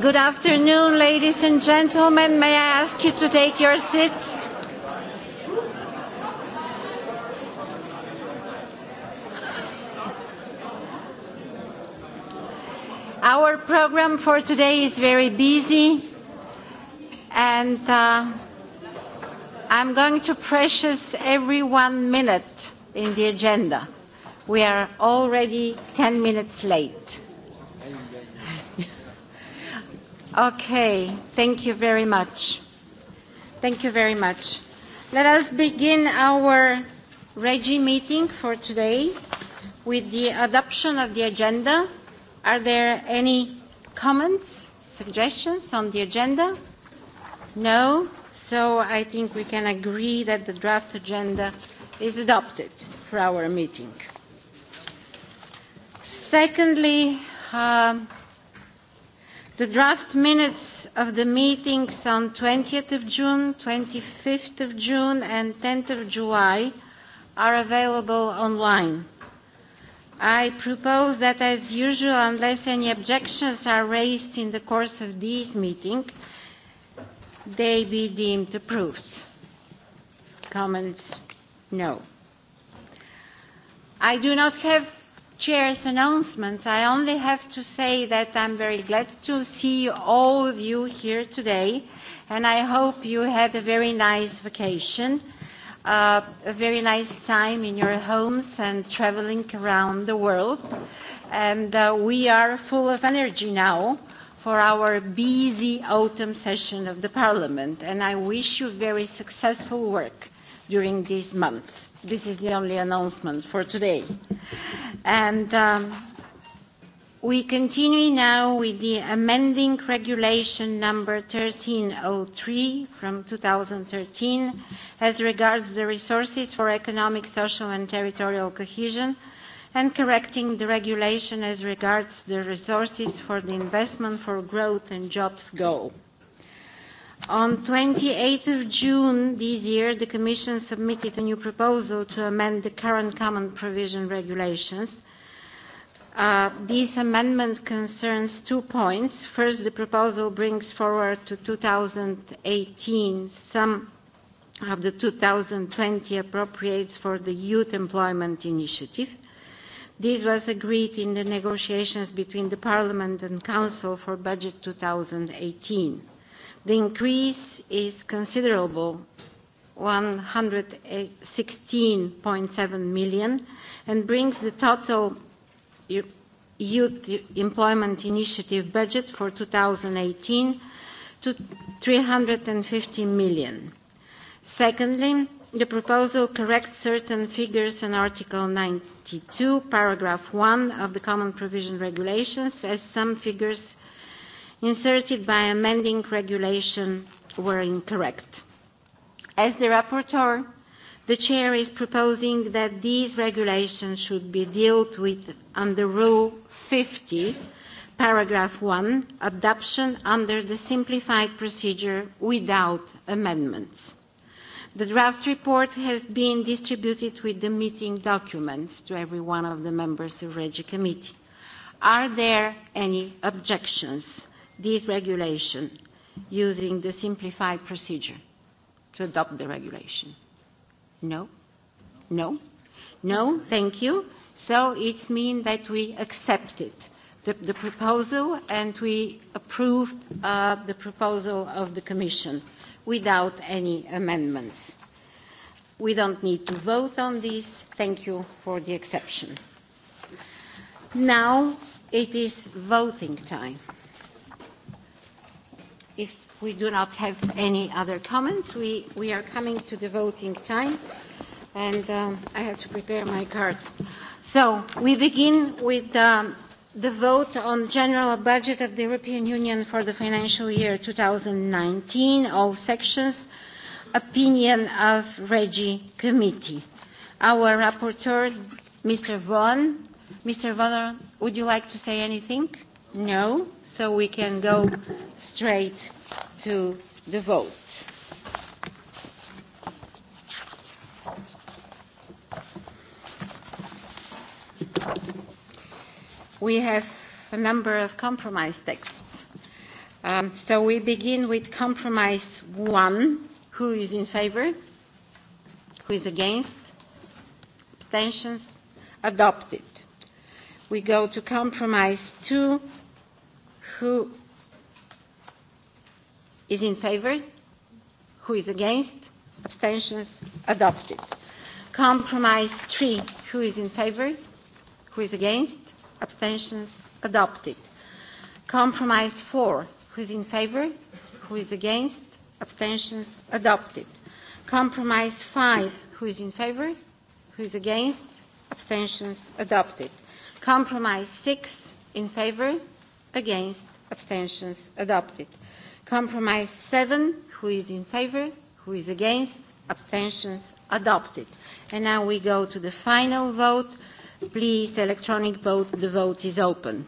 Good afternoon, ladies and gentlemen. May I ask you to take your seats? Our program for today is very busy, and uh, I'm going to precious every one minute in the agenda. We are already 10 minutes late. Okay, thank you very much. Thank you very much. Let us begin our REGI meeting for today with the adoption of the agenda. Are there any comments, suggestions on the agenda? No? So I think we can agree that the draft agenda is adopted for our meeting. Secondly, um, uh, The draft minutes of the meetings on 20th of June, 25th of June and 10th of July are available online. I propose that as usual, unless any objections are raised in the course of this meeting, they be deemed approved. Comments? No. I do not have Chair's announcements, I only have to say that I'm very glad to see all of you here today, and I hope you had a very nice vacation, uh, a very nice time in your homes and traveling around the world. And uh, we are full of energy now for our busy autumn session of the Parliament, and I wish you very successful work during these months. This is the only announcement for today. And um, we continue now with the amending regulation number 1303 from 2013 as regards the resources for economic, social and territorial cohesion and correcting the regulation as regards the resources for the investment for growth and jobs goal. Mm -hmm. On 28th of June this year, the Commission submitted a new proposal to amend the current Common Provision Regulations. Uh, this amendment concerns two points. First, the proposal brings forward to 2018 some of the 2020 appropriates for the Youth Employment Initiative. This was agreed in the negotiations between the Parliament and Council for Budget 2018. The increase is considerable, 116.7 million, and brings the total Youth Employment Initiative budget for 2018 to 350 million. Secondly, the proposal corrects certain figures in Article 92, paragraph 1 of the Common Provision Regulations, as some figures inserted by amending regulation were incorrect. As the rapporteur, the chair is proposing that these regulations should be dealt with under Rule 50, paragraph 1, adoption under the simplified procedure without amendments. The draft report has been distributed with the meeting documents to every one of the members of Regi Committee. Are there any objections? this regulation using the simplified procedure to adopt the regulation? No? No? No? Thank you. So it means that we accepted the, the proposal and we approved uh, the proposal of the Commission without any amendments. We don't need to vote on this. Thank you for the exception. Now it is voting time we do not have any other comments. We, we are coming to the voting time, and um, I have to prepare my card. So we begin with um, the vote on general budget of the European Union for the financial year 2019, all sections, opinion of Regi Committee. Our rapporteur, Mr. Vaughan. Mr. Vaughan, would you like to say anything? No? So we can go straight to the vote. We have a number of compromise texts. Um, so we begin with compromise one. Who is in favor? Who is against? Abstentions? Adopted. We go to compromise two. Who is in favor? Who is against? Abstentions? Adopted. Compromise 3. Who is in favor? Who is against? Abstentions? Adopted. Compromise 4. Who is in favor? Who is against? Abstentions? Adopted. Compromise 5. Who is in favor? Who is against? Abstentions? Adopted. Compromise 6. In favor? Against? Abstentions? Adopted. Compromise 7, who is in favor, who is against, abstentions adopted. And now we go to the final vote. Please, electronic vote. The vote is open.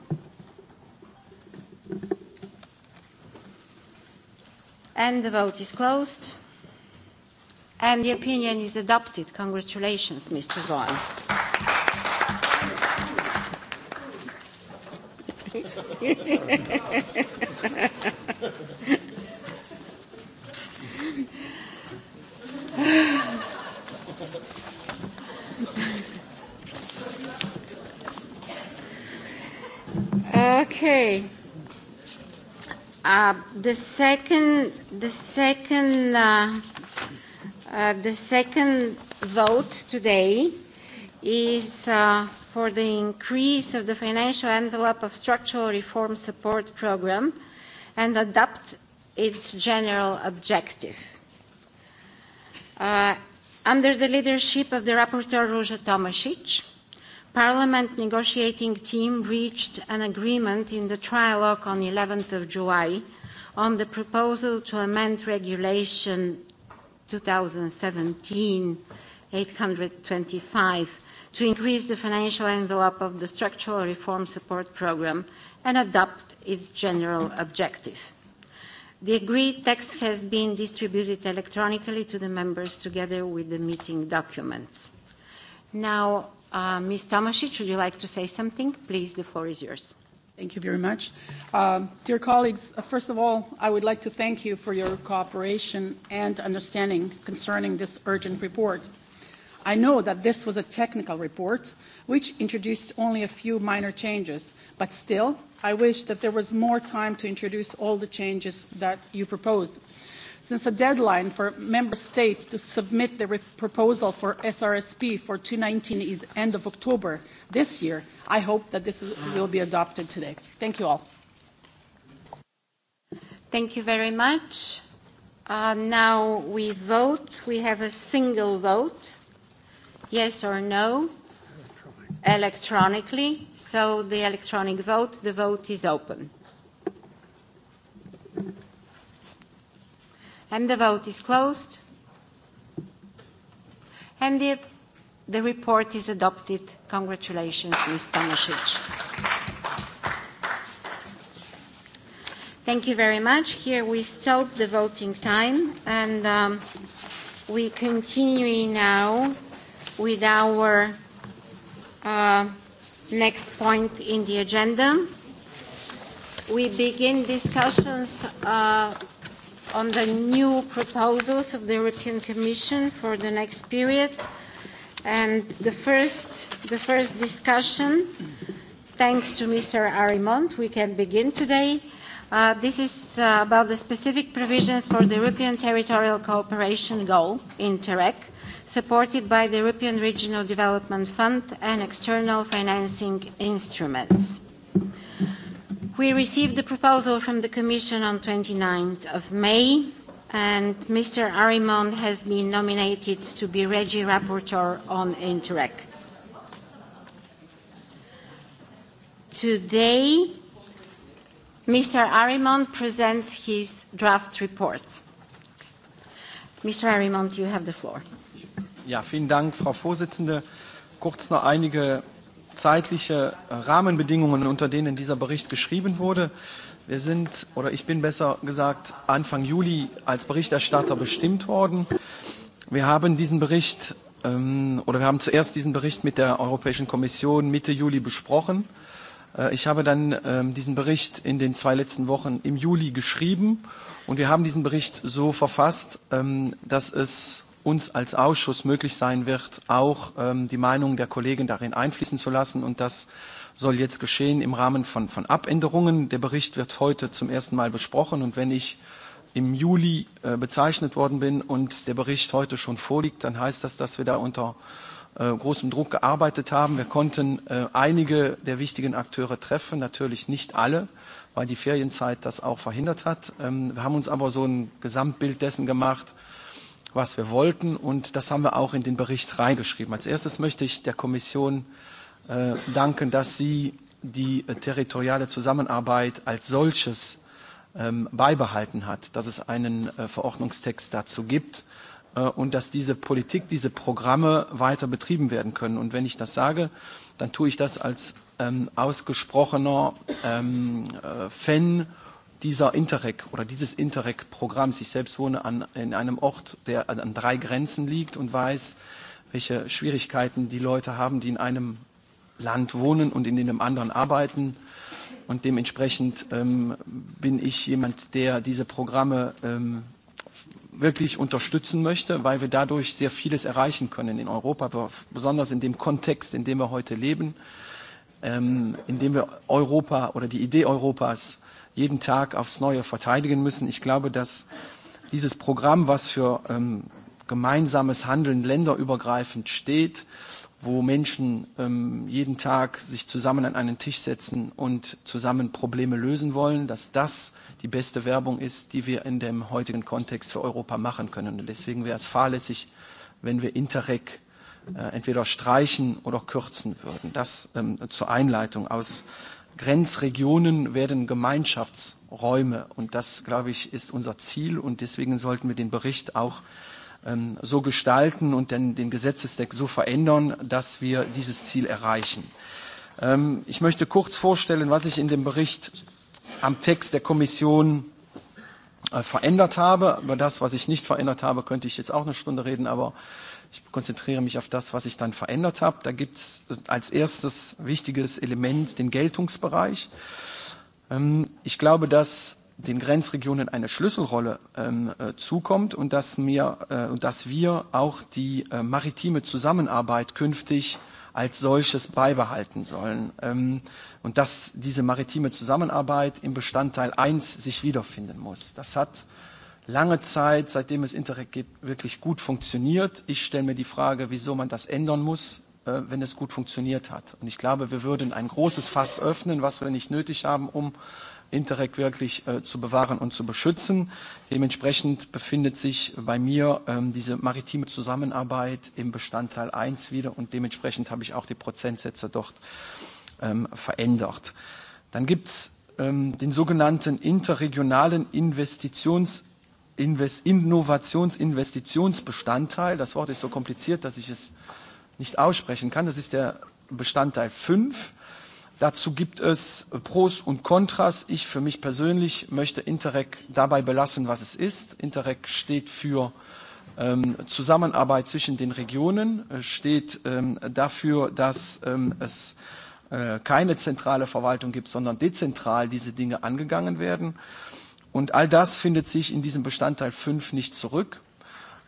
And the vote is closed. And the opinion is adopted. Congratulations, Mr. Vaughan. the second, the second, uh, uh, the second vote today is uh, for the increase of the financial envelope of structural reform support program and adopt its general objective. Uh, under the leadership of the rapporteur Ruja Tomasic, Parliament negotiating team reached an agreement in the trialogue on 11th of July on the proposal to amend Regulation 2017-825 to increase the financial envelope of the Structural Reform Support Programme and adopt its general objective. The agreed text has been distributed electronically to the members together with the meeting documents. Now, uh, Ms. Tomasic, would you like to say something? Please, the floor is yours. Thank you very much. Uh, dear colleagues, uh, first of all, I would like to thank you for your cooperation and understanding concerning this urgent report. I know that this was a technical report, which introduced only a few minor changes, but still, I wish that there was more time to introduce all the changes that you proposed. Uh, since a deadline for member states to submit their proposal for SRSP for 2019 is end of October this year, I hope that this will be adopted today. Thank you all. Thank you very much. Uh, now we vote. We have a single vote, yes or no, electronically. So the electronic vote, the vote is open. And the vote is closed. And the, the report is adopted. Congratulations, Ms. Tomasic. Thank you very much. Here we stop the voting time, and um, we continue now with our uh, next point in the agenda. We begin discussions uh, on the new proposals of the European Commission for the next period. And the first, the first discussion, thanks to Mr. Arimont, we can begin today. Uh, this is uh, about the specific provisions for the European Territorial Cooperation Goal, Interreg, supported by the European Regional Development Fund and external financing instruments. Uh, We received the proposal from the Commission on 29th of May, and Mr. Arimon has been nominated to be Regi Rapporteur on Interreg. Today, Mr. Arimon presents his draft report. Mr. Arimont, you have the floor. Ja, vielen Dank, Frau Vorsitzende. Kurz noch einige zeitliche äh, Rahmenbedingungen, unter denen dieser Bericht geschrieben wurde. Wir sind, oder ich bin besser gesagt, Anfang Juli als Berichterstatter bestimmt worden. Wir haben diesen Bericht, ähm, oder wir haben zuerst diesen Bericht mit der Europäischen Kommission Mitte Juli besprochen. Äh, ich habe dann ähm, diesen Bericht in den zwei letzten Wochen im Juli geschrieben und wir haben diesen Bericht so verfasst, ähm, dass es uns als Ausschuss möglich sein wird, auch ähm, die Meinung der Kollegen darin einfließen zu lassen. Und das soll jetzt geschehen im Rahmen von, von Abänderungen. Der Bericht wird heute zum ersten Mal besprochen. Und wenn ich im Juli äh, bezeichnet worden bin und der Bericht heute schon vorliegt, dann heißt das, dass wir da unter äh, großem Druck gearbeitet haben. Wir konnten äh, einige der wichtigen Akteure treffen, natürlich nicht alle, weil die Ferienzeit das auch verhindert hat. Ähm, wir haben uns aber so ein Gesamtbild dessen gemacht, äh, was wir wollten. Und das haben wir auch in den Bericht reingeschrieben. Als erstes möchte ich der Kommission äh, danken, dass sie die äh, territoriale Zusammenarbeit als solches ähm, beibehalten hat, dass es einen äh, Verordnungstext dazu gibt äh, und dass diese Politik, diese Programme weiter betrieben werden können. Und wenn ich das sage, dann tue ich das als ähm, ausgesprochener ähm, äh, Fan dieser Interreg oder dieses Interreg-Programms. Ich selbst wohne an, in einem Ort, der an drei Grenzen liegt und weiß, welche Schwierigkeiten die Leute haben, die in einem Land wohnen und in einem anderen arbeiten. Und dementsprechend ähm, bin ich jemand, der diese Programme ähm, wirklich unterstützen möchte, weil wir dadurch sehr vieles erreichen können in Europa, besonders in dem Kontext, in dem wir heute leben, ähm, in dem wir Europa oder die Idee Europas jeden Tag aufs Neue verteidigen müssen. Ich glaube, dass dieses Programm, was für ähm, gemeinsames Handeln länderübergreifend steht, wo Menschen ähm, jeden Tag sich zusammen an einen Tisch setzen und zusammen Probleme lösen wollen, dass das die beste Werbung ist, die wir in dem heutigen Kontext für Europa machen können. Und deswegen wäre es fahrlässig, wenn wir Interreg äh, entweder streichen oder kürzen würden. Das ähm, zur Einleitung aus Grenzregionen werden Gemeinschaftsräume. Und das, glaube ich, ist unser Ziel. Und deswegen sollten wir den Bericht auch ähm, so gestalten und den, den Gesetzestext so verändern, dass wir dieses Ziel erreichen. Ähm, ich möchte kurz vorstellen, was ich in dem Bericht am Text der Kommission äh, verändert habe. Über das, was ich nicht verändert habe, könnte ich jetzt auch eine Stunde reden, aber äh, Ich konzentriere mich auf das, was ich dann verändert habe. Da gibt es äh, als erstes wichtiges Element den Geltungsbereich. Ähm, ich glaube, dass den Grenzregionen eine Schlüsselrolle ähm, äh, zukommt und dass, mir, äh, und dass wir auch die äh, maritime Zusammenarbeit künftig als solches beibehalten sollen ähm, und dass diese maritime Zusammenarbeit im Bestandteil 1 sich wiederfinden muss. Das hat lange Zeit, seitdem es Interreg gibt, wirklich gut funktioniert. Ich stelle mir die Frage, wieso man das ändern muss, äh, wenn es gut funktioniert hat. Und ich glaube, wir würden ein großes Fass öffnen, was wir nicht nötig haben, um Interreg wirklich äh, zu bewahren und zu beschützen. Dementsprechend befindet sich bei mir ähm, diese maritime Zusammenarbeit im Bestandteil 1 wieder und dementsprechend habe ich auch die Prozentsätze dort ähm, verändert. Dann gibt es ähm, den sogenannten interregionalen Investitions- Invest Innovationsinvestitionsbestandteil. Das Wort ist so kompliziert, dass ich es nicht aussprechen kann. Das ist der Bestandteil 5. Dazu gibt es Pros und Kontras. Ich für mich persönlich möchte Interreg dabei belassen, was es ist. Interreg steht für ähm, Zusammenarbeit zwischen den Regionen, äh, steht ähm, dafür, dass ähm, es äh, keine zentrale Verwaltung gibt, sondern dezentral diese Dinge angegangen werden. Äh, Und all das findet sich in diesem Bestandteil 5 nicht zurück.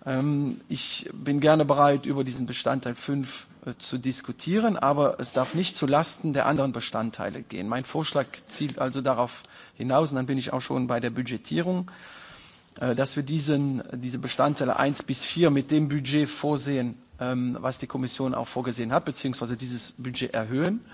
Ähm, ich bin gerne bereit, über diesen Bestandteil 5 äh, zu diskutieren, aber es darf nicht zu Lasten der anderen Bestandteile gehen. Mein Vorschlag zielt also darauf hinaus, und dann bin ich auch schon bei der Budgetierung, äh, dass wir diesen, diese Bestandteile 1 bis 4 mit dem Budget vorsehen, ähm, was die Kommission auch vorgesehen hat, beziehungsweise dieses Budget erhöhen. Äh,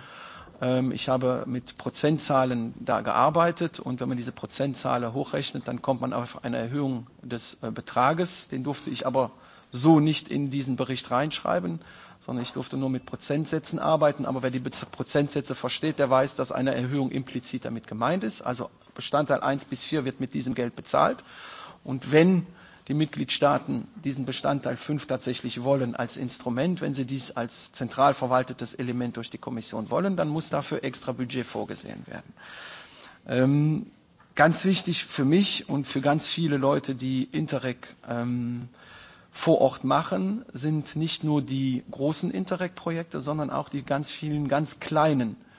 Ähm, ich habe mit Prozentzahlen da gearbeitet und wenn man diese Prozentzahl hochrechnet, dann kommt man auf eine Erhöhung des äh, Betrages. Den durfte ich aber so nicht in diesen Bericht reinschreiben, sondern ich durfte nur mit Prozentsätzen arbeiten. Aber wer die Prozentsätze versteht, der weiß, dass eine Erhöhung implizit damit gemeint ist. Also Bestandteil 1 bis 4 wird mit diesem Geld bezahlt. Und wenn äh, die Mitgliedstaaten diesen Bestandteil 5 tatsächlich wollen als Instrument. Wenn sie dies als zentral verwaltetes Element durch die Kommission wollen, dann muss dafür extra Budget vorgesehen werden. Ähm, ganz wichtig für mich und für ganz viele Leute, die Interreg ähm, vor Ort machen, sind nicht nur die großen Interreg-Projekte, sondern auch die ganz vielen ganz kleinen Projekte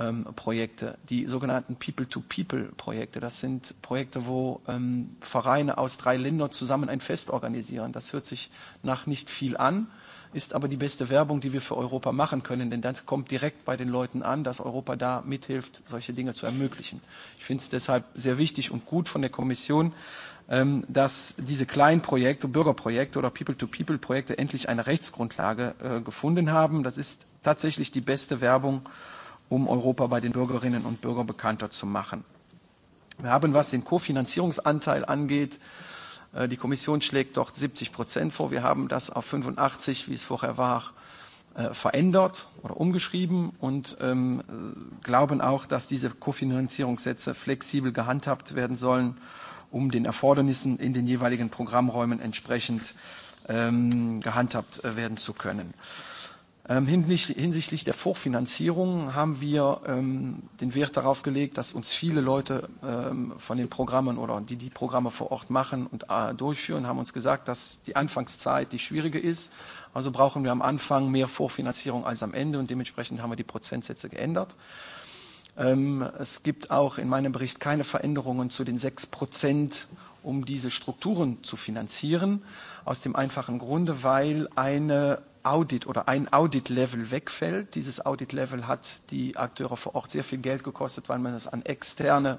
ähm, Projekte, die sogenannten People-to-People-Projekte. Das sind Projekte, wo ähm, Vereine aus drei Ländern zusammen ein Fest organisieren. Das hört sich nach nicht viel an, ist aber die beste Werbung, die wir für Europa machen können, denn das kommt direkt bei den Leuten an, dass Europa da mithilft, solche Dinge zu ermöglichen. Ich finde es deshalb sehr wichtig und gut von der Kommission, ähm, dass diese kleinen Projekte, Bürgerprojekte oder People-to-People-Projekte endlich eine Rechtsgrundlage äh, gefunden haben. Das ist tatsächlich die beste Werbung äh, um Europa bei den Bürgerinnen und Bürgern bekannter zu machen. Wir haben, was den Kofinanzierungsanteil angeht, äh, die Kommission schlägt dort 70 Prozent vor. Wir haben das auf 85, wie es vorher war, äh, verändert oder umgeschrieben und ähm, glauben auch, dass diese Kofinanzierungssätze flexibel gehandhabt werden sollen, um den Erfordernissen in den jeweiligen Programmräumen entsprechend ähm, gehandhabt äh, werden zu können. Äh, Ähm, hinsichtlich der Vorfinanzierung haben wir ähm, den Wert darauf gelegt, dass uns viele Leute ähm, von den Programmen oder die die Programme vor Ort machen und äh, durchführen, haben uns gesagt, dass die Anfangszeit die schwierige ist. Also brauchen wir am Anfang mehr Vorfinanzierung als am Ende und dementsprechend haben wir die Prozentsätze geändert. Es gibt auch in meinem Bericht keine Veränderungen zu den 6%, um diese Strukturen zu finanzieren, aus dem einfachen Grunde, weil eine Audit oder ein Audit-Level wegfällt. Dieses Audit-Level hat die Akteure vor Ort sehr viel Geld gekostet, weil man es an externe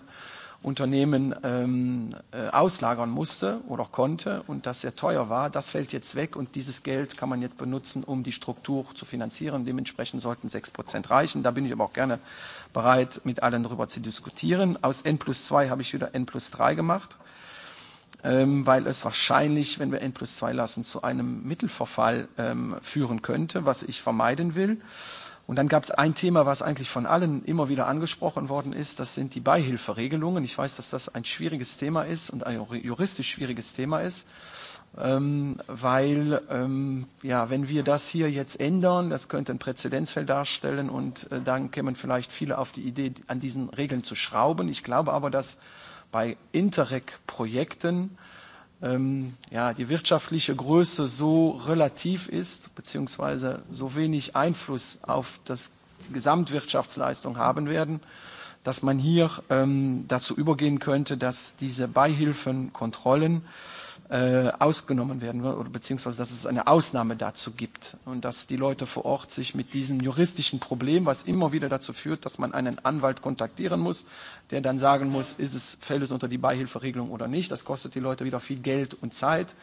Unternehmen ähm, äh, auslagern musste oder konnte und das sehr teuer war. Das fällt jetzt weg und dieses Geld kann man jetzt benutzen, um die Struktur zu finanzieren. Dementsprechend sollten 6 Prozent reichen. Da bin ich aber auch gerne bereit, mit allen darüber zu diskutieren. Aus N plus 2 habe ich wieder N plus 3 gemacht. Äh, Ähm, weil es wahrscheinlich, wenn wir n plus 2 lassen, zu einem Mittelverfall ähm, führen könnte, was ich vermeiden will. Und dann gab es ein Thema, was eigentlich von allen immer wieder angesprochen worden ist, das sind die Beihilferegelungen. Ich weiß, dass das ein schwieriges Thema ist und ein juristisch schwieriges Thema ist, ähm, weil, ähm, ja, wenn wir das hier jetzt ändern, das könnte ein Präzedenzfeld darstellen und äh, dann kämen vielleicht viele auf die Idee, an diesen Regeln zu schrauben. Ich glaube aber, dass bei Interreg-Projekten ähm, ja, die wirtschaftliche Größe so relativ ist, beziehungsweise so wenig Einfluss auf das, die Gesamtwirtschaftsleistung haben werden, dass man hier ähm, dazu übergehen könnte, dass diese Beihilfenkontrollen äh, äh, ausgenommen werden oder beziehungsweise dass es eine Ausnahme dazu gibt und dass die Leute vor Ort sich mit diesem juristischen Problem, was immer wieder dazu führt, dass man einen Anwalt kontaktieren muss, der dann sagen muss, ist es, fällt es unter die Beihilferegelung oder nicht. Das kostet die Leute wieder viel Geld und Zeit,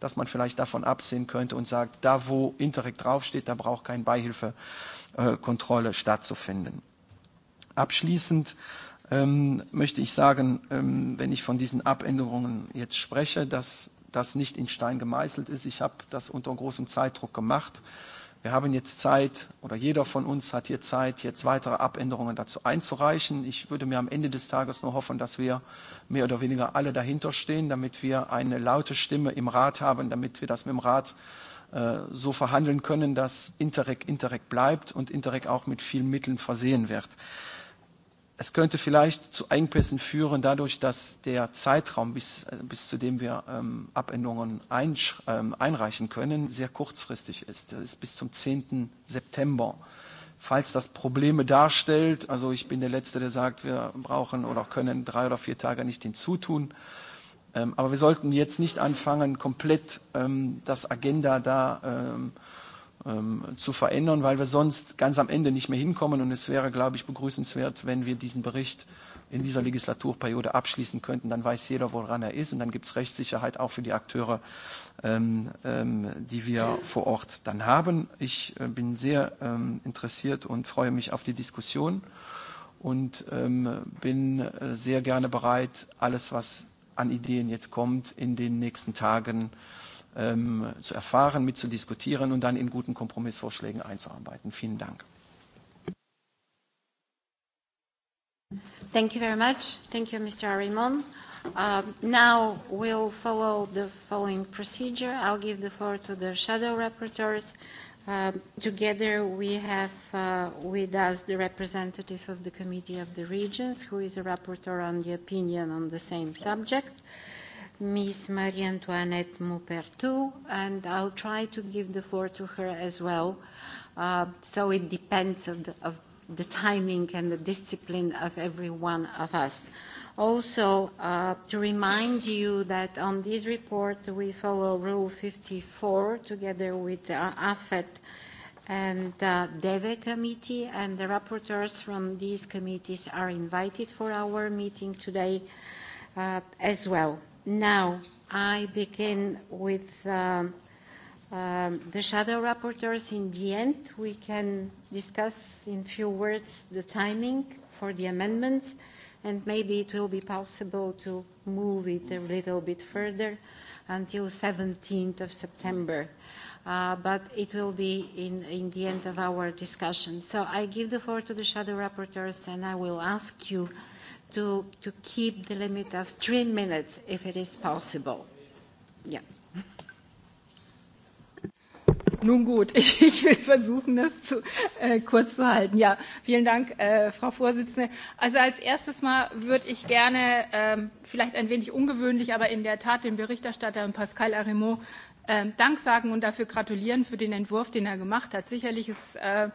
dass man vielleicht davon absehen könnte und sagt, da wo Interreg draufsteht, da braucht keine Beihilfekontrolle äh, stattzufinden. Abschließend ähm, möchte ich sagen, ähm, wenn ich von diesen Abänderungen jetzt spreche, dass das nicht in Stein gemeißelt ist. Ich habe das unter großem Zeitdruck gemacht. Wir haben jetzt Zeit oder jeder von uns hat hier Zeit, jetzt weitere Abänderungen dazu einzureichen. Ich würde mir am Ende des Tages nur hoffen, dass wir mehr oder weniger alle dahinter stehen, damit wir eine laute Stimme im Rat haben, damit wir das mit dem Rat äh, so verhandeln können, dass Interreg Interreg bleibt und Interreg auch mit vielen Mitteln versehen wird es könnte vielleicht zu Engpässen führen, dadurch, dass der Zeitraum, bis, äh, bis zu dem wir ähm, Abänderungen ein, ähm, einreichen können, sehr kurzfristig ist. Das ist bis zum 10. September. Falls das Probleme darstellt, also ich bin der Letzte, der sagt, wir brauchen oder können drei oder vier Tage nicht hinzutun, ähm, aber wir sollten jetzt nicht anfangen, komplett ähm, das Agenda da ähm, ähm, zu verändern, weil wir sonst ganz am Ende nicht mehr hinkommen. Und es wäre, glaube ich, begrüßenswert, wenn wir diesen Bericht in dieser Legislaturperiode abschließen könnten. Dann weiß jeder, woran er ist. Und dann gibt es Rechtssicherheit auch für die Akteure, ähm, ähm, die wir vor Ort dann haben. Ich äh, bin sehr ähm, interessiert und freue mich auf die Diskussion und ähm, bin äh, sehr gerne bereit, alles, was an Ideen jetzt kommt, in den nächsten Tagen äh, ähm, zu erfahren, mit zu diskutieren und dann in guten Kompromissvorschlägen einzuarbeiten. Vielen Dank. Thank you very much. Thank you, Mr. Arimon. Uh, now we'll follow the following procedure. I'll give the floor to the shadow rapporteurs. Uh, together we have uh, with us the representative of the Committee of the Regions, who is a rapporteur on the opinion on the same subject. Uh, Ms. Marie-Antoinette Moupertou, and I'll try to give the floor to her as well. Uh, so it depends on the, of the timing and the discipline of every one of us. Also, uh, to remind you that on this report, we follow Rule 54 together with uh, AFET and uh, DEVE committee, and the rapporteurs from these committees are invited for our meeting today uh, as well. Now, I begin with um, um, the shadow rapporteurs. In the end, we can discuss in few words the timing for the amendments, and maybe it will be possible to move it a little bit further until 17th of September. Uh, but it will be in, in the end of our discussion. So I give the floor to the shadow rapporteurs, and I will ask you uh, to, to keep the limit of three minutes if it is possible. Yeah. Nun gut, ich, ich will versuchen, das zu, äh, kurz zu halten. Ja, vielen Dank, äh, Frau Vorsitzende. Also als erstes Mal würde ich gerne, ähm, vielleicht ein wenig ungewöhnlich, aber in der Tat dem Berichterstatter Pascal Arimont äh, Dank sagen und dafür gratulieren für den Entwurf, den er gemacht hat. Sicherlich ist äh,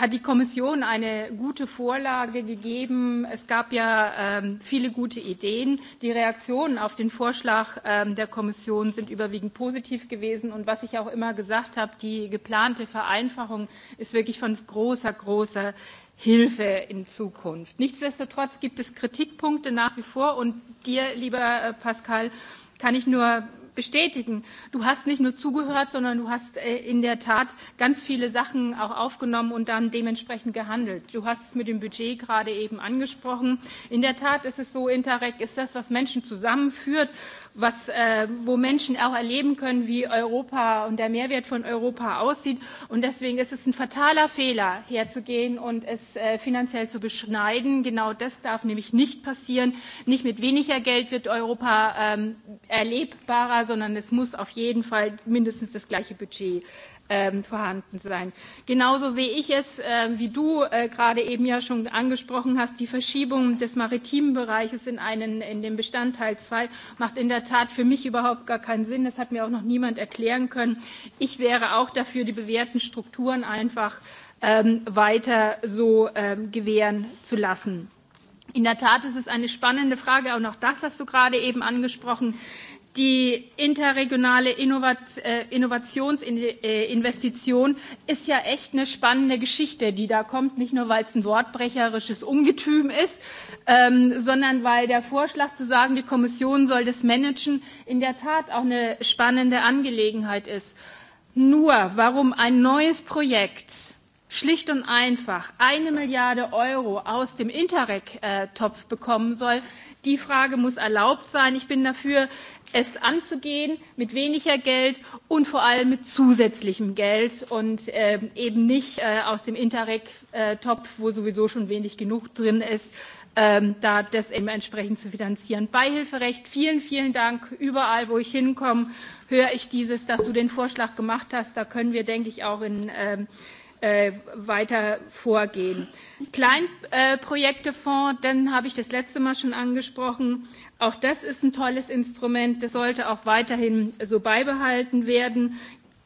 hat die Kommission eine gute Vorlage gegeben. Es gab ja ähm, viele gute Ideen. Die Reaktionen auf den Vorschlag ähm, der Kommission sind überwiegend positiv gewesen. Und was ich auch immer gesagt habe, die geplante Vereinfachung ist wirklich von großer, großer Hilfe in Zukunft. Nichtsdestotrotz gibt es Kritikpunkte nach wie vor. Und dir, lieber äh, Pascal, kann ich nur bestätigen. Du hast nicht nur zugehört, sondern du hast äh, in der Tat ganz viele Sachen auch aufgenommen und dann dementsprechend gehandelt. Du hast es mit dem Budget gerade eben angesprochen. In der Tat ist es so, Interreg ist das, was Menschen zusammenführt was, äh, wo Menschen auch erleben können, wie Europa und der Mehrwert von Europa aussieht. Und deswegen ist es ein fataler Fehler, herzugehen und es äh, finanziell zu beschneiden. Genau das darf nämlich nicht passieren. Nicht mit weniger Geld wird Europa ähm, erlebbarer, sondern es muss auf jeden Fall mindestens das gleiche Budget ähm, vorhanden sein. Genauso sehe ich es, äh, wie du äh, gerade eben ja schon angesprochen hast, die Verschiebung des maritimen Bereiches in, einen, in den Bestandteil 2 macht in der Tat für mich überhaupt gar keinen Sinn. Das hat mir auch noch niemand erklären können. Ich wäre auch dafür, die bewährten Strukturen einfach ähm, weiter so ähm, gewähren zu lassen. In der Tat ist es eine spannende Frage, und auch das hast du gerade eben angesprochen, die interregionale Innovat äh, Innovationsinvestition ist ja echt eine spannende Geschichte, die da kommt, nicht nur weil es ein wortbrecherisches Ungetüm ist, ähm, sondern weil der Vorschlag zu sagen, die Kommission soll das managen, in der Tat auch eine spannende Angelegenheit ist. Nur warum ein neues Projekt schlicht und einfach eine Milliarde Euro aus dem Interreg-Topf bekommen soll. Die Frage muss erlaubt sein. Ich bin dafür, es anzugehen mit weniger Geld und vor allem mit zusätzlichem Geld und äh, eben nicht äh, aus dem Interreg-Topf, wo sowieso schon wenig genug drin ist, ähm, da das eben entsprechend zu finanzieren. Beihilferecht, vielen, vielen Dank. Überall, wo ich hinkomme, höre ich dieses, dass du den Vorschlag gemacht hast. Da können wir, denke ich, auch in ähm, äh, weiter vorgehen. Kleinprojektefonds, äh, den habe ich das letzte Mal schon angesprochen. Auch das ist ein tolles Instrument. Das sollte auch weiterhin so beibehalten werden.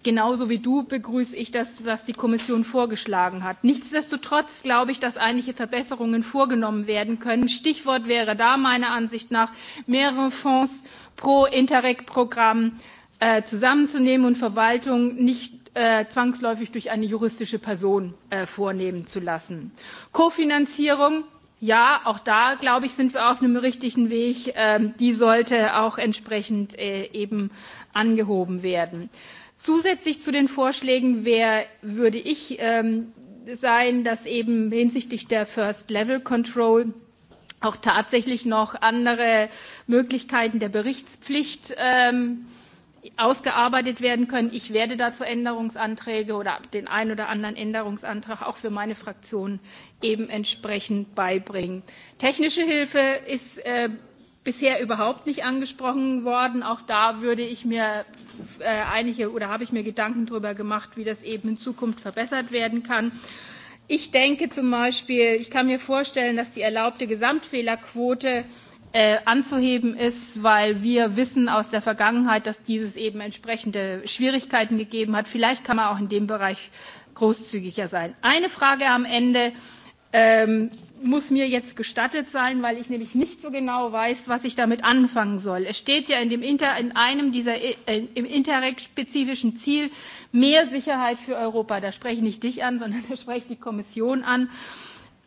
Genauso wie du begrüße ich das, was die Kommission vorgeschlagen hat. Nichtsdestotrotz glaube ich, dass einige Verbesserungen vorgenommen werden können. Stichwort wäre da meiner Ansicht nach mehrere Fonds pro Interreg-Programm äh, zusammenzunehmen und Verwaltung nicht äh, zwangsläufig durch eine juristische Person äh, vornehmen zu lassen. Kofinanzierung ja, auch da, glaube ich, sind wir auf einem richtigen Weg. Ähm, die sollte auch entsprechend äh, eben angehoben werden. Zusätzlich zu den Vorschlägen wär, würde ich ähm, sein, dass eben hinsichtlich der First Level Control auch tatsächlich noch andere Möglichkeiten der Berichtspflicht ähm, äh, ausgearbeitet werden können. Ich werde dazu Änderungsanträge oder den einen oder anderen Änderungsantrag auch für meine Fraktion eben entsprechend beibringen. Technische Hilfe ist äh, bisher überhaupt nicht angesprochen worden. Auch da würde ich mir äh, einige oder habe ich mir Gedanken darüber gemacht, wie das eben in Zukunft verbessert werden kann. Ich denke zum Beispiel, ich kann mir vorstellen, dass die erlaubte Gesamtfehlerquote äh, äh, anzuheben ist, weil wir wissen aus der Vergangenheit, dass dieses eben entsprechende Schwierigkeiten gegeben hat. Vielleicht kann man auch in dem Bereich großzügiger sein. Eine Frage am Ende ähm, muss mir jetzt gestattet sein, weil ich nämlich nicht so genau weiß, was ich damit anfangen soll. Es steht ja in, dem Inter, in einem dieser äh, im Interreg-spezifischen Ziel mehr Sicherheit für Europa. Da spreche ich nicht dich an, sondern da spreche ich die Kommission an. Äh,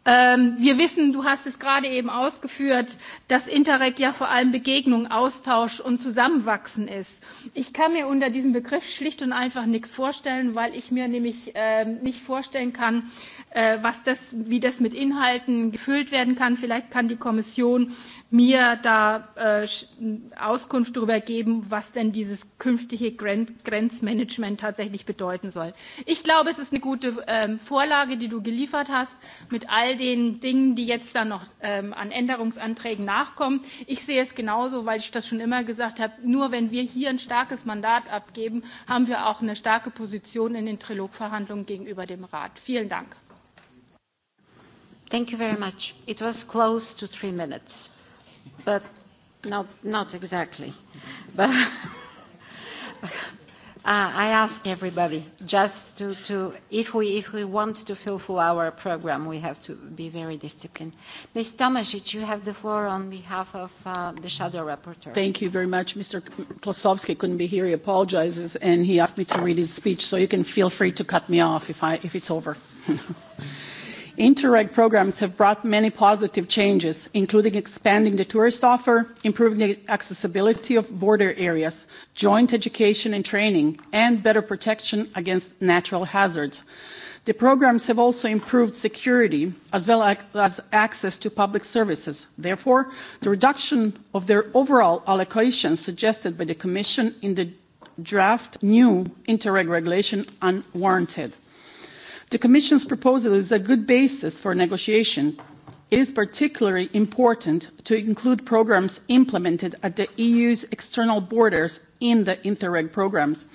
Ähm, wir wissen, du hast es gerade eben ausgeführt, dass Interreg ja vor allem Begegnung, Austausch und Zusammenwachsen ist. Ich kann mir unter diesem Begriff schlicht und einfach nichts vorstellen, weil ich mir nämlich äh, nicht vorstellen kann, äh, was das, wie das mit Inhalten gefüllt werden kann. Vielleicht kann die Kommission mir da äh, äh Auskunft darüber geben, was denn dieses künftige Gren Grenzmanagement tatsächlich bedeuten soll. Ich glaube, es ist eine gute ähm, Vorlage, die du geliefert hast, mit all den Dingen, die jetzt da noch ähm, an Änderungsanträgen nachkommen. Ich sehe es genauso, weil ich das schon immer gesagt habe, nur wenn wir hier ein starkes Mandat abgeben, haben wir auch eine starke Position in den Trilogverhandlungen gegenüber dem Rat. Vielen Dank. Thank you very much. It was close to three minutes but not, not exactly. But Uh, I ask everybody just to, to if, we, if we want to fulfill our program, we have to be very disciplined. Ms. Tomasic, you have the floor on behalf of uh, the shadow rapporteur. Thank you very much. Mr. Klosowski couldn't be here. He apologizes, and he asked me to read his speech, so you can feel free to cut me off if, I, if it's over. Interreg programs have brought many positive changes, including expanding the tourist offer, improving the accessibility of border areas, joint education and training, and better protection against natural hazards. The programs have also improved security as well as access to public services. Therefore, the reduction of their overall allocation suggested by the Commission in the draft new Interreg regulation unwarranted. The Commission's proposal is a good basis for negotiation. It is particularly important to include programs implemented at the EU's external borders in the Interreg programs.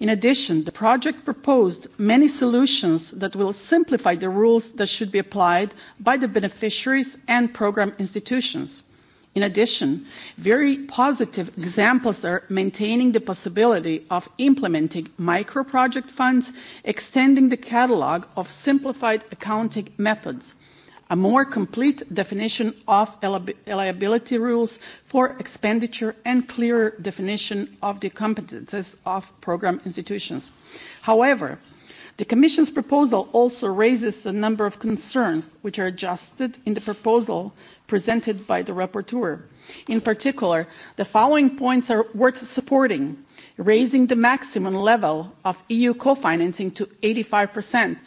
In addition, the project proposed many solutions that will simplify the rules that should be applied by the beneficiaries and program institutions. In addition, very positive examples are maintaining the possibility of implementing microproject funds, extending the catalog of simplified accounting methods, a more complete definition of liability rules for expenditure and clearer definition of the competences of program institutions. However, The Commission's proposal also raises a number of concerns which are adjusted in the proposal presented by the rapporteur. In particular, the following points are worth supporting. Raising the maximum level of EU co-financing to 85%,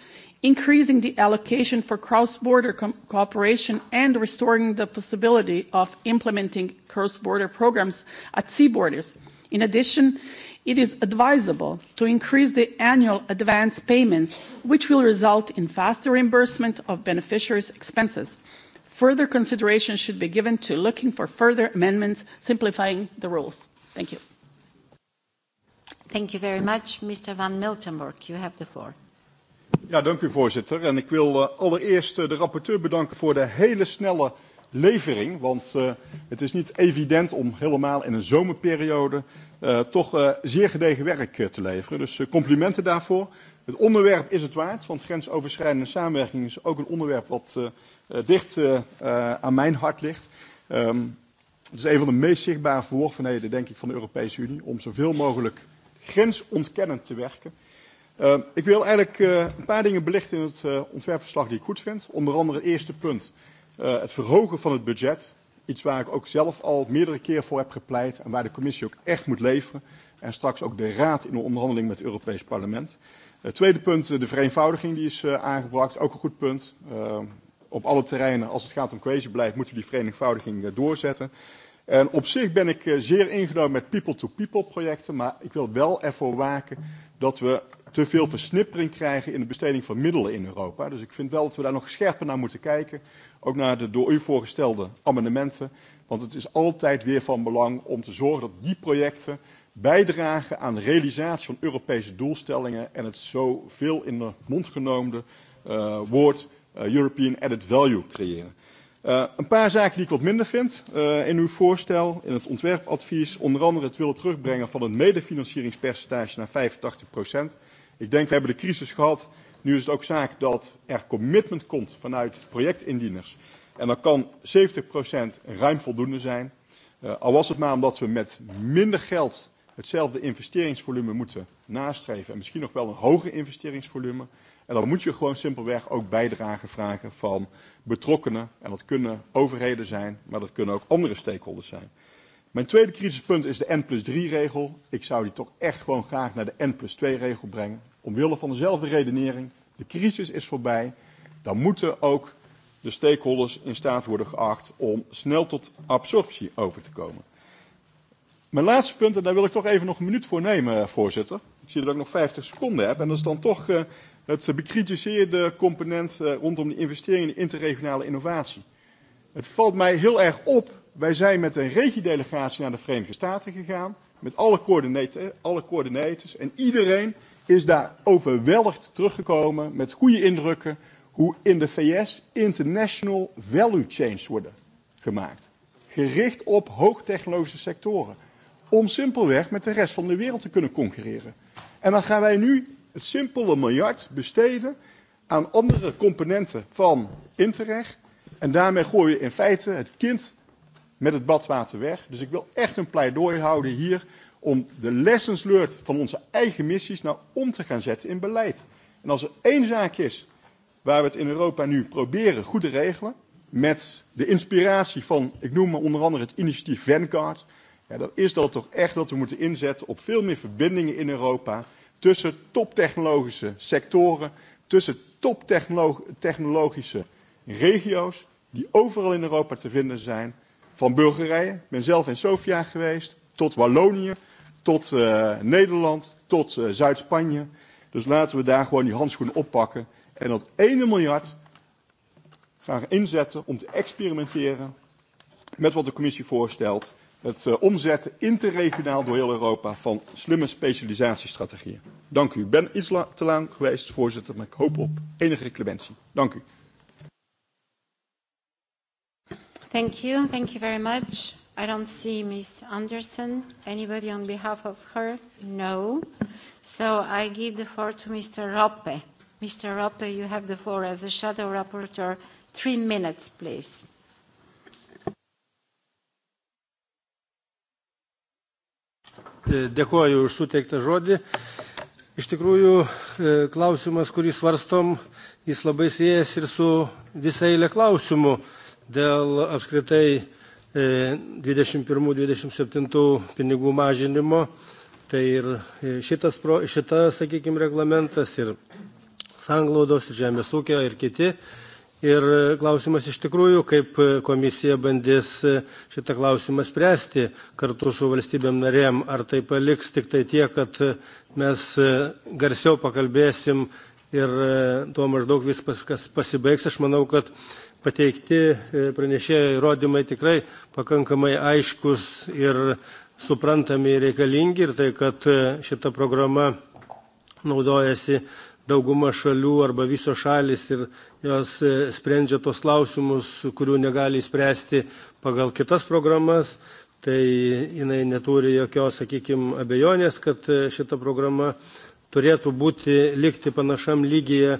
increasing the allocation for cross-border co- cooperation and restoring the possibility of implementing cross-border programs at sea borders. In addition, it is advisable to increase the annual advance payments, which will result in faster reimbursement of beneficiaries' expenses. Further consideration should be given to looking for further amendments simplifying the rules. Thank you. Thank you very much. Mr. van Miltenburg, you have the floor. Ja, dank u voorzitter. En ik wil uh, allereerst uh, de rapporteur bedanken voor de hele snelle levering. Want uh, het is niet evident om helemaal in een zomerperiode uh, toch uh, zeer gedegen werk uh, te leveren. Dus uh, complimenten daarvoor. Het onderwerp is het waard, want grensoverschrijdende samenwerking is ook een onderwerp wat uh, uh, dicht uh, uh, aan mijn hart ligt. Um, het is een van de meest zichtbare verworvenheden, denk ik, van de Europese Unie, om zoveel mogelijk grensontkennend te werken. Uh, ik wil eigenlijk uh, een paar dingen belichten in het uh, ontwerpverslag die ik goed vind. Onder andere het eerste punt, uh, het verhogen van het budget Iets waar ik ook zelf al meerdere keer voor heb gepleit en waar de commissie ook echt moet leveren. En straks ook de raad in de onderhandeling met het Europees Parlement. Het tweede punt, eh, de vereenvoudiging die is uh, aangebracht. Ook een goed punt. Uh, op alle terreinen, als het gaat om cohesiebeleid, moeten we die vereenvoudiging uh, doorzetten. En op zich ben ik uh, zeer ingenomen met people-to-people -people projecten. Maar ik wil wel ervoor waken dat we te veel versnippering krijgen in de besteding van middelen in Europa. Dus ik vind wel dat we daar nog scherper naar moeten kijken. Ook naar de door u voorgestelde amendementen. Want het is altijd weer van belang om te zorgen dat die projecten bijdragen aan de realisatie van Europese doelstellingen en het zoveel in de mond genomen uh, eh, woord uh, European Added Value creëren. Uh, een paar zaken die ik wat minder vind uh, in uw voorstel, in het ontwerpadvies. Onder andere het willen terugbrengen van het medefinancieringspercentage naar 85 procent. Ik denk, we hebben de crisis gehad. Nu is het ook zaak dat er commitment komt vanuit projectindieners. En dan kan 70% ruim voldoende zijn. Uh, al was het maar omdat we met minder geld hetzelfde investeringsvolume moeten nastreven. En misschien nog wel een hoger investeringsvolume. En dan moet je gewoon simpelweg ook bijdrage vragen van betrokkenen. En dat kunnen overheden zijn, maar dat kunnen ook andere stakeholders zijn. Mijn tweede crisispunt is de N plus 3 regel. Ik zou die toch echt gewoon graag naar de N plus 2 regel brengen omwille van dezelfde redenering, de crisis is voorbij, dan moeten ook de stakeholders in staat worden geacht om snel tot absorptie over te komen. Mijn laatste punt, en daar wil ik toch even nog een minuut voor nemen, eh, voorzitter. Ik zie dat ik nog 50 seconden heb. En dat is dan toch uh, het bekritiseerde component uh, rondom de investeringen in interregionale innovatie. Het valt mij heel erg op. Wij zijn met een regiedelegatie naar de Verenigde Staten gegaan. Met alle coördinators, alle coördinators en iedereen is daar overweldigd teruggekomen met goede indrukken hoe in de VS international value chains worden gemaakt. Gericht op hoogtechnologische sectoren. Om simpelweg met de rest van de wereld te kunnen concurreren. En dan gaan wij nu het simpele miljard besteden aan andere componenten van Interreg. En daarmee gooien we in feite het kind met het badwater weg. Dus ik wil echt een pleidooi houden hier om de lessons learned van onze eigen missies nou om te gaan zetten in beleid. En als er één zaak is waar we het in Europa nu proberen goed te regelen, met de inspiratie van, ik noem maar onder andere het initiatief Vanguard, ja, dan is dat toch echt dat we moeten inzetten op veel meer verbindingen in Europa tussen toptechnologische sectoren, tussen toptechnologische regio's, die overal in Europa te vinden zijn, van Bulgarije, ik ben zelf in Sofia geweest, tot Wallonië, tot uh, Nederland, tot uh, Zuid-Spanje. Dus laten we daar gewoon die handschoen oppakken en dat ene miljard gaan inzetten om te experimenteren met wat de commissie voorstelt. Het uh, omzetten interregionaal door heel Europa van slimme specialisatiestrategieën. Dank u. Ik ben iets la te lang geweest, voorzitter, maar ik hoop op enige clementie. Dank u. Thank you. Thank you very much. I don't see Ms. Anderson. Anybody on behalf of her? No. So I give the floor to Mr. Roppe. Mr. Roppe, you have the floor as a shadow rapporteur. Three minutes, please. E, Dėkuoju už suteiktą žodį. Iš tikrųjų, e, klausimas, kurį svarstom, jis labai siejęs ir su visai eilė klausimų dėl apskritai 21-27 e, pinigų mažinimo. Tai ir e, šitas, šita, sakykime, reglamentas ir sanglaudos, ir žemės ūkio, ir kiti. Ir klausimas iš tikrųjų, kaip komisija bandys šitą klausimą spręsti kartu su valstybėm narėm. Ar tai paliks tik tai tie, kad mes garsiau pakalbėsim ir tuo maždaug viskas pasibaigs. Aš manau, kad pateikti e, pranešėjo įrodymai tikrai pakankamai aiškus ir suprantami ir reikalingi ir tai, kad e, šita programa naudojasi dauguma šalių arba visos šalis ir jos e, sprendžia tos klausimus, kurių negali spręsti pagal kitas programas. Tai jinai neturi jokios, sakykime, abejonės, kad šita programa turėtų būti likti panašam lygyje e,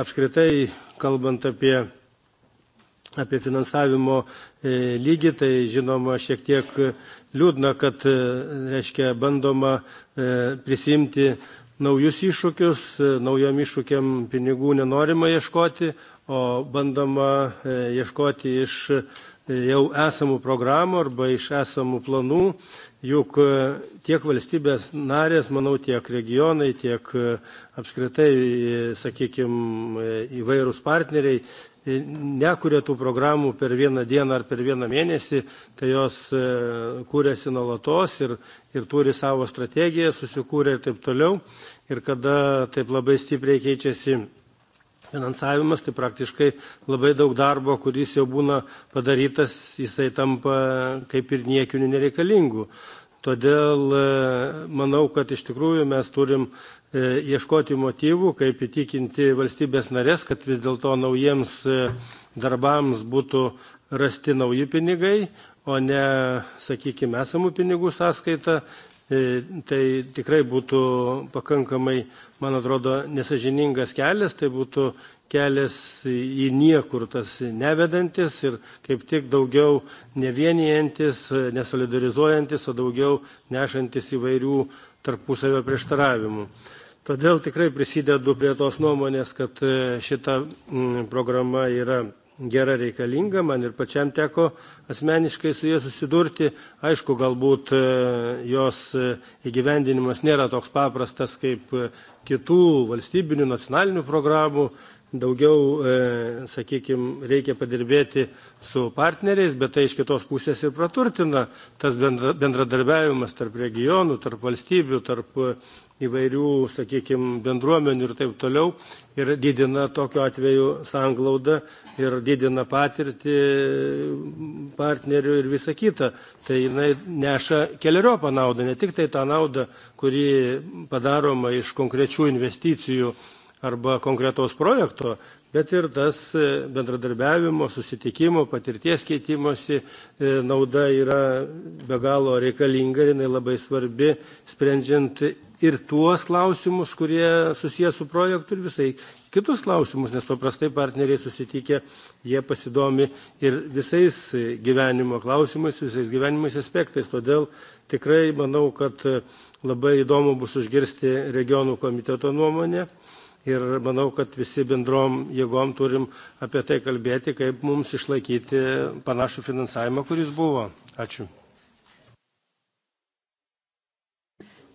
apskritai, kalbant apie apie finansavimo e, lygį, tai žinoma šiek tiek liūdna, kad e, reiškia, bandoma e, prisimti naujus iššūkius, naujam iššūkiam pinigų nenorima ieškoti, o bandoma ieškoti iš jau esamų programų arba iš esamų planų, juk tiek valstybės narės, manau, tiek regionai, tiek apskritai, sakykime, įvairūs partneriai E, nekuria tų programų per vieną dieną ar per vieną mėnesį, tai jos e, kūrėsi nuolatos ir, ir turi savo strategiją, susikūrė ir taip toliau. Ir kada taip labai stipriai keičiasi finansavimas, tai praktiškai labai daug darbo, kuris jau būna padarytas, jisai tampa kaip ir niekiniu nereikalingu. Todėl e, manau, kad iš tikrųjų mes turim E, ieškoti motyvų, kaip įtikinti valstybės narės, kad vis dėlto naujiems e, darbams būtų rasti nauji pinigai, o ne, sakykime, esamų pinigų sąskaita. E, tai tikrai būtų pakankamai, man atrodo, nesažiningas kelias, tai būtų kelias į niekur tas nevedantis ir kaip tik daugiau nevienijantis, nesolidarizuojantis, o daugiau nešantis įvairių tarpusavio prieštaravimų. Todėl tikrai prisidedu prie tos nuomonės, kad e, šita programa yra gera reikalinga, man ir pačiam teko asmeniškai su jie susidurti. Aišku, galbūt e, jos e, įgyvendinimas nėra toks paprastas kaip kitų valstybinių nacionalinių programų, daugiau, e, sakykime, reikia padirbėti su partneriais, bet tai iš kitos pusės ir praturtina tas bendradarbiavimas tarp regionų, tarp valstybių, tarp e, įvairių, sakykime, bendruomenių ir taip toliau ir didina tokiu atveju sanglaudą ir didina patirtį partnerių ir visa kita. Tai jinai neša keliariopą naudą, ne tik tai tą naudą, kuri padaroma iš konkrečių investicijų arba konkretaus projekto, bet ir tas e, bendradarbiavimo, susitikimo, patirties keitimosi e, nauda yra be galo reikalinga ir jinai labai svarbi, sprendžiant ir tuos klausimus, kurie susijęs su projektu ir visai kitus klausimus, nes paprastai partneriai susitikę, jie pasidomi ir visais gyvenimo klausimais, visais gyvenimais aspektais. Todėl tikrai manau, kad e, labai įdomu bus užgirsti regionų komiteto nuomonę ir manau kad visi bendrom jėgom turim apie tai kalbėti kaip mums išlaikyti panašų finansavimą kuris buvo ačiū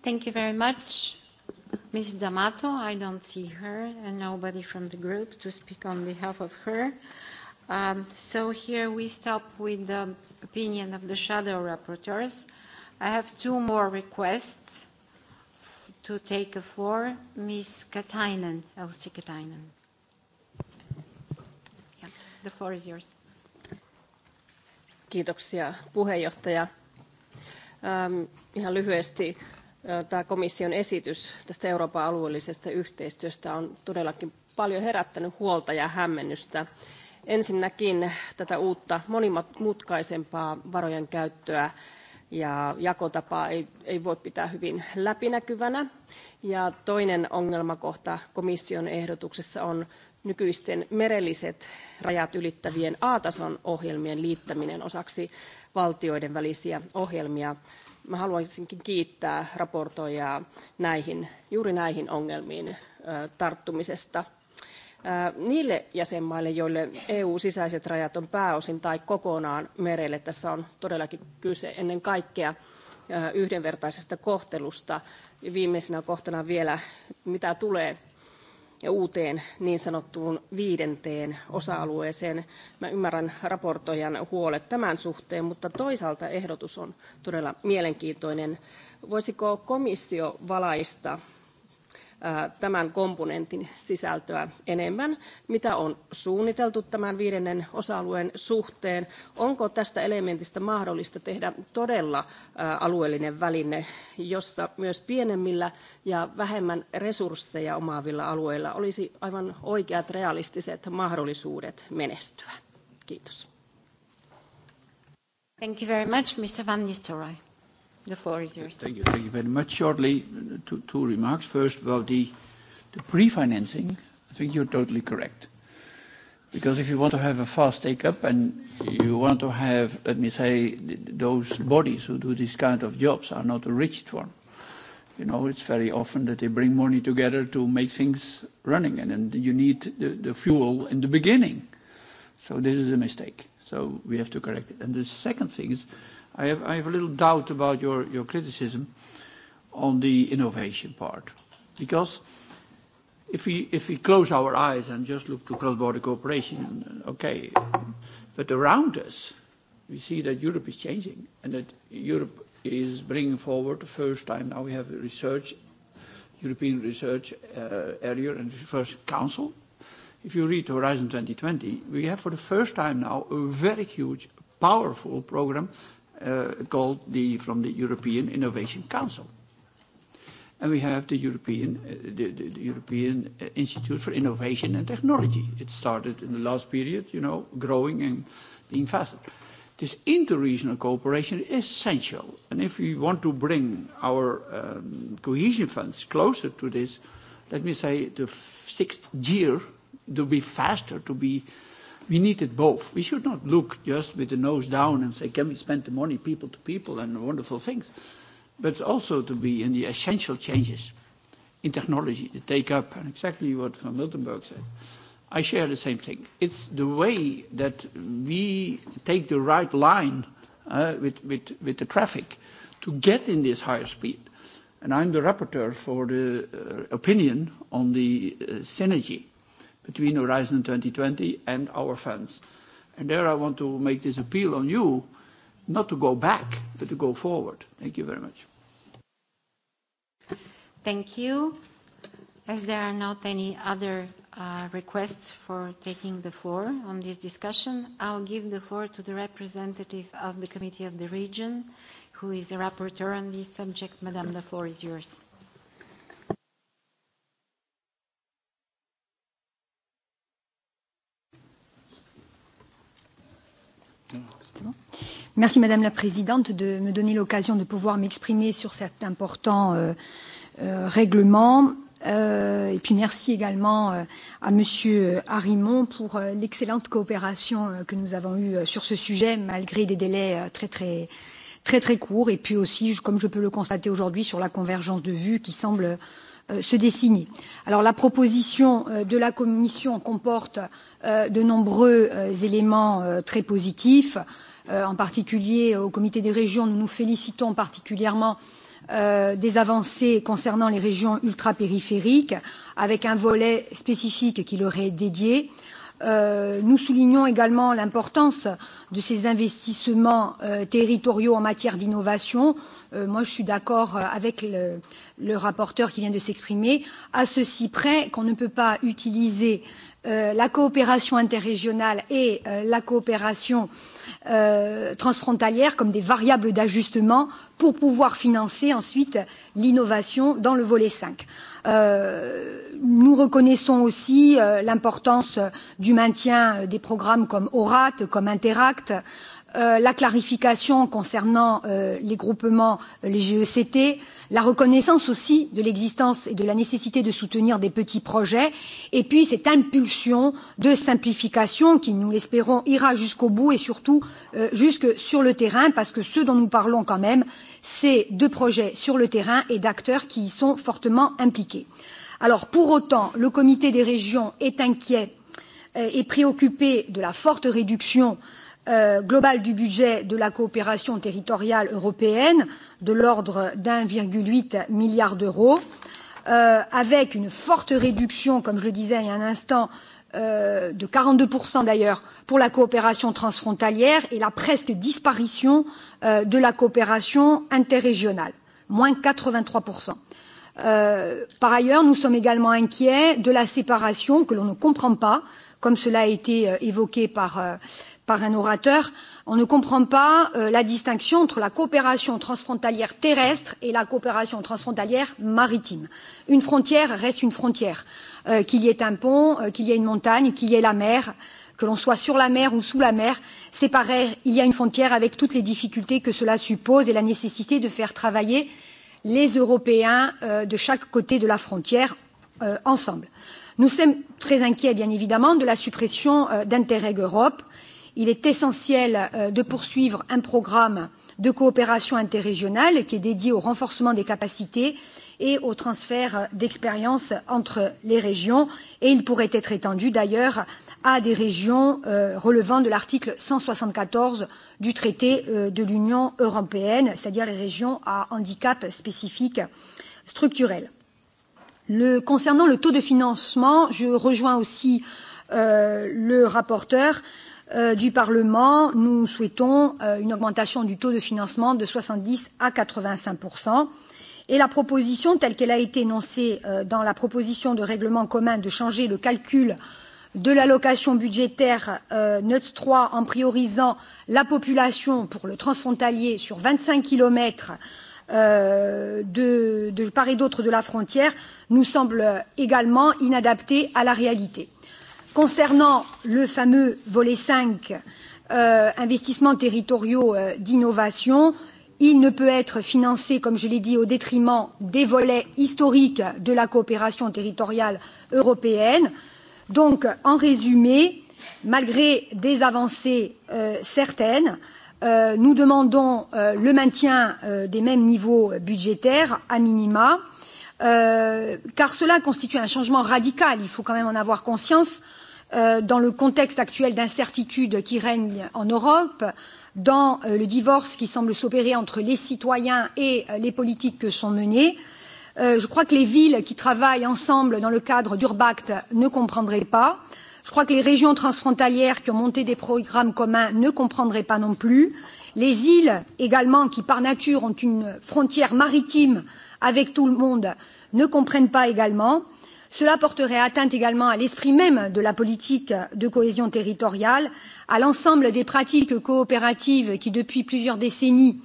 Thank you very much. Ms. D'Amato, I don't see her and nobody from the group to speak on behalf of her. Um, so here we stop with the opinion of the shadow rapporteurs. I have two more requests to take the floor. Ms. Katainen, Elsie Katainen. Yeah, the floor is yours. Kiitoksia puheenjohtaja. Ähm, ihan lyhyesti äh, tämä komission esitys tästä Euroopan alueellisesta yhteistyöstä on todellakin paljon herättänyt huolta ja hämmennystä. Ensinnäkin tätä uutta monimutkaisempaa varojen käyttöä ja jakotapaa ei, ei voi pitää hyvin läpinäkyvänä. Ja toinen ongelmakohta komission ehdotuksessa on nykyisten merelliset rajat ylittävien A-tason ohjelmien liittäminen osaksi valtioiden välisiä ohjelmia. Mä haluaisinkin kiittää raportoijaa näihin, juuri näihin ongelmiin tarttumisesta niille jäsenmaille, joille EU-sisäiset rajat on pääosin tai kokonaan merelle. Tässä on todellakin kyse ennen kaikkea yhdenvertaisesta kohtelusta. Viimeisenä kohtana vielä, mitä tulee uuteen niin sanottuun viidenteen osa-alueeseen. Mä ymmärrän raportoijan huolet tämän suhteen, mutta toisaalta ehdotus on todella mielenkiintoinen. Voisiko komissio valaista tämän komponentin sisältöä enemmän. Mitä on suunniteltu tämän viidennen osa-alueen suhteen? Onko tästä elementistä mahdollista tehdä todella alueellinen väline, jossa myös pienemmillä ja vähemmän resursseja omaavilla alueilla olisi aivan oikeat realistiset mahdollisuudet menestyä? Kiitos. Thank you very much, Mr. Van Nistelrooy. The floor is yours. Thank you. Thank you very much. Shortly, uh, two, two remarks. First, about the, the pre-financing, I think you're totally correct. Because if you want to have a fast take-up and you want to have, let me say, those bodies who do this kind of jobs are not the richest one. You know, it's very often that they bring money together to make things running, and then you need the, the fuel in the beginning. So this is a mistake. So we have to correct it. And the second thing is, I have, I have a little doubt about your, your criticism on the innovation part, because if we, if we close our eyes and just look to cross-border cooperation, okay. But around us, we see that Europe is changing and that Europe is bringing forward the first time now we have a research, European research uh, area and research council. If you read Horizon 2020, we have for the first time now a very huge, powerful program uh, called the, from the European Innovation Council. And we have the European, uh, the, the, the European eh, Institute for Innovation and Technology. It started in the last period, you know, growing and being faster. This interregional cooperation is essential. And if we want to bring our um, cohesion funds closer to this, let me say the sixth gear, to be faster, to be uh, We need it both. We should not look just with the nose down and say, can we spend the money people to people and wonderful things, but also to be in the essential changes in technology, the take up, and exactly what Van Miltenburg said. I share the same thing. It's the way that we take the right line uh, with, with, with the traffic to get in this higher speed. And I'm the rapporteur for the uh, opinion on the uh, synergy between Horizon 2020 and our funds. And there I want to make this appeal on you not to go back, but to go forward. Thank you very much. Thank you. As there are not any other uh, requests for taking the floor on this discussion, I'll give the floor to the representative of the Committee of the Region, who is a rapporteur on this subject. Madame, the floor is yours. Merci Madame la Présidente de me donner l'occasion de pouvoir m'exprimer sur cet important euh, euh, règlement. Euh, et puis merci également euh, à Monsieur Harimon pour euh, l'excellente coopération euh, que nous avons eue euh, sur ce sujet, malgré des délais euh, très très très très courts. Et puis aussi, comme je peux le constater aujourd'hui, sur la convergence de vues qui semble Euh, se dessiner. Alors, la proposition euh, de la Commission comporte euh, de nombreux éléments très positifs. En particulier, au comité des régions, nous nous félicitons particulièrement des avancées concernant les régions ultrapériphériques, avec un volet spécifique qui leur est dédié. Euh, nous soulignons également l'importance de ces investissements euh, territoriaux en matière d'innovation, euh, moi je suis d'accord euh, avec le, le rapporteur qui vient de s'exprimer, à ceci près qu'on ne peut pas utiliser euh, la coopération interrégionale et euh, la coopération euh, transfrontalière comme des variables d'ajustement pour pouvoir financer ensuite l'innovation dans le volet 5. Euh, nous reconnaissons aussi euh, l'importance du maintien euh, des programmes comme ORAT, comme Interact, euh, euh, la clarification concernant euh, les groupements, euh, les GECT, la reconnaissance aussi de l'existence et de la nécessité de soutenir des petits projets, et puis cette impulsion de simplification qui, nous l'espérons, ira jusqu'au bout et surtout euh, jusque sur le terrain, parce que ce dont nous parlons quand même, c'est de projets sur le terrain et d'acteurs qui y sont fortement impliqués. Alors, pour autant, le comité des régions est inquiet euh, et préoccupé de la forte réduction euh, euh, global du budget de la coopération territoriale européenne de l'ordre d'1,8 milliard d'euros, euh, avec une forte réduction, comme je le disais il y a un instant, euh, de 42% d'ailleurs pour la coopération transfrontalière et la presque disparition euh, de la coopération interrégionale, moins 83%. Euh, par ailleurs, nous sommes également inquiets de la séparation que l'on ne comprend pas, comme cela a été euh, évoqué par euh, par un orateur, on ne comprend pas euh, la distinction entre la coopération transfrontalière terrestre et la coopération transfrontalière maritime. Une frontière reste une frontière, euh, qu'il y ait un pont, euh, qu'il y ait une montagne, qu'il y ait la mer, que l'on soit sur la mer ou sous la mer, c'est pareil, il y a une frontière avec toutes les difficultés que cela suppose et la nécessité de faire travailler les Européens euh, de chaque côté de la frontière euh, ensemble. Nous sommes très inquiets, bien évidemment, de la suppression euh, d'Interreg Europe il est essentiel euh, de poursuivre un programme de coopération interrégionale qui est dédié au renforcement des capacités et au transfert euh, d'expériences entre les régions et il pourrait être étendu d'ailleurs à des régions euh, relevant de l'article 174 du traité euh, de l'Union européenne, c'est-à-dire les régions à handicap spécifique structurel. Le, concernant le taux de financement, je rejoins aussi euh, le rapporteur euh, du Parlement, nous souhaitons euh, une augmentation du taux de financement de 70 à 85 et la proposition, telle qu'elle a été énoncée euh, dans la proposition de règlement commun de changer le calcul de l'allocation budgétaire euh, NUTS 3 en priorisant la population pour le transfrontalier sur 25 kilomètres euh, de, de part et d'autre de la frontière nous semble euh, également inadapté à la réalité. Concernant le fameux volet 5, euh, investissements territoriaux euh, d'innovation, il ne peut être financé, comme je l'ai dit, au détriment des volets historiques de la coopération territoriale européenne. Donc, en résumé, malgré des avancées euh, certaines, euh, nous demandons euh, le maintien euh, des mêmes niveaux budgétaires à minima, euh, car cela constitue un changement radical, il faut quand même en avoir conscience, euh, euh, dans le contexte actuel d'incertitude qui règne en Europe, dans euh, le divorce qui semble s'opérer entre les citoyens et euh, les politiques que sont menées, euh, je crois que les villes qui travaillent ensemble dans le cadre d'Urbact ne comprendraient pas. Je crois que les régions transfrontalières qui ont monté des programmes communs ne comprendraient pas non plus. Les îles également, qui par nature ont une frontière maritime avec tout le monde, ne comprennent pas également cela porterait atteinte également à l'esprit même de la politique de cohésion territoriale à l'ensemble des pratiques coopératives qui depuis plusieurs décennies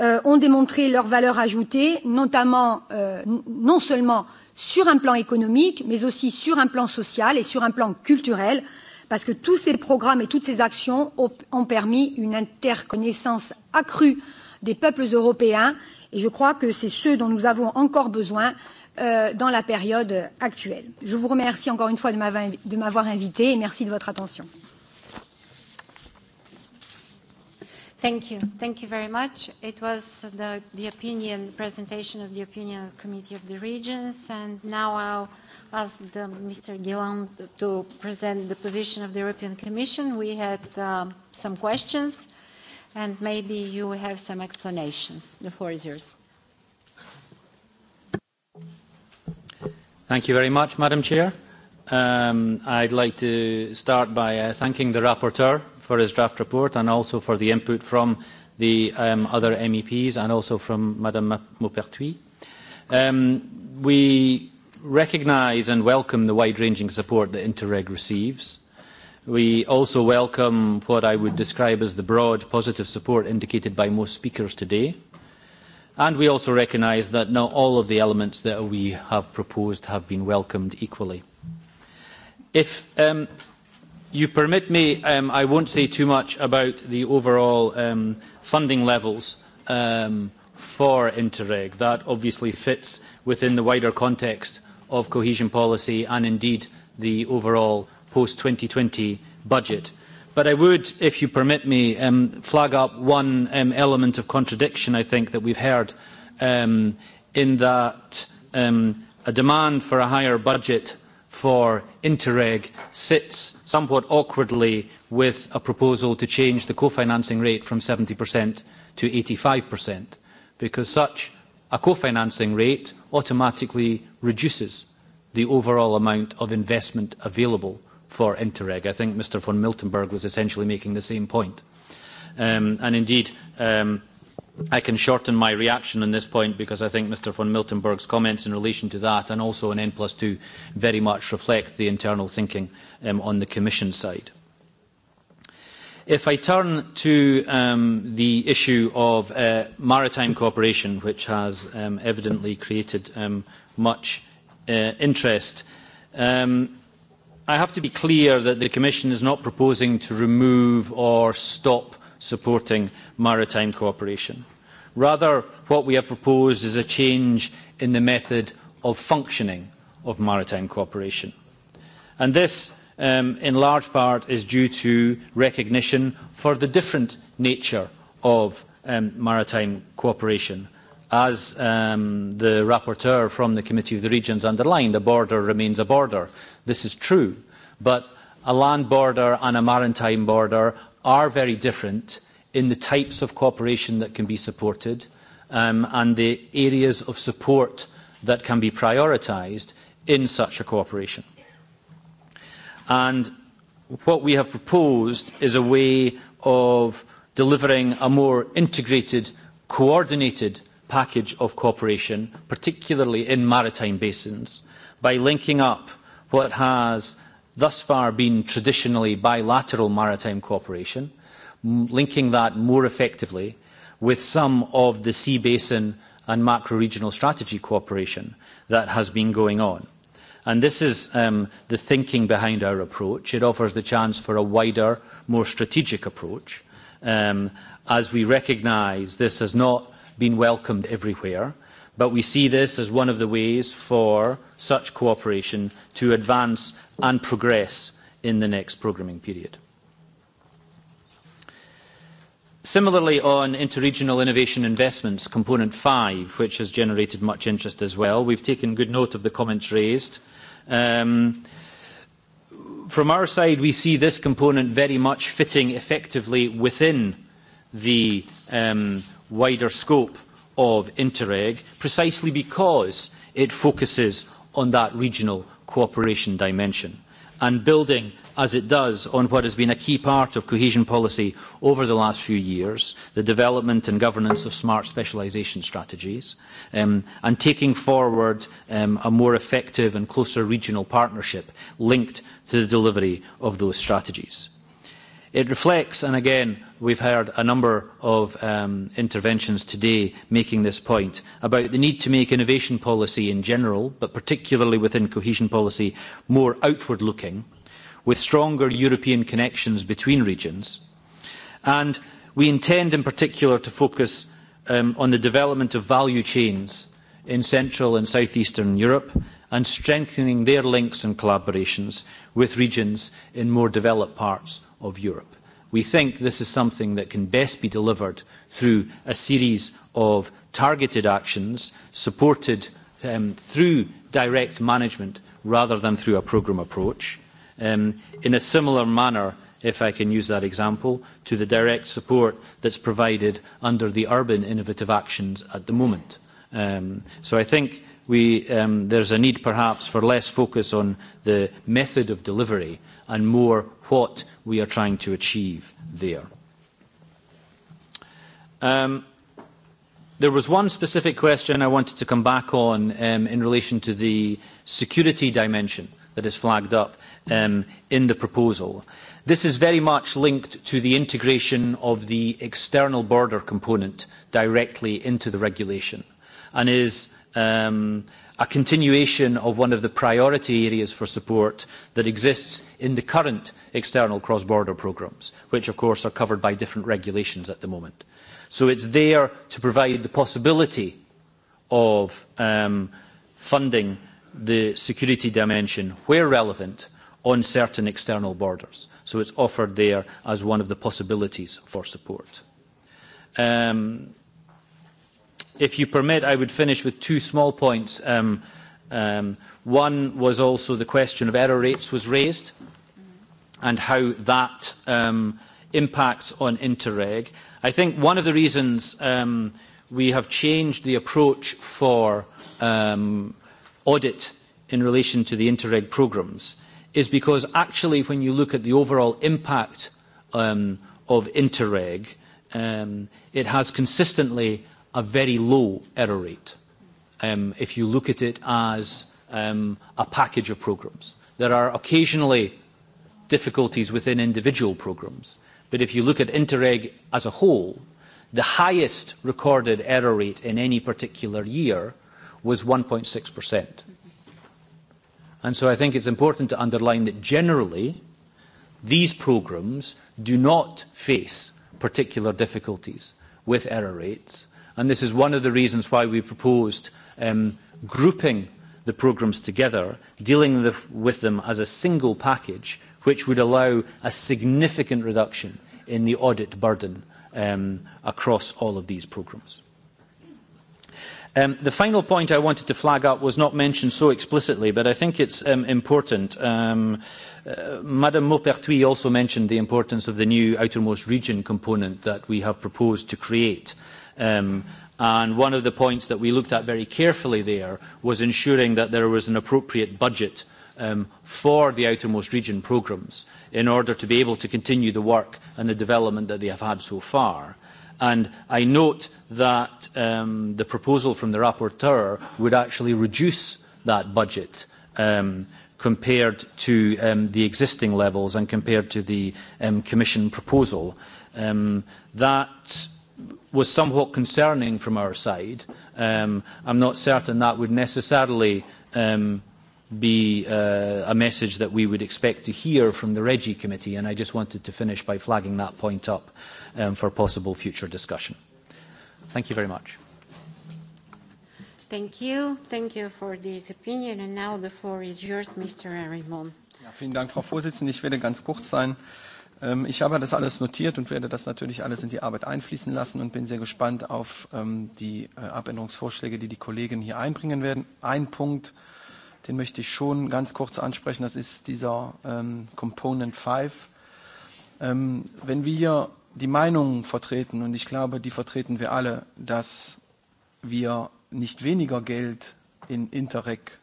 euh, ont démontré leur valeur ajoutée notamment euh, non seulement sur un plan économique mais aussi sur un plan social et sur un plan culturel parce que tous ces programmes et toutes ces actions ont permis une interconnaissance accrue des peuples européens et je crois que c'est ce dont nous avons encore besoin euh, dans la période actuelle. Je vous remercie encore une fois de m'avoir invité et merci de votre attention. Thank you. Thank you very much. It was the, the opinion presentation of the opinion committee of the regions, and now I'll ask the, Mr. Guillaume to present the position of the European Commission. We had um, some questions, and maybe you have some explanations. The floor is yours. Thank you very much, Madam Chair. Um, I'd like to start by uh, thanking the rapporteur for his draft report and also for the input from the um, other MEPs and also from Madame Maupertuis. Um, we recognise and welcome the wide-ranging support that Interreg receives. We also welcome what I would describe as the broad positive support indicated by most speakers today. And we also recognise that not all of the elements that we have proposed have been welcomed equally. If um, you permit me, um, I won't say too much about the overall um, funding levels um, for Interreg. That obviously fits within the wider context of cohesion policy and indeed the overall post-2020 budget. Uh, But I would, if you permit me, um, flag up one um, element of contradiction, I think, that we've heard um, in that um, a demand for a higher budget for Interreg sits somewhat awkwardly with a proposal to change the co-financing rate from 70% to 85%, because such a co-financing rate automatically reduces the overall amount of investment available for Interreg. I think Mr von Miltenberg was essentially making the same point. Um, and indeed, um, I can shorten my reaction on this point because I think Mr von Miltenberg's comments in relation to that and also on N plus 2 very much reflect the internal thinking um, on the Commission side. If I turn to um, the issue of uh, maritime cooperation, which has um, evidently created um, much uh, interest, um, I have to be clear that the Commission is not proposing to remove or stop supporting maritime cooperation. Rather, what we have proposed is a change in the method of functioning of maritime cooperation. And this, um, in large part, is due to recognition for the different nature of um, maritime cooperation as um, the rapporteur from the Committee of the Regions underlined, a border remains a border. This is true, but a land border and a maritime border are very different in the types of cooperation that can be supported um, and the areas of support that can be prioritised in such a cooperation. And what we have proposed is a way of delivering a more integrated, coordinated package of cooperation, particularly in maritime basins, by linking up what has thus far been traditionally bilateral maritime cooperation, linking that more effectively with some of the sea basin and macro-regional strategy cooperation that has been going on. And this is um, the thinking behind our approach. It offers the chance for a wider, more strategic approach, um, as we recognise this as not been welcomed everywhere, but we see this as one of the ways for such cooperation to advance and progress in the next programming period. Similarly, on interregional innovation investments, component five, which has generated much interest as well, we've taken good note of the comments raised. Um, from our side, we see this component very much fitting effectively within the um, wider scope of Interreg precisely because it focuses on that regional cooperation dimension and building as it does on what has been a key part of cohesion policy over the last few years, the development and governance of smart specialisation strategies, um, and taking forward um, a more effective and closer regional partnership linked to the delivery of those strategies. It reflects, and again, we've heard a number of um, interventions today making this point about the need to make innovation policy in general, but particularly within cohesion policy, more outward looking, with stronger European connections between regions. And we intend in particular to focus um, on the development of value chains in Central and Southeastern Europe and strengthening their links and collaborations with regions in more developed parts of Europe. We think this is something that can best be delivered through a series of targeted actions supported um, through direct management rather than through a programme approach. Um, in a similar manner, if I can use that example, to the direct support that's provided under the Urban Innovative Actions at the moment. Um, so I think we, um, there's a need perhaps for less focus on the method of delivery and more what we are trying to achieve there. Um, there was one specific question I wanted to come back on um, in relation to the security dimension that is flagged up um, in the proposal. This is very much linked to the integration of the external border component directly into the regulation and is um, a continuation of one of the priority areas for support that exists in the current external cross-border programmes, which of course are covered by different regulations at the moment. So it's there to provide the possibility of um, funding the security dimension where relevant on certain external borders. So it's offered there as one of the possibilities for support. Um, if you permit, I would finish with two small points. Um, um, one was also the question of error rates was raised and how that um, impacts on Interreg. I think one of the reasons um, we have changed the approach for um, audit in relation to the Interreg programmes is because actually when you look at the overall impact um, of Interreg, um, it has consistently a very low error rate um, if you look at it as um, a package of programs. There are occasionally difficulties within individual programs, but if you look at Interreg as a whole, the highest recorded error rate in any particular year was 1.6%. And so I think it's important to underline that generally, these programs do not face particular difficulties with error rates and this is one of the reasons why we proposed um, grouping the programmes together, dealing the, with them as a single package, which would allow a significant reduction in the audit burden um, across all of these programmes. Um, the final point I wanted to flag up was not mentioned so explicitly, but I think it's um, important. Um, uh, Madame Maupertuis also mentioned the importance of the new outermost region component that we have proposed to create. Uh, Um, and one of the points that we looked at very carefully there was ensuring that there was an appropriate budget um, for the outermost region programmes in order to be able to continue the work and the development that they have had so far. And I note that um, the proposal from the rapporteur would actually reduce that budget um, compared to um, the existing levels and compared to the um, Commission proposal. Um, that was somewhat concerning from our side. Um, I'm not certain that would necessarily um, be uh, a message that we would expect to hear from the Regi Committee, and I just wanted to finish by flagging that point up um, for possible future discussion. Thank you very much. Thank you. Thank you for this opinion. And now the floor is yours, Mr. Arimon. Ja, vielen Dank, Frau Vorsitzende. Ich werde ganz kurz sein. Äh, Ähm, ich habe das alles notiert und werde das natürlich alles in die Arbeit einfließen lassen und bin sehr gespannt auf ähm, die äh, Abänderungsvorschläge, die die Kollegen hier einbringen werden. Ein Punkt, den möchte ich schon ganz kurz ansprechen, das ist dieser ähm, Component 5. Ähm, wenn wir die Meinung vertreten, und ich glaube, die vertreten wir alle, dass wir nicht weniger Geld in Interreg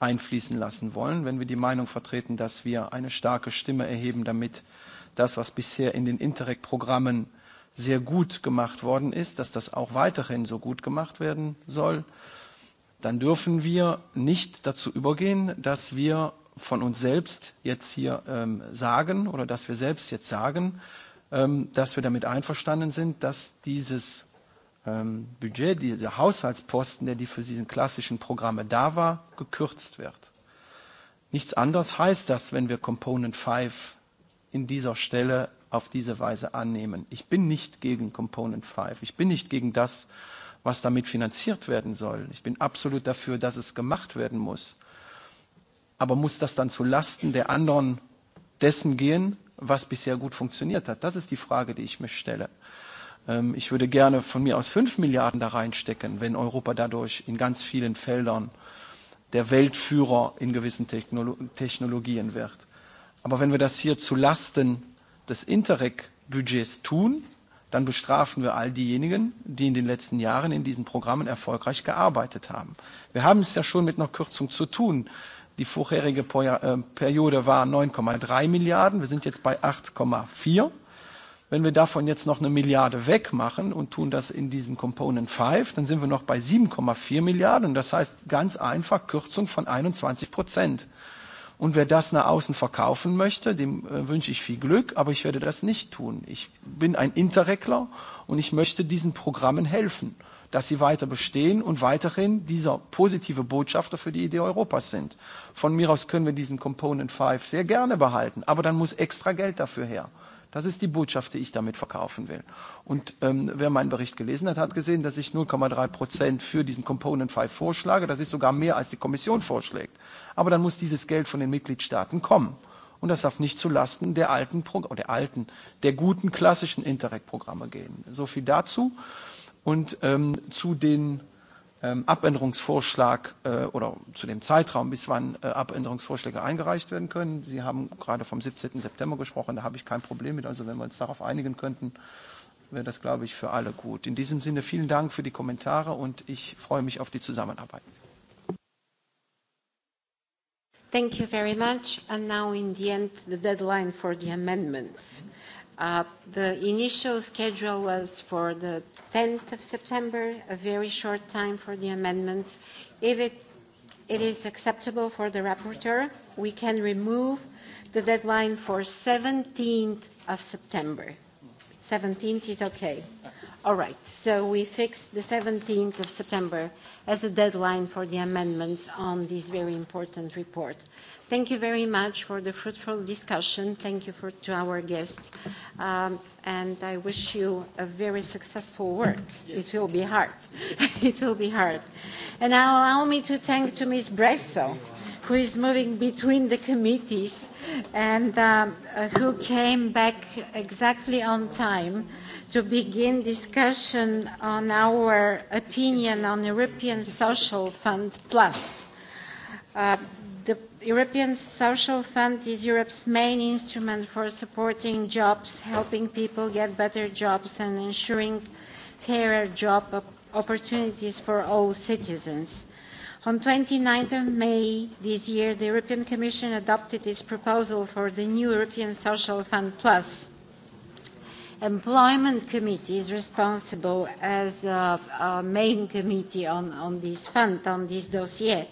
einfließen lassen wollen, wenn wir die Meinung vertreten, dass wir eine starke Stimme erheben, damit das, was bisher in den Interreg-Programmen sehr gut gemacht worden ist, dass das auch weiterhin so gut gemacht werden soll, dann dürfen wir nicht dazu übergehen, dass wir von uns selbst jetzt hier ähm, sagen oder dass wir selbst jetzt sagen, ähm, dass wir damit einverstanden sind, dass dieses ähm, Budget, dieser Haushaltsposten, der die für diese klassischen Programme da war, gekürzt wird. Nichts anderes heißt das, wenn wir Component 5 in dieser Stelle auf diese Weise annehmen. Ich bin nicht gegen Component 5. Ich bin nicht gegen das, was damit finanziert werden soll. Ich bin absolut dafür, dass es gemacht werden muss. Aber muss das dann zu Lasten der anderen dessen gehen, was bisher gut funktioniert hat? Das ist die Frage, die ich mir stelle. Ähm, ich würde gerne von mir aus 5 Milliarden da reinstecken, wenn Europa dadurch in ganz vielen Feldern der Weltführer in gewissen Technologien wird. Aber wenn wir das hier zu Lasten des Interreg-Budgets tun, dann bestrafen wir all diejenigen, die in den letzten Jahren in diesen Programmen erfolgreich gearbeitet haben. Wir haben es ja schon mit einer Kürzung zu tun. Die vorherige äh, Periode war 9,3 Milliarden. Wir sind jetzt bei 8,4. Wenn wir davon jetzt noch eine Milliarde wegmachen und tun das in diesen Component 5, dann sind wir noch bei 7,4 Milliarden. Und das heißt ganz einfach Kürzung von 21 Prozent. Und wer das nach außen verkaufen möchte, dem äh, wünsche ich viel Glück, aber ich werde das nicht tun. Ich bin ein Interreckler und ich möchte diesen Programmen helfen, dass sie weiter bestehen und weiterhin dieser positive Botschafter für die Idee Europas sind. Von mir aus können wir diesen Component 5 sehr gerne behalten, aber dann muss extra Geld dafür her. Das ist die Botschaft, die ich damit verkaufen will. Und ähm, wer meinen Bericht gelesen hat, hat gesehen, dass ich 0,3 Prozent für diesen Component 5 vorschlage. Das ist sogar mehr, als die Kommission vorschlägt aber dann muss dieses Geld von den Mitgliedstaaten kommen. Und das darf nicht zulasten der alten, der alten, der guten klassischen Interreg-Programme gehen. So viel dazu. Und ähm, zu den ähm, Abänderungsvorschlag äh, oder zu dem Zeitraum, bis wann äh, Abänderungsvorschläge eingereicht werden können. Sie haben gerade vom 17. September gesprochen, da habe ich kein Problem mit. Also wenn wir uns darauf einigen könnten, wäre das, glaube ich, für alle gut. In diesem Sinne vielen Dank für die Kommentare und ich freue mich auf die Zusammenarbeit. Thank you very much. And now, in the end, the deadline for the amendments. Uh, the initial schedule was for the 10th of September, a very short time for the amendments. If it, it is acceptable for the rapporteur, we can remove the deadline for 17th of September. 17th is okay. All right, so we fixed the 17th of September as a deadline for the amendments on this very important report. Thank you very much for the fruitful discussion. Thank you for, to our guests. Um, and I wish you a very successful work. Yes. It will be hard. it will be hard. And now allow me to thank to Ms. Bresso who is moving between the committees and um, uh, who came back exactly on time to begin discussion on our opinion on European Social Fund Plus. Uh, the European Social Fund is Europe's main instrument for supporting jobs, helping people get better jobs and ensuring fairer job opportunities for all citizens. On 29th of May this year, the European Commission adopted its proposal for the new European Social Fund Plus Employment Committee is responsible as a, a main committee on, on this fund, on this dossier.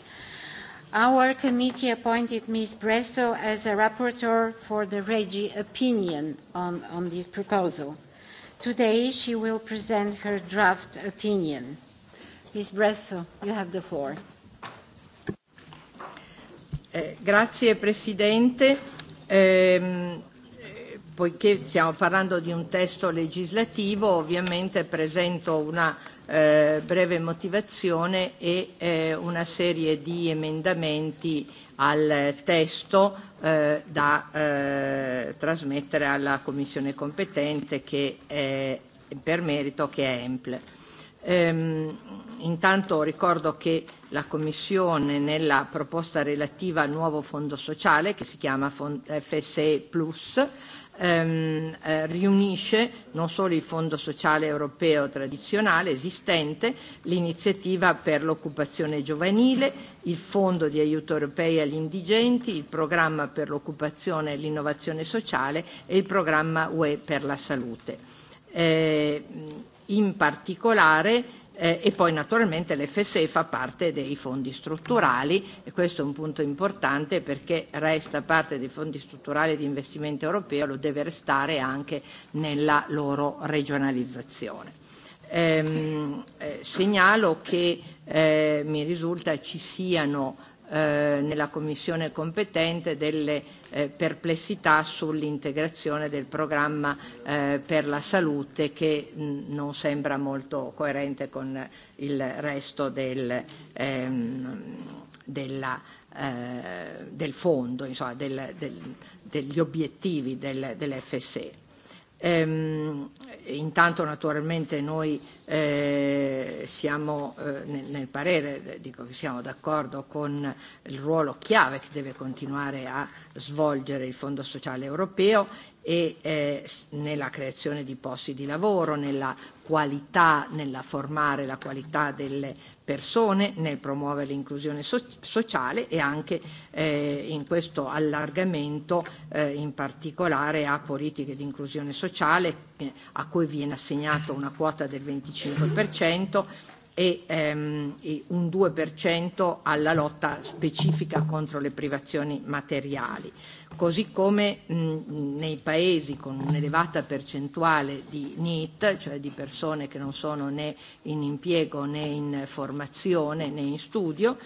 Our committee appointed Ms. Bresso as a rapporteur for the REGI opinion on, on this proposal. Today she will present her draft opinion. Ms. Bresso, you have the floor. Eh, grazie Presidente. Eh, poiché stiamo parlando di un testo legislativo, ovviamente presento una eh, breve motivazione e eh, una serie di emendamenti al testo eh, da eh, trasmettere alla Commissione competente che è, per merito che è EMPL. Ehm, intanto ricordo che la Commissione nella proposta relativa al nuovo fondo sociale che si chiama FSE Plus ehm, eh, riunisce non solo il Fondo sociale europeo tradizionale esistente, l'iniziativa per l'occupazione giovanile, il Fondo di aiuto europei agli indigenti, il programma per l'occupazione e l'innovazione sociale e il programma UE per la salute. Eh, in particolare Eh, e poi naturalmente l'FSE fa parte dei fondi strutturali e questo è un punto importante perché resta parte dei fondi strutturali di investimento europeo, lo deve restare anche nella loro regionalizzazione. Ehm, eh, segnalo che eh, mi risulta ci siano eh, nella commissione competente delle eh, perplessità sull'integrazione del programma eh, per la salute che mh, non sembra molto coerente con il resto del, ehm, della, eh, del fondo, insomma, del, del, degli obiettivi del, dell'FSE. Ehm, intanto naturalmente noi eh, siamo eh, nel, nel parere, dico che siamo d'accordo con il ruolo chiave che deve continuare a svolgere il Fondo Sociale Europeo e eh, nella creazione di posti di lavoro, nella qualità, nella formare la qualità delle persone, nel promuovere l'inclusione so- sociale e anche eh, in questo allargamento eh, in particolare a politiche di inclusione sociale eh, a cui viene assegnata una quota del 25% e, ehm, e un 2% alla lotta specifica contro le privazioni materiali. Così come mh, nei paesi con un'elevata percentuale di NEET, cioè di persone che non sono né in impiego né in formazione né in studio,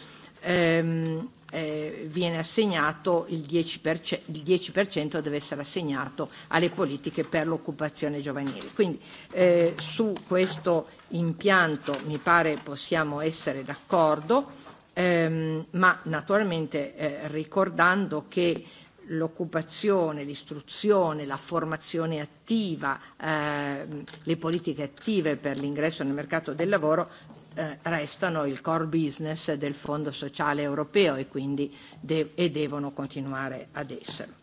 ehm, eh, viene assegnato il 10%, il 10% deve essere assegnato alle politiche per l'occupazione giovanile. Quindi eh, su questo impianto mi pare possiamo essere d'accordo, ehm, ma naturalmente eh, ricordando che l'occupazione, l'istruzione, la formazione attiva, eh, le politiche attive per l'ingresso nel mercato del lavoro eh, restano il core business del Fondo sociale europeo e quindi de- e devono continuare ad esserlo.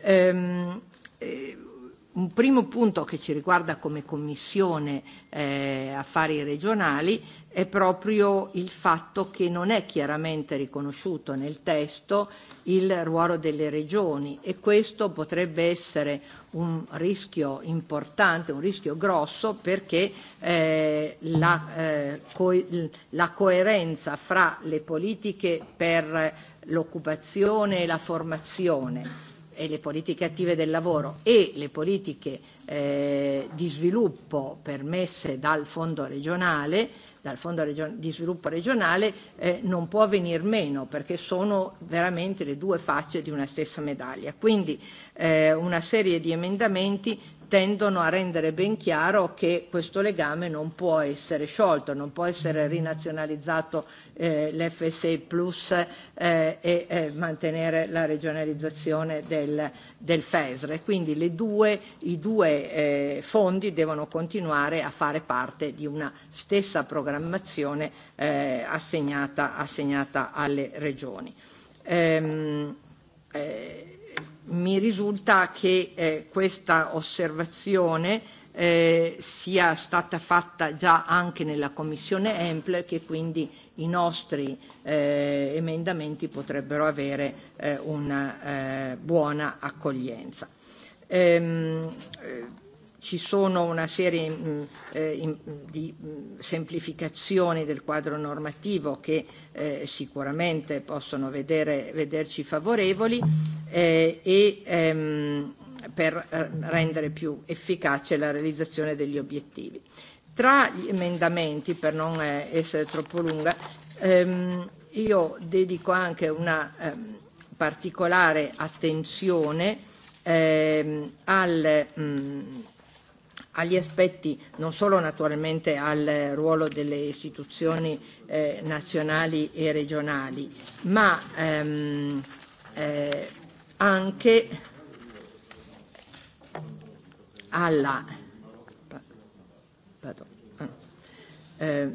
Ehm, eh, Un primo punto che ci riguarda come Commissione eh, Affari regionali è proprio il fatto che non è chiaramente riconosciuto nel testo il ruolo delle regioni e questo potrebbe essere un rischio importante, un rischio grosso perché eh, la, eh, co- la coerenza fra le politiche per l'occupazione e la formazione e le politiche attive del lavoro e le politiche eh, di sviluppo permesse dal fondo regionale, dal fondo region- di sviluppo regionale, eh, non può venir meno perché sono veramente le due facce di una stessa medaglia. Quindi eh, una serie di emendamenti tendono a rendere ben chiaro che questo legame non può essere sciolto, non può essere mm-hmm. rinazionalizzato eh, l'FSE Plus eh, e eh, mantenere la regionalizzazione del, del FESR. Quindi le due, i due eh, fondi devono continuare a fare parte di una stessa programmazione eh, assegnata, assegnata alle regioni. Ehm, eh, mi risulta che eh, questa osservazione eh, sia stata fatta già anche nella commissione EMPL e che quindi i nostri eh, emendamenti potrebbero avere eh, una eh, buona accoglienza. Ehm, eh, ci sono una serie mh, mm, eh, in, di mh, mm, semplificazioni del quadro normativo che eh, sicuramente possono vedere, vederci favorevoli eh, e ehm, per eh, rendere più efficace la realizzazione degli obiettivi. Tra gli emendamenti, per non eh, essere troppo lunga, ehm, io dedico anche una ehm, particolare attenzione ehm, al mh, mm, agli aspetti non solo naturalmente al eh, ruolo delle istituzioni eh, nazionali e regionali, ma ehm, eh, anche alla pardon, eh,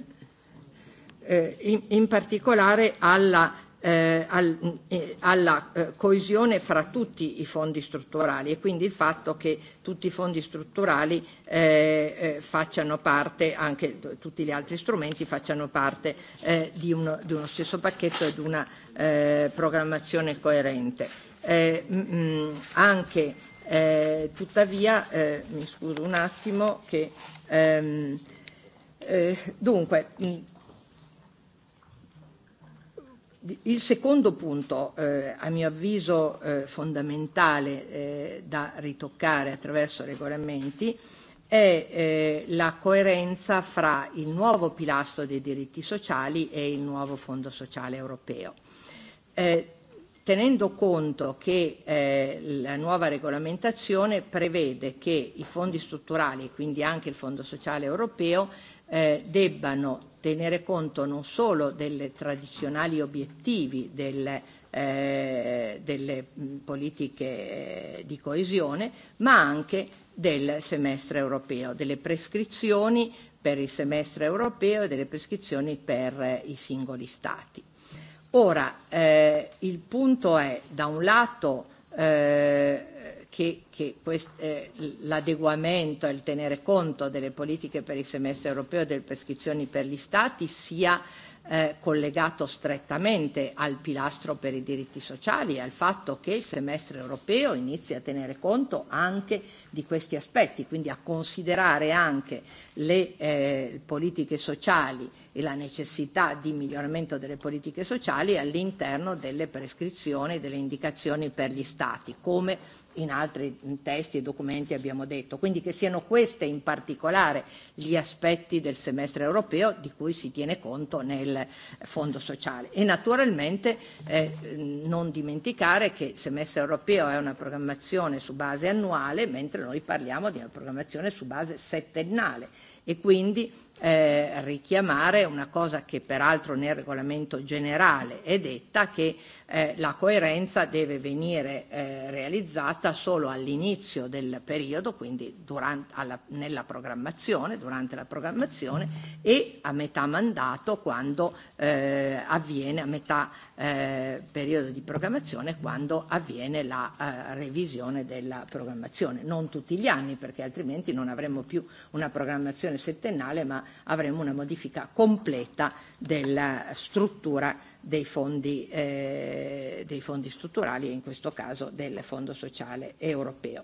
eh, in, in particolare alla eh, al, eh, alla eh, coesione fra tutti i fondi strutturali e quindi il fatto che tutti i fondi strutturali eh, eh, facciano parte, anche tutti gli altri strumenti facciano parte eh, di, uno, di uno stesso pacchetto e di una eh, programmazione coerente. Eh, mh, anche eh, tuttavia, eh, mi scuso un attimo, che ehm, eh, dunque mh, Il secondo punto, eh, a mio avviso eh, fondamentale eh, da ritoccare attraverso regolamenti, è eh, la coerenza fra il nuovo pilastro dei diritti sociali e il nuovo Fondo sociale europeo. Eh, tenendo conto che eh, la nuova regolamentazione prevede che i fondi strutturali, quindi anche il Fondo sociale europeo, eh, debbano tenere conto non solo dei tradizionali obiettivi delle, eh, delle mm, politiche eh, di coesione, ma anche del semestre europeo, delle prescrizioni per il semestre europeo e delle prescrizioni per eh, i singoli Stati. Ora, eh, il punto è, da un lato, eh, che, che quest, eh, l'adeguamento al tenere conto delle politiche per il semestre europeo e delle prescrizioni per gli Stati sia eh, collegato strettamente al pilastro per i diritti sociali e al fatto che il semestre europeo inizi a tenere conto anche di questi aspetti, quindi a considerare anche le eh, politiche sociali e la necessità di miglioramento delle politiche sociali all'interno delle prescrizioni, delle indicazioni per gli Stati, come in altri testi e documenti abbiamo detto. Quindi che siano questi in particolare gli aspetti del semestre europeo di cui si tiene conto nel Fondo sociale. E naturalmente eh, non dimenticare che il semestre europeo è una programmazione su base annuale, mentre noi parliamo di una programmazione su base settennale e quindi eh, richiamare una cosa che peraltro nel regolamento generale è detta che eh, la coerenza deve venire eh, realizzata solo all'inizio del periodo, quindi durante, alla, nella programmazione, durante la programmazione e a metà mandato quando eh, avviene, a metà eh, periodo di programmazione, quando avviene la eh, revisione della programmazione. Non tutti gli anni perché altrimenti non avremmo più una programmazione settennale ma avremo una modifica completa della struttura dei fondi, eh, dei fondi strutturali e in questo caso del Fondo sociale europeo.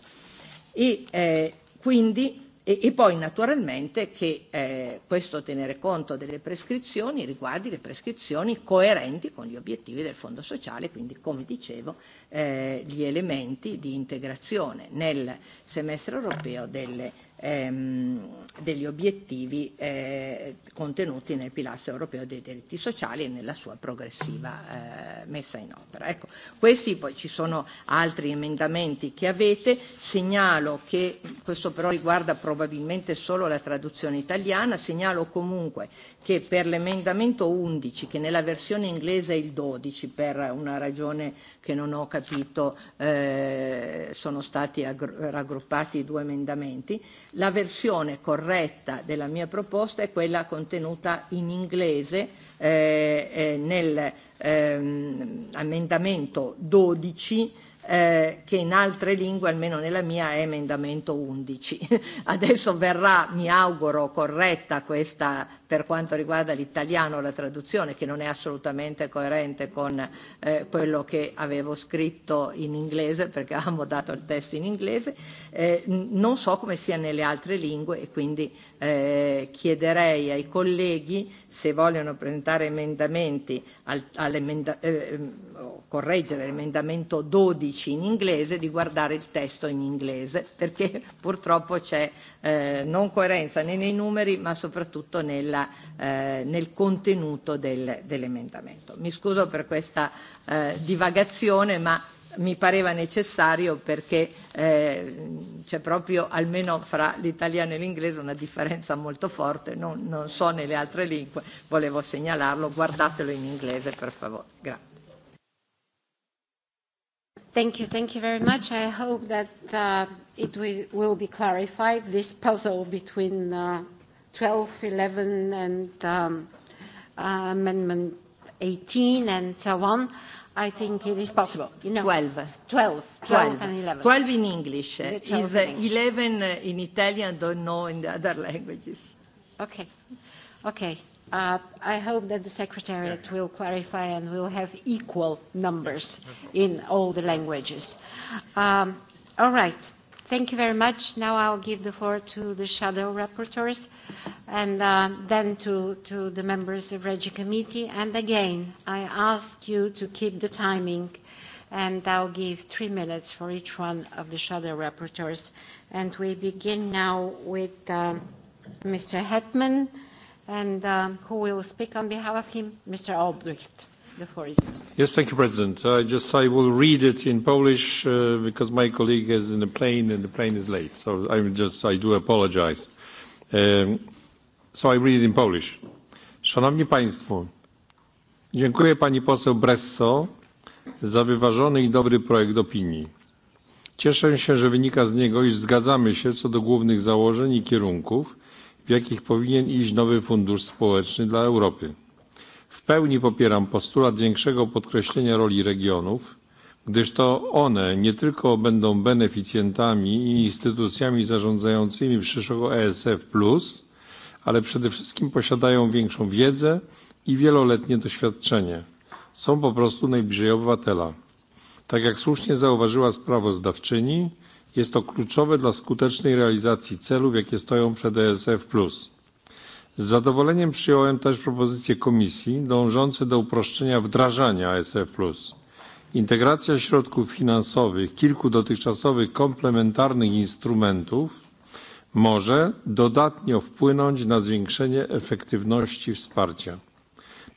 E, eh, quindi, E, e poi naturalmente che eh, questo tenere conto delle prescrizioni riguardi le prescrizioni coerenti con gli obiettivi del Fondo sociale, quindi come dicevo eh, gli elementi di integrazione nel semestre europeo delle ehm, degli obiettivi eh, contenuti nel pilastro europeo dei diritti sociali e nella sua progressiva eh, messa in opera. Ecco, questi poi ci sono altri emendamenti che avete, segnalo che questo però riguarda probabilmente solo la traduzione italiana, segnalo comunque che per l'emendamento 11, che nella versione inglese è il 12, per una ragione che non ho capito, eh, sono stati raggruppati i due emendamenti, La versione corretta della mia proposta è quella contenuta in inglese eh, eh, nell'emendamento ehm, 12 eh, che in altre lingue, almeno nella mia, è emendamento 11. Adesso verrà, mi auguro, corretta questa per quanto riguarda l'italiano la traduzione che non è assolutamente coerente con eh, quello che avevo scritto in inglese perché avevamo dato il testo in inglese, eh, non so come sia nelle altre lingue e quindi eh, chiederei ai colleghi se vogliono presentare emendamenti al, all'emenda, eh, ehm, correggere l'emendamento 12 in inglese di guardare il testo in inglese perché purtroppo c'è eh, non coerenza né nei numeri ma soprattutto nel nella, eh, nel contenuto del, dell'emendamento. Mi scuso per questa eh, divagazione, ma mi pareva necessario perché eh, c'è proprio, almeno fra l'italiano e l'inglese, una differenza molto forte, non, non so nelle altre lingue, volevo segnalarlo, guardatelo in inglese per favore. Grazie. Thank you. Thank you very much. I hope that uh, it will, will be clarified, this puzzle between uh, 12, 11, and um, uh, Amendment 18, and so on. I think it is possible. You know, 12. 12. 12, 12 and 11. 12 in English. The 12 is uh, in English. 11 uh, in Italian, don't know in the other languages. Okay. Okay. Uh, I hope that the Secretariat yeah. will clarify and will have equal numbers in all the languages. Um, all right. Thank you very much. Now I'll give the floor to the shadow rapporteurs and uh, then to, to the members of Regi Committee. And again, I ask you to keep the timing, and I'll give three minutes for each one of the shadow rapporteurs. And we begin now with uh, Mr. Hetman, and uh, who will speak on behalf of him? Mr. Albrecht. The floor is yours. Yes, thank you, President. I just I will read it in Polish uh, because my colleague is in a plane and the plane is late. So I just I do apologize. Um, so I read it in Polish. Szanowni Państwo, dziękuję pani poseł Bresso za wyważony i dobry projekt opinii. Cieszę się, że wynika z niego, iż zgadzamy się co do głównych założeń i kierunków, w jakich powinien iść nowy fundusz społeczny dla Europy. W pełni popieram postulat większego podkreślenia roli regionów, gdyż to one nie tylko będą beneficjentami i instytucjami zarządzającymi przyszłego ESF, ale przede wszystkim posiadają większą wiedzę i wieloletnie doświadczenie. Są po prostu najbliżej obywatela. Tak jak słusznie zauważyła sprawozdawczyni, jest to kluczowe dla skutecznej realizacji celów, jakie stoją przed ESF z zadowoleniem przyjąłem też propozycje komisji dążące do uproszczenia wdrażania esf. integracja środków finansowych kilku dotychczasowych komplementarnych instrumentów może dodatnio wpłynąć na zwiększenie efektywności wsparcia.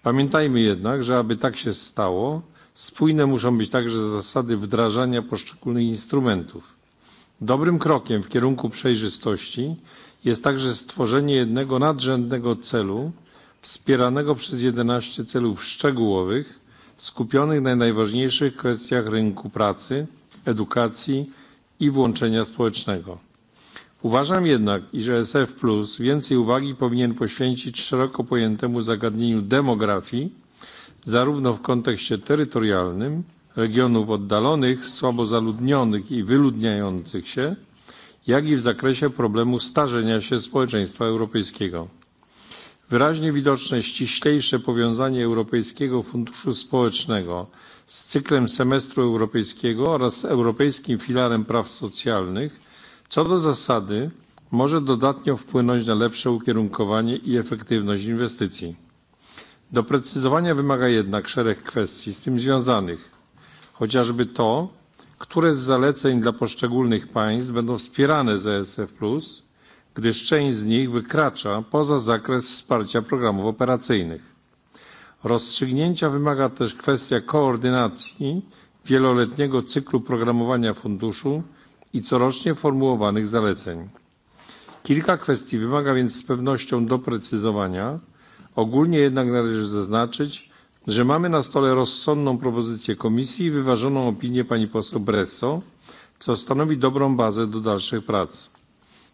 pamiętajmy jednak że aby tak się stało spójne muszą być także zasady wdrażania poszczególnych instrumentów. dobrym krokiem w kierunku przejrzystości jest także stworzenie jednego nadrzędnego celu wspieranego przez 11 celów szczegółowych skupionych na najważniejszych kwestiach rynku pracy, edukacji i włączenia społecznego. Uważam jednak, iż ESF Plus więcej uwagi powinien poświęcić szeroko pojętemu zagadnieniu demografii, zarówno w kontekście terytorialnym, regionów oddalonych, słabo zaludnionych i wyludniających się, jak i w zakresie problemu starzenia się społeczeństwa europejskiego. Wyraźnie widoczne ściślejsze powiązanie Europejskiego Funduszu Społecznego z cyklem semestru europejskiego oraz z Europejskim Filarem Praw Socjalnych co do zasady może dodatnio wpłynąć na lepsze ukierunkowanie i efektywność inwestycji. Doprecyzowania wymaga jednak szereg kwestii z tym związanych, chociażby to, które z zaleceń dla poszczególnych państw będą wspierane z ESF+, gdyż część z nich wykracza poza zakres wsparcia programów operacyjnych. Rozstrzygnięcia wymaga też kwestia koordynacji wieloletniego cyklu programowania funduszu i corocznie formułowanych zaleceń. Kilka kwestii wymaga więc z pewnością doprecyzowania. Ogólnie jednak należy zaznaczyć, że mamy na stole rozsądną propozycję komisji i wyważoną opinię pani poseł bresso co stanowi dobrą bazę do dalszych prac.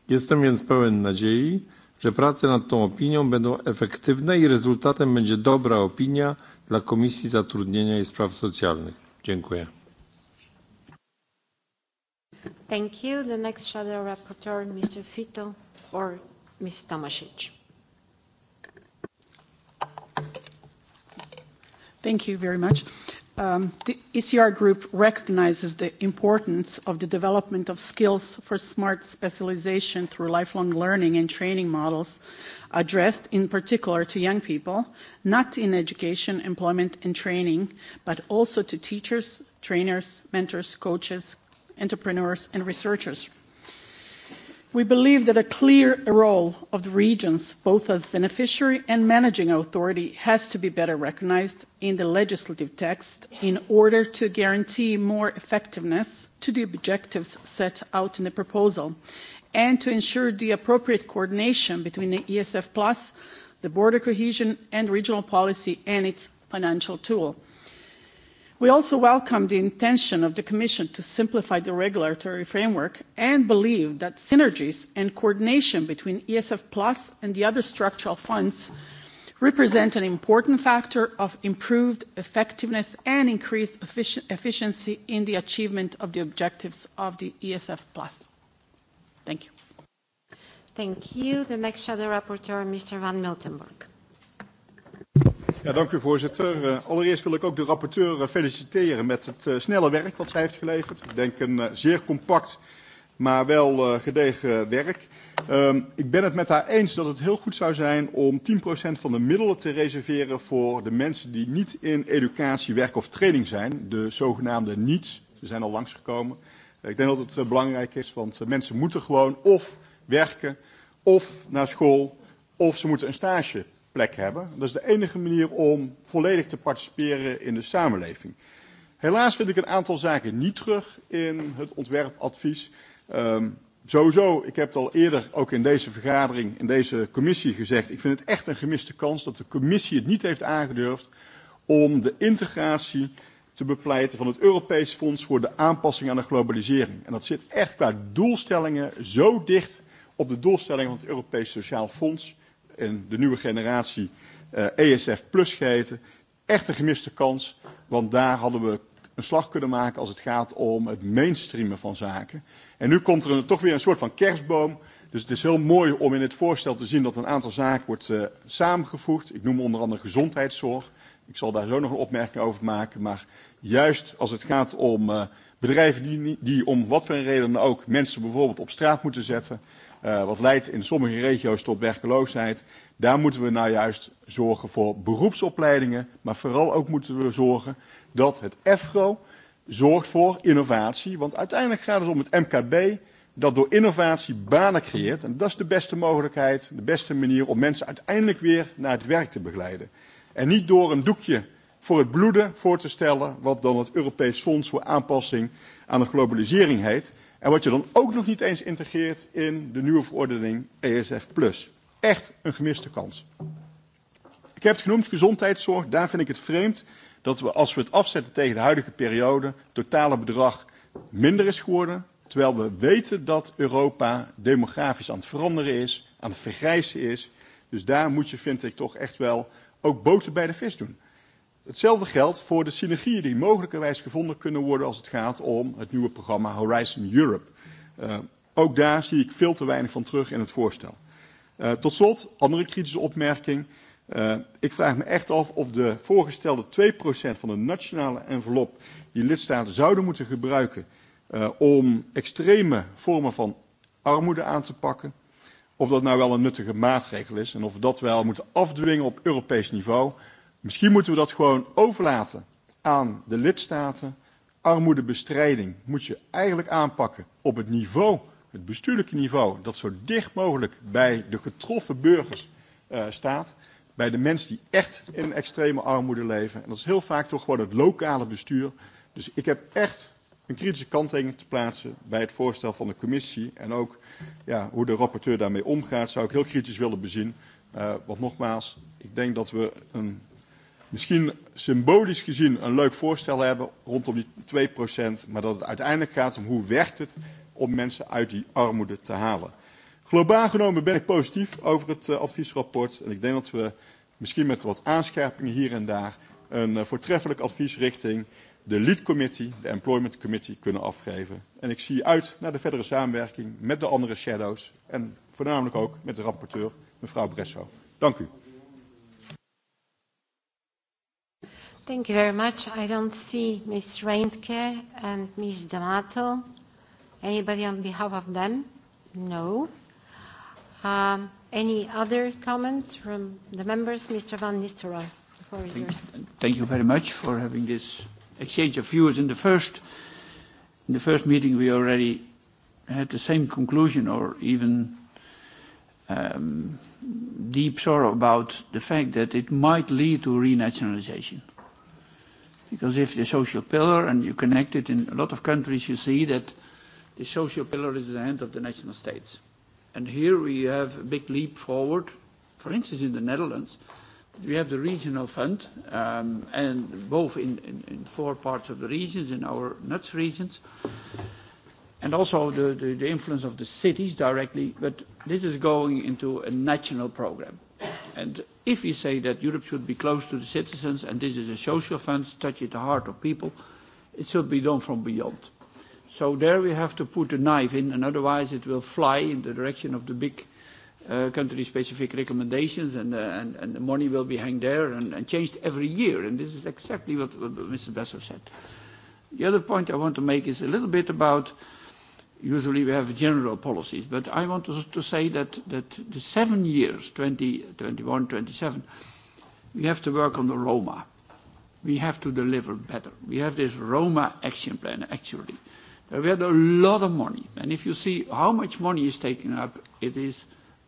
jestem więc pełen nadziei że prace nad tą opinią będą efektywne i rezultatem będzie dobra opinia dla komisji zatrudnienia i spraw socjalnych. dziękuję. Thank you. The next shadow rapporteur, Mr. Fito or Ms. Tomasic. Thank you very much. Um, the ECR group recognizes the importance of the development of skills for smart specialization through lifelong learning and training models addressed in particular to young people, not in education, employment, and training, but also to teachers, trainers, mentors, coaches, entrepreneurs, and researchers. We believe that a clear role of the regions, both as beneficiary and managing authority, has to be better recognized in the legislative text in order to guarantee more effectiveness to the objectives set out in the proposal and to ensure the appropriate coordination between the ESF Plus, the border cohesion and regional policy and its financial tool. We also welcome the intention of the Commission to simplify the regulatory framework and believe that synergies and coordination between ESF Plus and the other structural funds represent an important factor of improved effectiveness and increased efficiency in the achievement of the objectives of the ESF Plus. Thank you. Thank you. The next shadow rapporteur, Mr. van Miltenburg. Ja, dank u voorzitter. Uh, allereerst wil ik ook de rapporteur uh, feliciteren met het uh, snelle werk wat zij heeft geleverd. Ik denk een uh, zeer compact, maar wel uh, gedegen werk. Um, ik ben het met haar eens dat het heel goed zou zijn om 10% van de middelen te reserveren voor de mensen die niet in educatie, werk of training zijn. De zogenaamde niets. Ze zijn al langsgekomen. Uh, ik denk dat het uh, belangrijk is, want uh, mensen moeten gewoon of werken, of naar school, of ze moeten een stage plek hebben. Dat is de enige manier om volledig te participeren in de samenleving. Helaas vind ik een aantal zaken niet terug in het ontwerpadvies. Um, sowieso, ik heb het al eerder ook in deze vergadering, in deze commissie gezegd, ik vind het echt een gemiste kans dat de commissie het niet heeft aangedurfd om de integratie te bepleiten van het Europees Fonds voor de aanpassing aan de globalisering. En dat zit echt qua doelstellingen zo dicht op de doelstellingen van het Europees Sociaal Fonds in de nieuwe generatie uh, eh, ESF Plus geheten. Echt een gemiste kans, want daar hadden we een slag kunnen maken als het gaat om het mainstreamen van zaken. En nu komt er een, toch weer een soort van kerstboom. Dus het is heel mooi om in het voorstel te zien dat een aantal zaken wordt uh, samengevoegd. Ik noem onder andere gezondheidszorg. Ik zal daar zo nog een opmerking over maken. Maar juist als het gaat om uh, bedrijven die, die om wat voor een reden dan ook mensen bijvoorbeeld op straat moeten zetten uh, wat leidt in sommige regio's tot werkloosheid. Daar moeten we nou juist zorgen voor beroepsopleidingen, maar vooral ook moeten we zorgen dat het EFRO zorgt voor innovatie. Want uiteindelijk gaat het om het MKB dat door innovatie banen creëert. En dat is de beste mogelijkheid, de beste manier om mensen uiteindelijk weer naar het werk te begeleiden. En niet door een doekje voor het bloeden voor te stellen, wat dan het Europees Fonds voor aanpassing aan de globalisering heet. En wat je dan ook nog niet eens integreert in de nieuwe verordening ESF+. Echt een gemiste kans. Ik heb het genoemd gezondheidszorg. Daar vind ik het vreemd dat we, als we het afzetten tegen de huidige periode, het totale bedrag minder is geworden. Terwijl we weten dat Europa demografisch aan het veranderen is, aan het vergrijzen is. Dus daar moet je, vind ik, toch echt wel ook boter bij de vis doen. Hetzelfde geldt voor de synergieën die mogelijkerwijs gevonden kunnen worden als het gaat om het nieuwe programma Horizon Europe. Uh, ook daar zie ik veel te weinig van terug in het voorstel. Uh, tot slot, andere kritische opmerking. Uh, ik vraag me echt af of de voorgestelde 2% van de nationale envelop die lidstaten zouden moeten gebruiken uh, om extreme vormen van armoede aan te pakken, of dat nou wel een nuttige maatregel is en of we dat wel moeten afdwingen op Europees niveau. Misschien moeten we dat gewoon overlaten aan de lidstaten. Armoedebestrijding moet je eigenlijk aanpakken op het niveau, het bestuurlijke niveau, dat zo dicht mogelijk bij de getroffen burgers uh, staat. Bij de mensen die echt in extreme armoede leven. En dat is heel vaak toch gewoon het lokale bestuur. Dus ik heb echt een kritische kanttekening te plaatsen bij het voorstel van de commissie. En ook ja, hoe de rapporteur daarmee omgaat, zou ik heel kritisch willen bezien. Uh, want nogmaals, ik denk dat we een misschien symbolisch gezien een leuk voorstel hebben rondom die 2%, maar dat het uiteindelijk gaat om hoe werkt het om mensen uit die armoede te halen. Globaal genomen ben ik positief over het uh, adviesrapport en ik denk dat we misschien met wat aanscherpingen hier en daar een uh, voortreffelijk advies richting de lead committee, de employment committee kunnen afgeven. En ik zie uit naar de verdere samenwerking met de andere shadows en voornamelijk ook met de rapporteur, mevrouw Bresso. Dank u. Thank you very much. I don't see Ms. Reintke and Ms. D'Amato. Anybody on behalf of them? No. Um, any other comments from the members? Mr. Van Nistelrooy, the floor is yours. Thank you very much for having this exchange of views. In the first, in the first meeting, we already had the same conclusion or even um, deep sorrow about the fact that it might lead to renationalization. Because if the social pillar, and you connect it in a lot of countries, you see that the social pillar is in the hand of the national states. And here we have a big leap forward. For instance, in the Netherlands, we have the regional fund, um, and both in, in, in four parts of the regions, in our nuts regions, and also the, the, the influence of the cities directly, but this is going into a national program. And if we say that Europe should be close to the citizens and this is a social fund, touch at the heart of people, it should be done from beyond. So there we have to put a knife in, and otherwise it will fly in the direction of the big uh, country-specific recommendations, and, uh, and, and the money will be hanged there and, and changed every year. And this is exactly what, what Mr. Besser said. The other point I want to make is a little bit about uh, usually we have general policies. But I want to, to say that, that the seven years, 2021, 20, 27, we have to work on the Roma. We have to deliver better. We have this Roma action plan, actually. There we had a lot of money. And if you see how much money is taken up, it is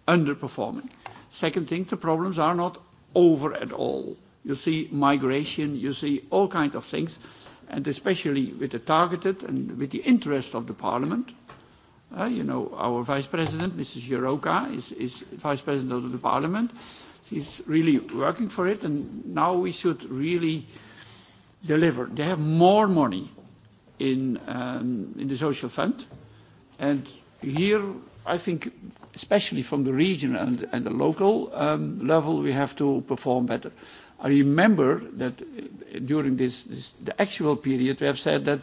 underperforming. Second thing, the problems are not over at all. You see migration, you see all kinds of things, and especially with the targeted and with the interest of the parliament, Uh, you know, our Vice President, Mrs. Jourová, is, is Vice President of the Parliament. She's really working for it, and now we should really deliver. They have more money in, um, in the social fund, and here, I think, especially from the region and, and the local um, level, we have to perform better. I remember that uh, during this, this, the actual period, we have said that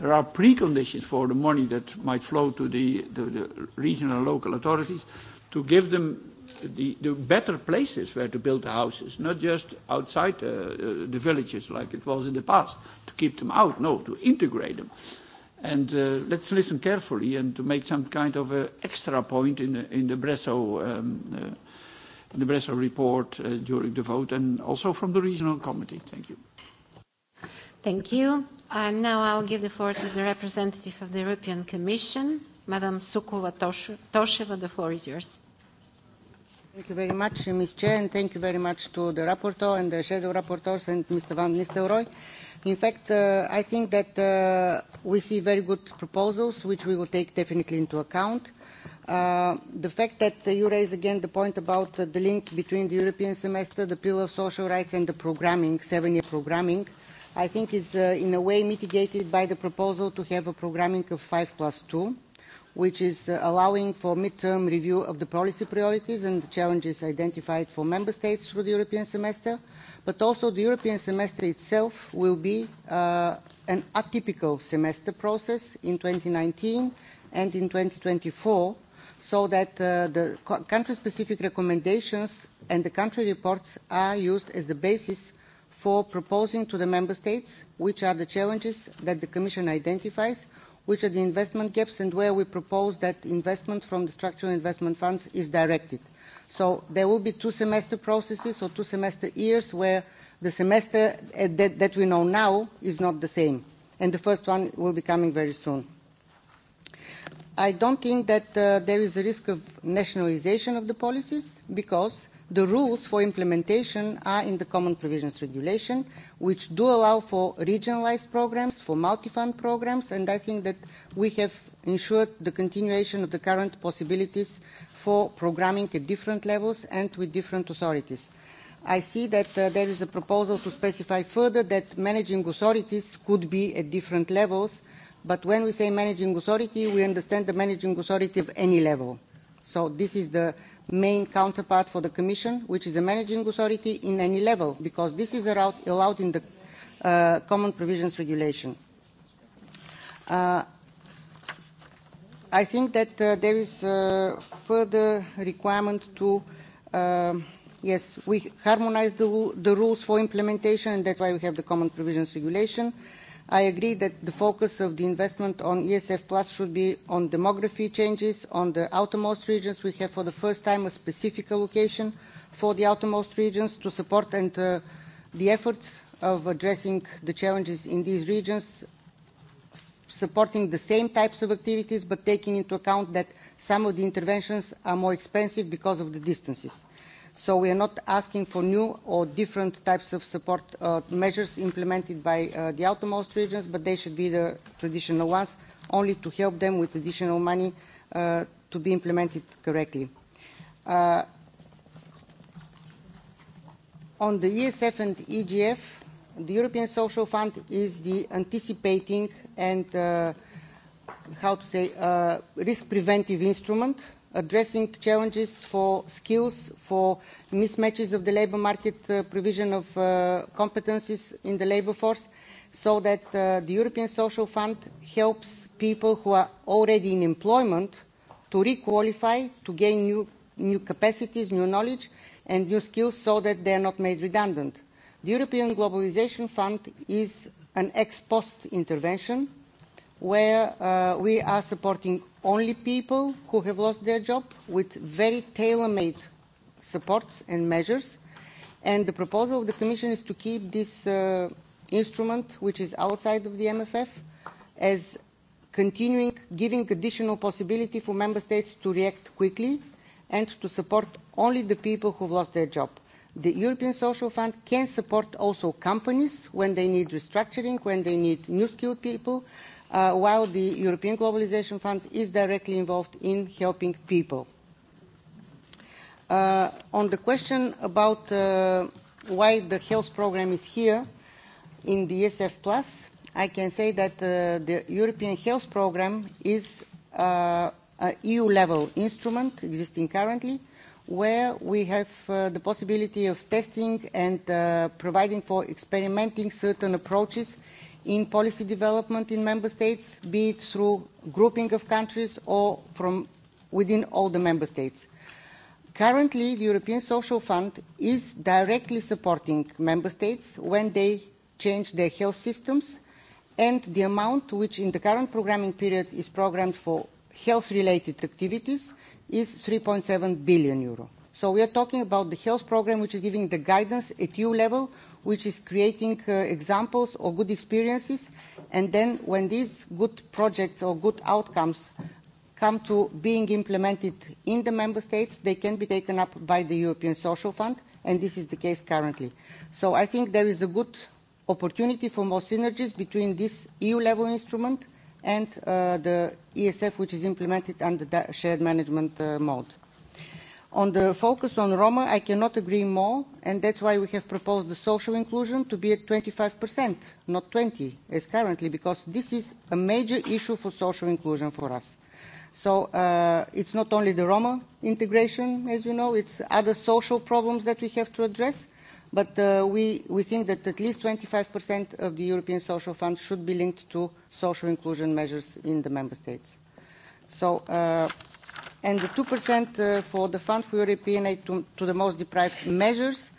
There are preconditions for the money that might flow to the, to the regional and local authorities to give them the, the better places where to build the houses, not just outside uh, uh, the villages like it was in the past, to keep them out, no, to integrate them. And uh, let's listen carefully and to make some kind of an extra point in the, in the Bresso um, uh, in the Bresso report uh, during the vote and also from the regional committee. Thank you. Thank you. And uh, now I'll give the floor to the representative of the European Commission, Madam Sukova Tosheva. The floor is yours. Thank you very much, Ms. Chair, and thank you very much to the rapporteur and the shadow rapporteurs and Mr. Van Nistelrooy. In fact, uh, I think that uh, we see very good proposals, which we will take definitely into account. Uh, the fact that you raise again the point about uh, the link between the European semester, the Pillar of Social Rights, and the programming, seven-year programming, uh, I think is uh, in a way mitigated by the proposal to have a programming of 5 plus 2, which is uh, allowing for midterm review of the policy priorities and the challenges identified for Member States through the European semester, but also the European semester itself will be uh, an atypical semester process in 2019 and in 2024, so that uh, the country-specific recommendations and the country reports are used as the basis for proposing to the Member States which are the challenges that the Commission identifies, which are the investment gaps and where we propose that investment from the structural investment funds is directed. So there will be two semester processes or two semester years where the semester uh, that, that we know now is not the same. And the first one will be coming very soon. I don't think that uh, there is a risk of nationalization of the policies because the rules for implementation are in the Common Provisions Regulation, which do allow for regionalized programs, for multi-fund programs, and I think that we have ensured the continuation of the current possibilities for programming at different levels and with different authorities. I see that uh, there is a proposal to specify further that managing authorities could be at different levels, but when we say managing authority, we understand the managing authority of any level. So this is the main counterpart for the Commission, which is a managing authority in any level, because this is allowed, allowed in the uh, Common Provisions Regulation. Uh, I think that uh, there is uh, further requirement to, uh, yes, we harmonize the, the rules for implementation, and that's why we have the Common Provisions Regulation. Uh, I agree that the focus of the investment on ESF Plus should be on demography changes, on the outermost regions. We have for the first time a specific allocation for the outermost regions to support and uh, the efforts of addressing the challenges in these regions, supporting the same types of activities, but taking into account that some of the interventions are more expensive because of the distances. So we are not asking for new or different types of support uh, measures implemented by uh, the outermost regions, but they should be the traditional ones, only to help them with additional money uh, to be implemented correctly. Uh, on the ESF and EGF, the European Social Fund is the anticipating and, uh, how to say, uh, risk preventive instrument uh, addressing challenges for skills, for mismatches of the labor market, uh, provision of uh, competencies in the labor force, so that uh, the European Social Fund helps people who are already in employment to requalify, to gain new, new capacities, new knowledge, and new skills so that they are not made redundant. The European Globalization Fund is an ex post intervention where uh, we are supporting only people who have lost their job with very tailor-made supports and measures. And the proposal of the Commission is to keep this uh, instrument, which is outside of the MFF, as continuing giving additional possibility for member states to react quickly and to support only the people who've lost their job. The European Social Fund can support also companies when they need restructuring, when they need new skilled people, uh, uh, while the European Globalization Fund is directly involved in helping people. Uh, on the question about uh, why the health program is here in the ESF Plus, I can say that uh, the European health program is uh, an EU-level instrument existing currently where we have uh, the possibility of testing and uh, providing for experimenting certain approaches uh, in policy development in member states, be it through grouping of countries or from within all the member states. Currently, the European Social Fund is directly supporting member states when they change their health systems and the amount which in the current programming period is programmed for health-related activities is 3.7 billion euro. So we are talking about the health program, which is giving the guidance at EU level which is creating uh, examples or good experiences. And then when these good projects or good outcomes come to being implemented in the member states, they can be taken up by the European Social Fund, and this is the case currently. So I think there is a good opportunity for more synergies between this EU-level instrument and uh, the ESF, which is implemented under the shared management uh, mode. On the focus on Roma, I cannot agree more, and that's why we have proposed the social inclusion to be at 25%, not 20 as currently, because this is a major issue for social inclusion for us. So uh, it's not only the Roma integration, as you know, it's other social problems that we have to address, but uh, we, we think that at least 25% of the European Social Fund should be linked to social inclusion measures in the member states. So uh, and the 2% uh, for the Fund for European Aid to, to the most deprived measures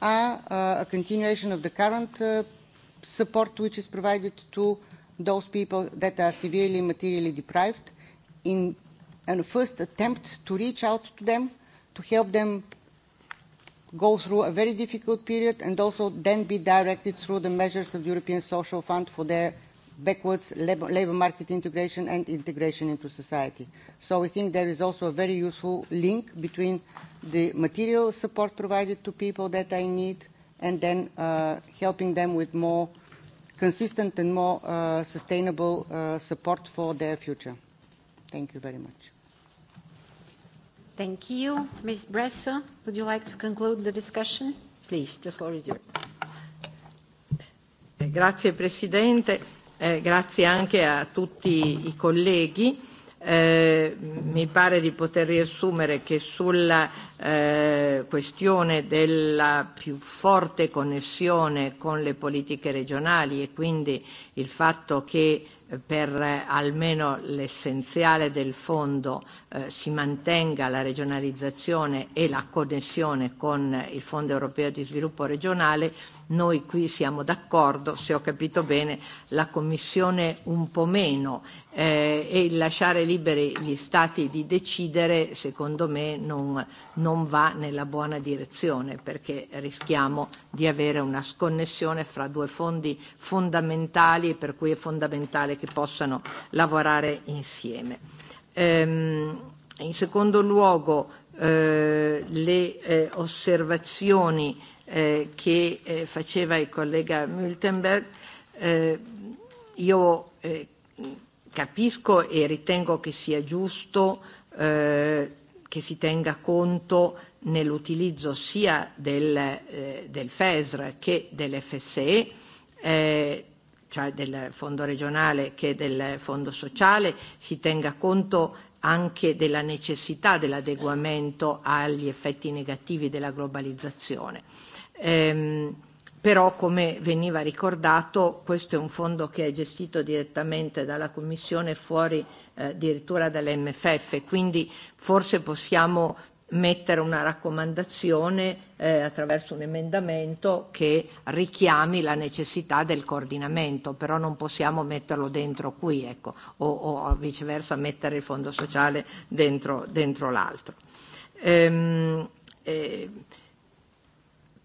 are uh, a continuation of the current uh, support which is provided to those people that are severely materially deprived in a first attempt to reach out to them, to help them go through a very difficult period and also then be directed through the measures of the European Social Fund for their backwards labour market integration and integration into society. So we think there is also a very useful link between the material support provided to people that are in need and then uh, helping them with more consistent and more uh, sustainable uh, support for their future. Thank you very much. Thank you. Ms. Bresso, would you like to conclude the discussion? Please, the floor is yours. Eh, grazie Presidente eh, grazie anche a tutti i colleghi. Eh, mi pare di poter riassumere che sulla eh, questione della più forte connessione con le politiche regionali e quindi il fatto che eh, per eh, almeno l'essenziale del fondo eh, si mantenga la regionalizzazione e la connessione con il Fondo europeo di sviluppo regionale Noi qui siamo d'accordo, se ho capito bene, la Commissione un po' meno eh, e lasciare liberi gli Stati di decidere, secondo me, non, non va nella buona direzione perché rischiamo di avere una sconnessione fra due fondi fondamentali per cui è fondamentale che possano lavorare insieme. Ehm, in secondo luogo eh, le eh, osservazioni eh, che eh, faceva il collega Multenberg, eh, io eh, capisco e ritengo che sia giusto eh, che si tenga conto nell'utilizzo sia del, eh, del FESR che dell'FSE, eh, cioè del Fondo regionale che del Fondo sociale, si tenga conto anche della necessità dell'adeguamento agli effetti negativi della globalizzazione. Eh, Ehm, però, come veniva ricordato, questo è un fondo che è gestito direttamente dalla Commissione fuori eh, addirittura dall'MFF, quindi forse possiamo mettere una raccomandazione eh, attraverso un emendamento che richiami la necessità del coordinamento, però non possiamo metterlo dentro qui, ecco, o, o viceversa mettere il fondo sociale dentro, dentro l'altro. Ehm, eh,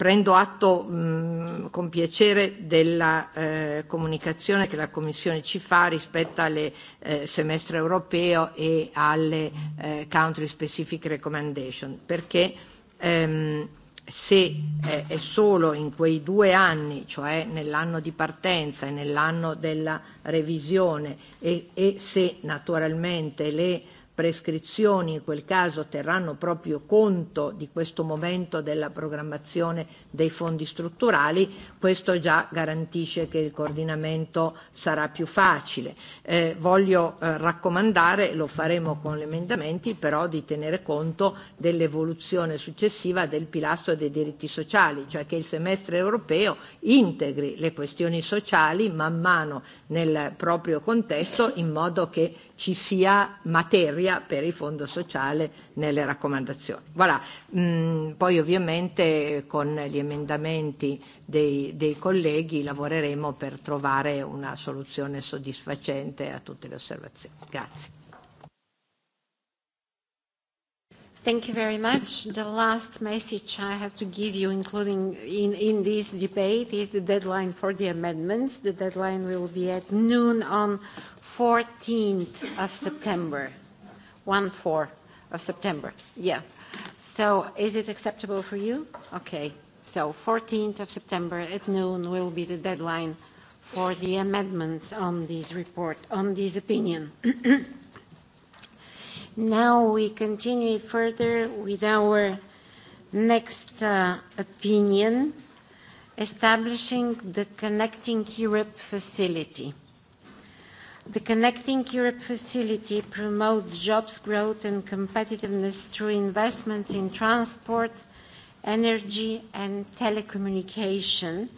Prendo atto mh, con piacere della eh, comunicazione che la Commissione ci fa rispetto al eh, semestre europeo e alle eh, country specific recommendation, perché ehm, se eh, è solo in quei due anni, cioè nell'anno di partenza e nell'anno della revisione, e, e se naturalmente le prescrizioni in quel caso terranno proprio conto di questo momento della programmazione dei fondi strutturali, questo già garantisce che il coordinamento sarà più facile. Eh, voglio eh, raccomandare, lo faremo con gli emendamenti, però di tenere conto dell'evoluzione successiva del pilastro dei diritti sociali, cioè che il semestre europeo integri le questioni sociali man mano nel proprio contesto in modo che ci sia materia sia per il Fondo sociale nelle raccomandazioni. Voilà. Mm, poi ovviamente con gli emendamenti dei, dei colleghi lavoreremo per trovare una soluzione soddisfacente a tutte le osservazioni. Grazie. Thank you very much. The last message I have to give you, including in, in this debate, is the deadline for the amendments. The deadline will be at noon on 14th of September. 1-4 of September. Yeah. So is it acceptable for you? Okay. So 14th of September at noon will be the deadline for the amendments on this report, on this opinion. now we continue further with our next uh, opinion, establishing the Connecting Europe facility. The Connecting Europe facility promotes jobs growth and competitiveness through investments in transport, energy and telecommunication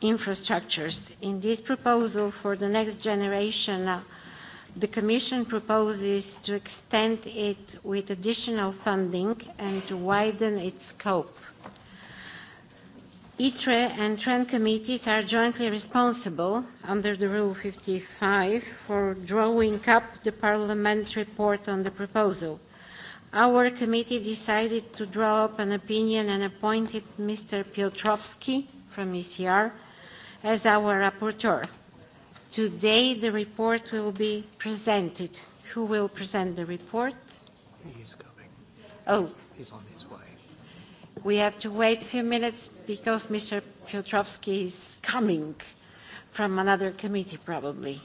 infrastructures. In this proposal for the next generation, uh, the Commission proposes to extend it with additional funding and to widen its scope. ITRE and TREN committees are jointly responsible under the Rule 55 for drawing up the Parliament's report on the proposal. Our committee decided to draw up an opinion and appointed Mr. Piotrowski from ECR as our rapporteur. Today the report will be presented. Who will present the report? He's coming. Oh. He's on his way. We have to wait a few minutes because Mr. Piotrowski is coming from another committee probably.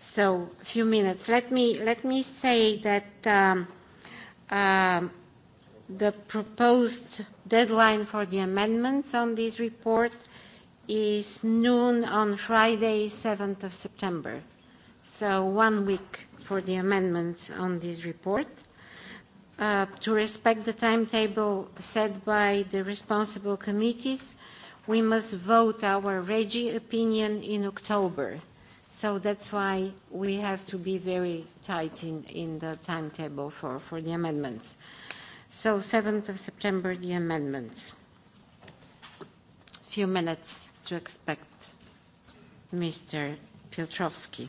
So a few minutes. Let me, let me say that um, um, the proposed deadline for the amendments on this report is noon on Friday, 7th of September. So one week for the amendments on this report uh, to respect the timetable set by the responsible committees, we must vote our REGI opinion in October. So that's why we have to be very tight in, in the timetable for, for the amendments. So 7th of September, the amendments. Few minutes to expect Mr. Piotrowski.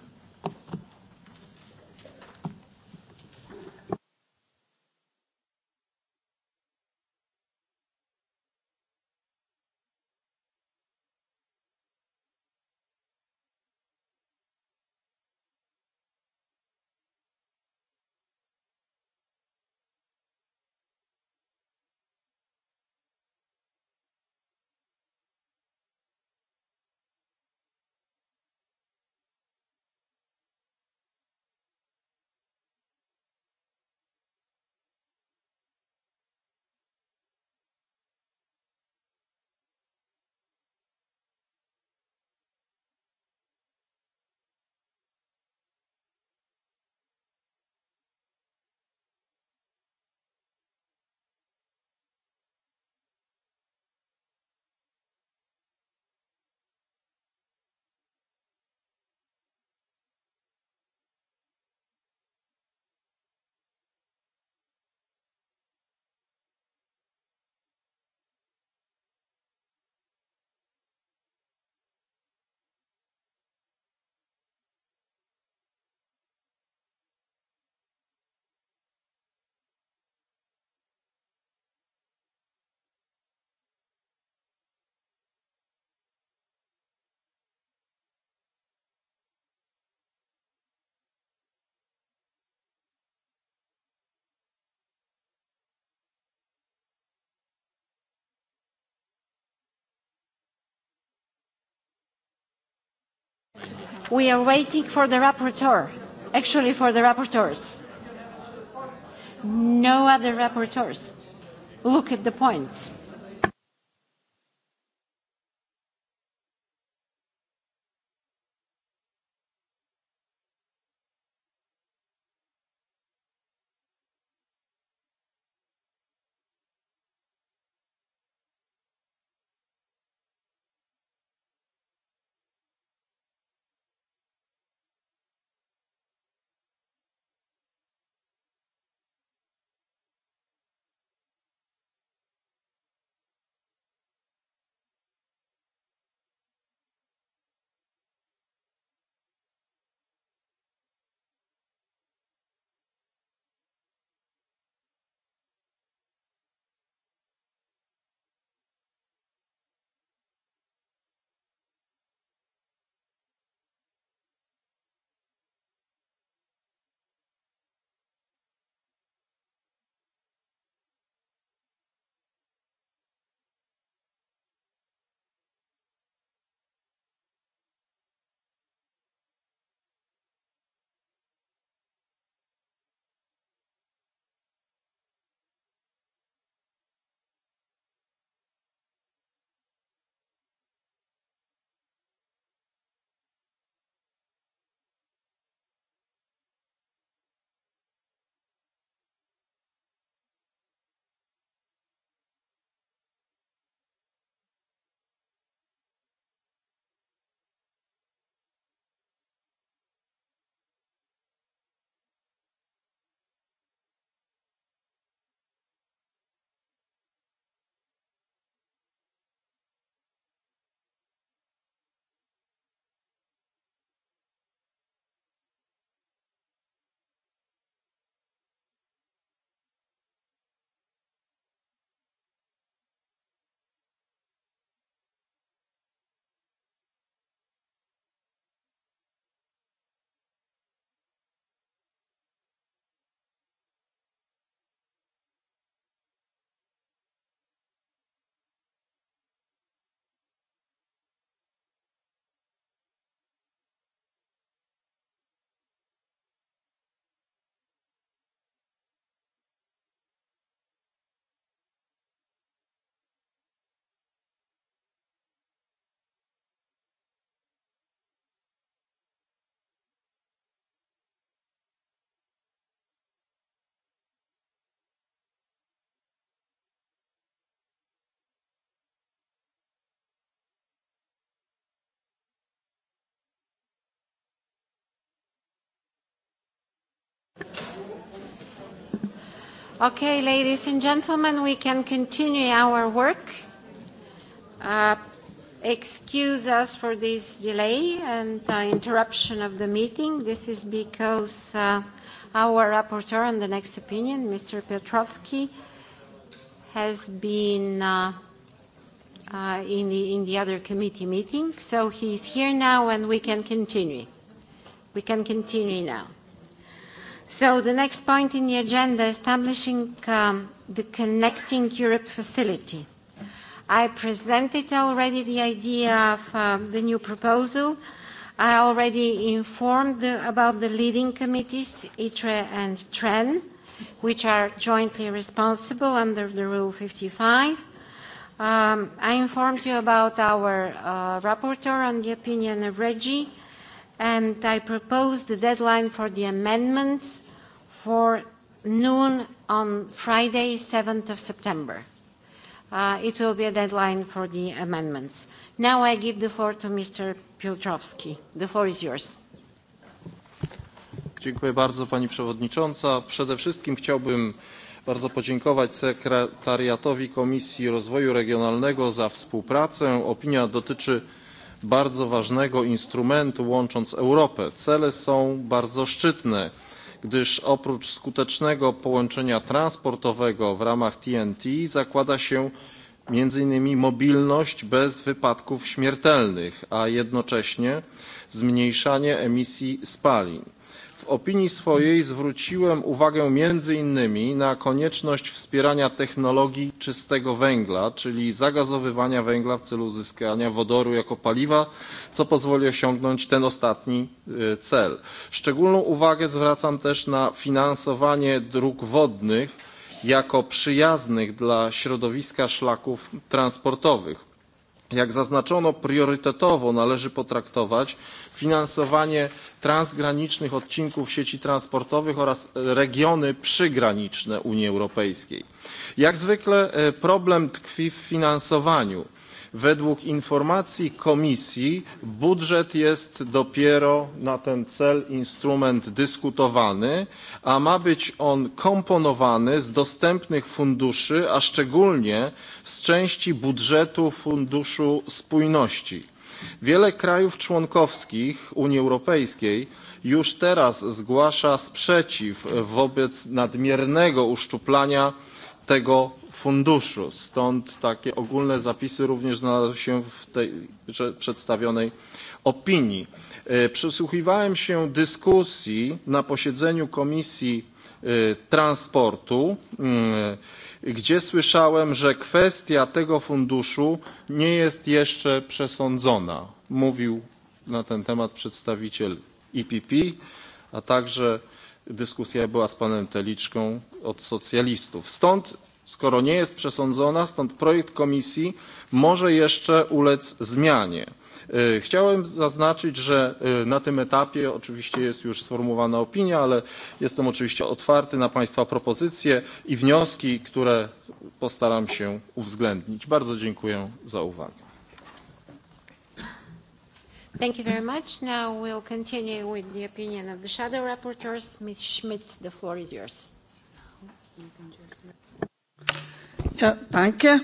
We are waiting for the rapporteur, actually for the rapporteurs. No other rapporteurs. Look at the points. Okay, ladies and gentlemen, we can continue our work. Uh, excuse us for this delay and uh, interruption of the meeting. This is because uh, our rapporteur on the next opinion, Mr. Petrovsky, has been uh, uh, in, the, in the other committee meeting. So he's here now and we can continue. We can continue now. So the next point in the agenda, establishing um, the Connecting Europe facility. I presented already the idea of um, the new proposal. I already informed the, about the leading committees, ITRE and TREN, which are jointly responsible under the Rule 55. Um, I informed you about our uh, rapporteur on the opinion of Reggie, and I proposed the deadline for the amendments for noon on Friday, 7th of September. Uh, it will be a deadline for the amendments. Now I give the floor to Mr. Piotrowski. The floor is yours. Dziękuję bardzo Pani Przewodnicząca. Przede wszystkim chciałbym bardzo podziękować sekretariatowi Komisji Rozwoju Regionalnego za współpracę. Opinia dotyczy bardzo ważnego instrumentu łącząc Europę. Cele są bardzo szczytne gdyż oprócz skutecznego połączenia transportowego w ramach TNT zakłada się między innymi mobilność bez wypadków śmiertelnych a jednocześnie zmniejszanie emisji spalin. W opinii swojej zwróciłem uwagę między innymi na konieczność wspierania technologii czystego węgla, czyli zagazowywania węgla w celu uzyskania wodoru jako paliwa, co pozwoli osiągnąć ten ostatni cel. Szczególną uwagę zwracam też na finansowanie dróg wodnych jako przyjaznych dla środowiska szlaków transportowych. Jak zaznaczono, priorytetowo należy potraktować finansowanie transgranicznych odcinków sieci transportowych oraz e, regiony przygraniczne Unii Europejskiej. Jak zwykle e, problem tkwi w finansowaniu. Według informacji Komisji budżet jest dopiero na ten cel instrument dyskutowany, a ma być on komponowany z dostępnych funduszy, a szczególnie z części budżetu Funduszu Spójności wiele krajów członkowskich unii europejskiej już teraz zgłasza sprzeciw wobec nadmiernego uszczuplania tego funduszu stąd takie ogólne zapisy również znalazły się w tej przedstawionej opinii. E, przysłuchiwałem się dyskusji na posiedzeniu komisji transportu gdzie słyszałem że kwestia tego funduszu nie jest jeszcze przesądzona mówił na ten temat przedstawiciel ppe a także dyskusja była z panem telika od socjalistów. stąd skoro nie jest przesądzona projekt komisji może jeszcze ulec zmianie. E, chciałem zaznaczyć, że e, na tym etapie oczywiście jest już sformułowana opinia, ale jestem oczywiście otwarty na Państwa propozycje i wnioski, które postaram się uwzględnić. Bardzo dziękuję za uwagę. Thank you very much. Now we'll continue with the opinion of the shadow rapporteurs. Ms. Schmidt, the floor is yours. Ja, danke.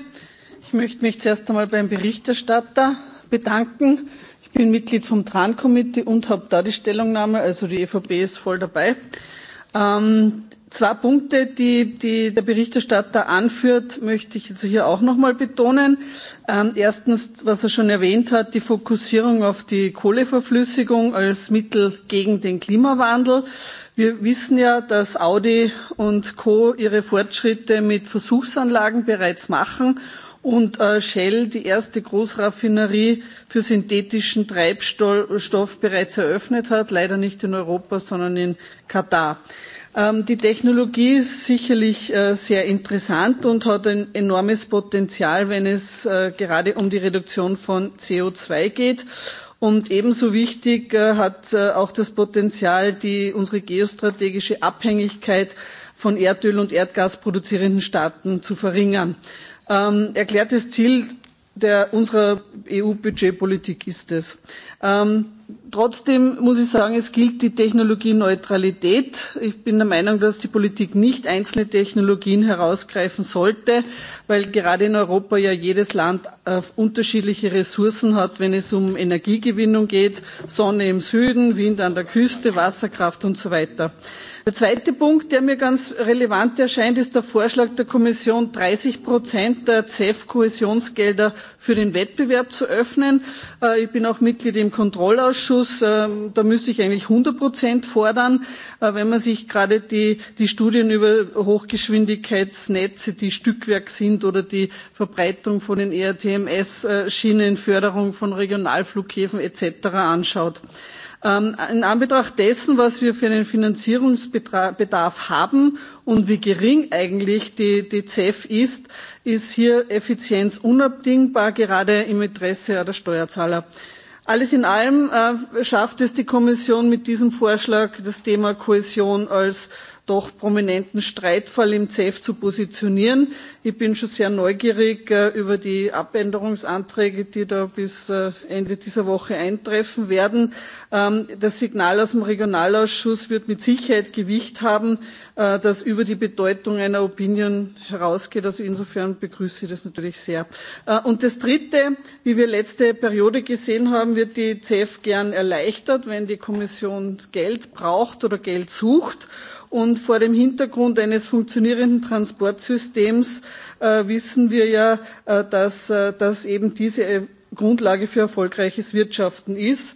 Ich möchte mich zuerst einmal beim Berichterstatter bedanken. Ich bin Mitglied vom TRAN-Komitee und habe da die Stellungnahme, also die EVP ist voll dabei. Ähm, zwei Punkte, die, die der Berichterstatter anführt, möchte ich jetzt hier auch nochmal betonen. Ähm, erstens, was er schon erwähnt hat, die Fokussierung auf die Kohleverflüssigung als Mittel gegen den Klimawandel. Wir wissen ja, dass Audi und Co. ihre Fortschritte mit Versuchsanlagen bereits machen und äh, Shell die erste Großraffinerie für synthetischen Treibstoff bereits eröffnet hat, leider nicht in Europa, sondern in Katar. Ähm, die Technologie ist sicherlich äh, sehr interessant und hat ein enormes Potenzial, wenn es äh, gerade um die Reduktion von CO2 geht. Und ebenso wichtig äh, hat äh, auch das Potenzial, die, unsere geostrategische Abhängigkeit von Erdöl und Erdgas produzierenden Staaten zu verringern. Ähm, erklärtes Ziel der, unserer EU-Budgetpolitik ist es. Ähm, trotzdem muss ich sagen, es gilt die Technologieneutralität. Ich bin der Meinung, dass die Politik nicht einzelne Technologien herausgreifen sollte, weil gerade in Europa ja jedes Land äh, unterschiedliche Ressourcen hat, wenn es um Energiegewinnung geht, Sonne im Süden, Wind an der Küste, Wasserkraft und so weiter. Der zweite Punkt, der mir ganz relevant erscheint, ist der Vorschlag der Kommission, 30 Prozent der CEF-Kohäsionsgelder für den Wettbewerb zu öffnen. Äh, ich bin auch Mitglied im Kontrollausschuss. Ähm, da müsste ich eigentlich 100 Prozent fordern. Äh, wenn man sich gerade die, die Studien über Hochgeschwindigkeitsnetze, die Stückwerk sind oder die Verbreitung von den ERTMS-Schienen, äh, Förderung von Regionalflughäfen etc. anschaut. Äh, Ähm, in Anbetracht dessen, was wir für einen Finanzierungsbedarf haben und wie gering eigentlich die, die CEF ist, ist hier Effizienz unabdingbar, gerade im Interesse der Steuerzahler. Alles in allem äh, schafft es die Kommission mit diesem Vorschlag, das Thema Kohäsion als doch prominenten Streitfall im CEF zu positionieren. Ich bin schon sehr neugierig äh, über die Abänderungsanträge, die da bis äh, Ende dieser Woche eintreffen werden. Ähm, das Signal aus dem Regionalausschuss wird mit Sicherheit Gewicht haben, äh, das über die Bedeutung einer Opinion herausgeht. Also insofern begrüße ich das natürlich sehr. Äh, und das Dritte, wie wir letzte Periode gesehen haben, wird die CEF gern erleichtert, wenn die Kommission Geld braucht oder Geld sucht. Und vor dem Hintergrund eines funktionierenden Transportsystems äh, wissen wir ja, äh, dass, äh, dass eben diese äh, Grundlage für erfolgreiches Wirtschaften ist.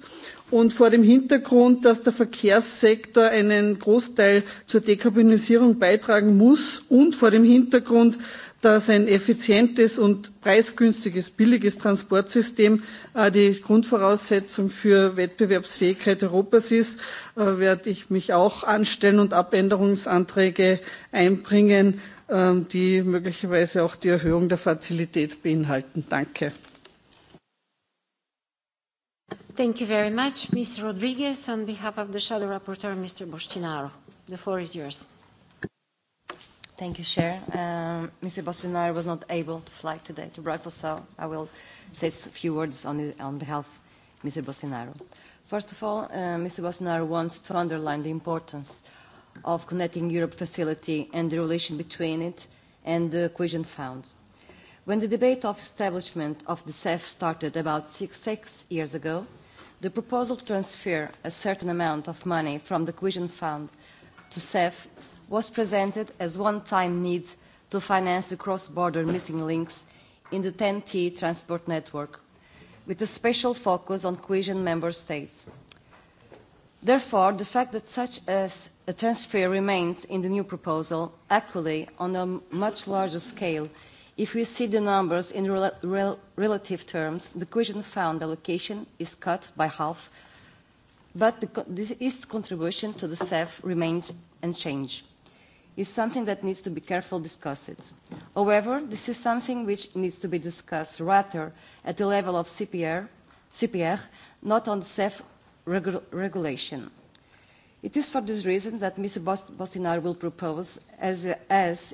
Und vor dem Hintergrund, dass der Verkehrssektor einen Großteil zur Dekarbonisierung beitragen muss und vor dem Hintergrund, dass ein effizientes und preisgünstiges, billiges Transportsystem äh, die Grundvoraussetzung für Wettbewerbsfähigkeit Europas ist, äh, werde ich mich auch anstellen und Abänderungsanträge einbringen, ähm, die möglicherweise auch die Erhöhung der Fazilität beinhalten. Danke. Thank you very much, Ms. Rodriguez. On behalf of the Shadow Rapporteur, Mr. Bostinaro, the floor is yours. Thank you, Chair. Um, Mr. Bolsonaro was not able to fly today to Brussels, so I will say a few words on, the, on behalf of Mr. Bolsonaro. First of all, uh, Mr. Bolsonaro wants to underline the importance of Connecting Europe facility and the relation between it and the Cohesion Fund. When the debate of establishment of the CEF started about six, six years ago, the proposal to transfer a certain amount of money from the Cohesion Fund to CEF was presented as one-time need to finance the cross-border missing links in the TEN-T transport network, with a special focus on cohesion member states. Therefore, the fact that such as a transfer remains in the new proposal, actually on a much larger scale, if we see the numbers in rel rel relative terms, the cohesion fund allocation is cut by half, but the, this, its contribution to the CEF remains unchanged is something that needs to be carefully discussed. However, this is something which needs to be discussed rather at the level of CPR, CPR not on the CEF regu regulation. It is for this reason that Mr. Bostinar will propose, as, as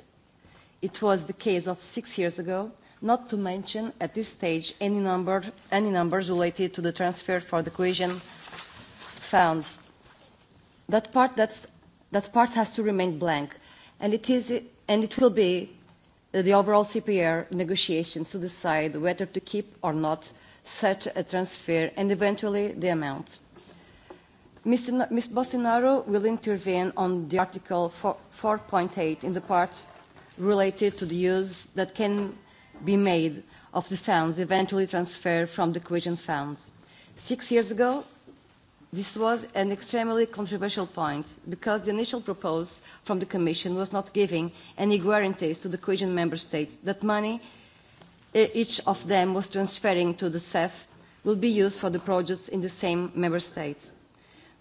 it was the case of six years ago, not to mention at this stage any, number, any numbers related to the transfer for the cohesion fund. That part, that's, that part has to remain blank and it, is, and it will be uh, the overall CPR negotiations to decide whether to keep or not such a transfer and eventually the amount. Mr. Ms. Bolsonaro will intervene on the Article 4.8 in the part related to the use that can be made of the funds eventually transferred from the cohesion funds. Six years ago, This was an extremely controversial point because the initial proposal from the Commission was not giving any guarantees to the cohesion member states that money eh, each of them was transferring to the CEF will be used for the projects in the same member states.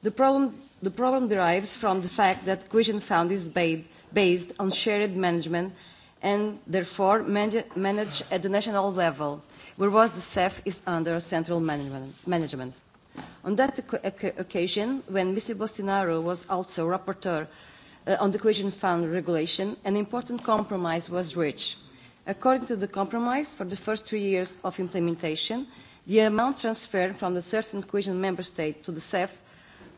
The problem, the problem derives from the fact that cohesion fund is based, based on shared management and therefore manage, managed at the national level, whereas the CEF is under central management. management. On that occasion, when Mrs. Bostinaro was also rapporteur uh, on the Cohesion Fund regulation, an important compromise was reached. According to the compromise, for the first three years of implementation, the amount transferred from the certain cohesion member state to the CEF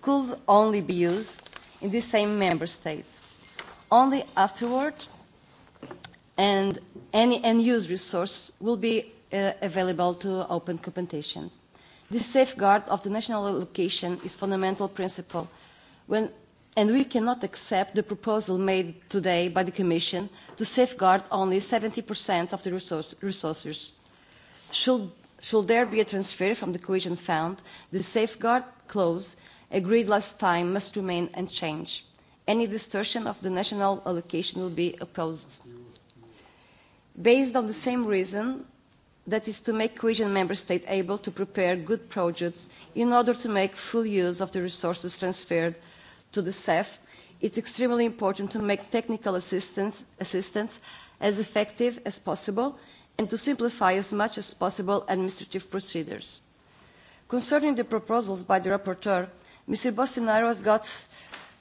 could only be used in the same member states. Only afterward, and any unused resource will be uh, available to open competitions. This safeguard of the national allocation is fundamental principle, when, and we cannot accept the proposal made today by the Commission to safeguard only 70% of the resource, resources. Should, should there be a transfer from the cohesion fund, the safeguard clause agreed last time must remain unchanged. Any distortion of the national allocation will be opposed. Based on the same reason, that is to make cohesion member states able to prepare good projects in order to make full use of the resources transferred to the CEF, it's extremely important to make technical assistance, assistance as effective as possible and to simplify as much as possible administrative procedures. Concerning the proposals by the rapporteur, Mr. Bolsonaro has got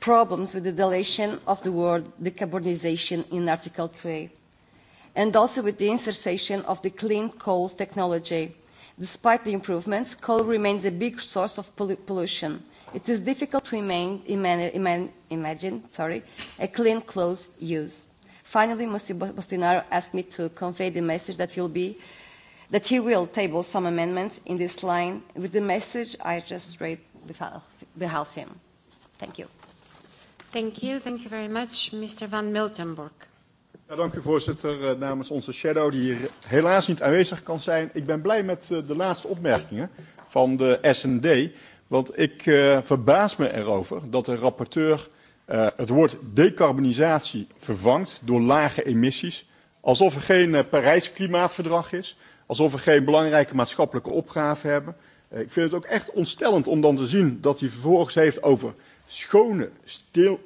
problems with the deletion of the word decarbonization in Article 3 and also with the insertion of the clean coal technology. Despite the improvements, coal remains a big source of pollution. It is difficult to imagine, imagine, imagine sorry, a clean clothes use. Finally, Mr. Bostinaro asked me to convey the message that he'll be that he will table some amendments in this line with the message I just read behalf him. Thank you. Thank you. Thank you very much, Mr. Van Miltenburg. Ja, dank u voorzitter. Eh, namens onze shadow, die hier helaas niet aanwezig kan zijn. Ik ben blij met eh, de laatste opmerkingen van de S&D. Want ik uh, verbaas me erover dat de rapporteur uh, het woord decarbonisatie vervangt door lage emissies. Alsof er geen uh, Parijs klimaatverdrag is. Alsof we er geen belangrijke maatschappelijke opgave hebben. Uh, ik vind het ook echt ontstellend om dan te zien dat hij vervolgens heeft over schone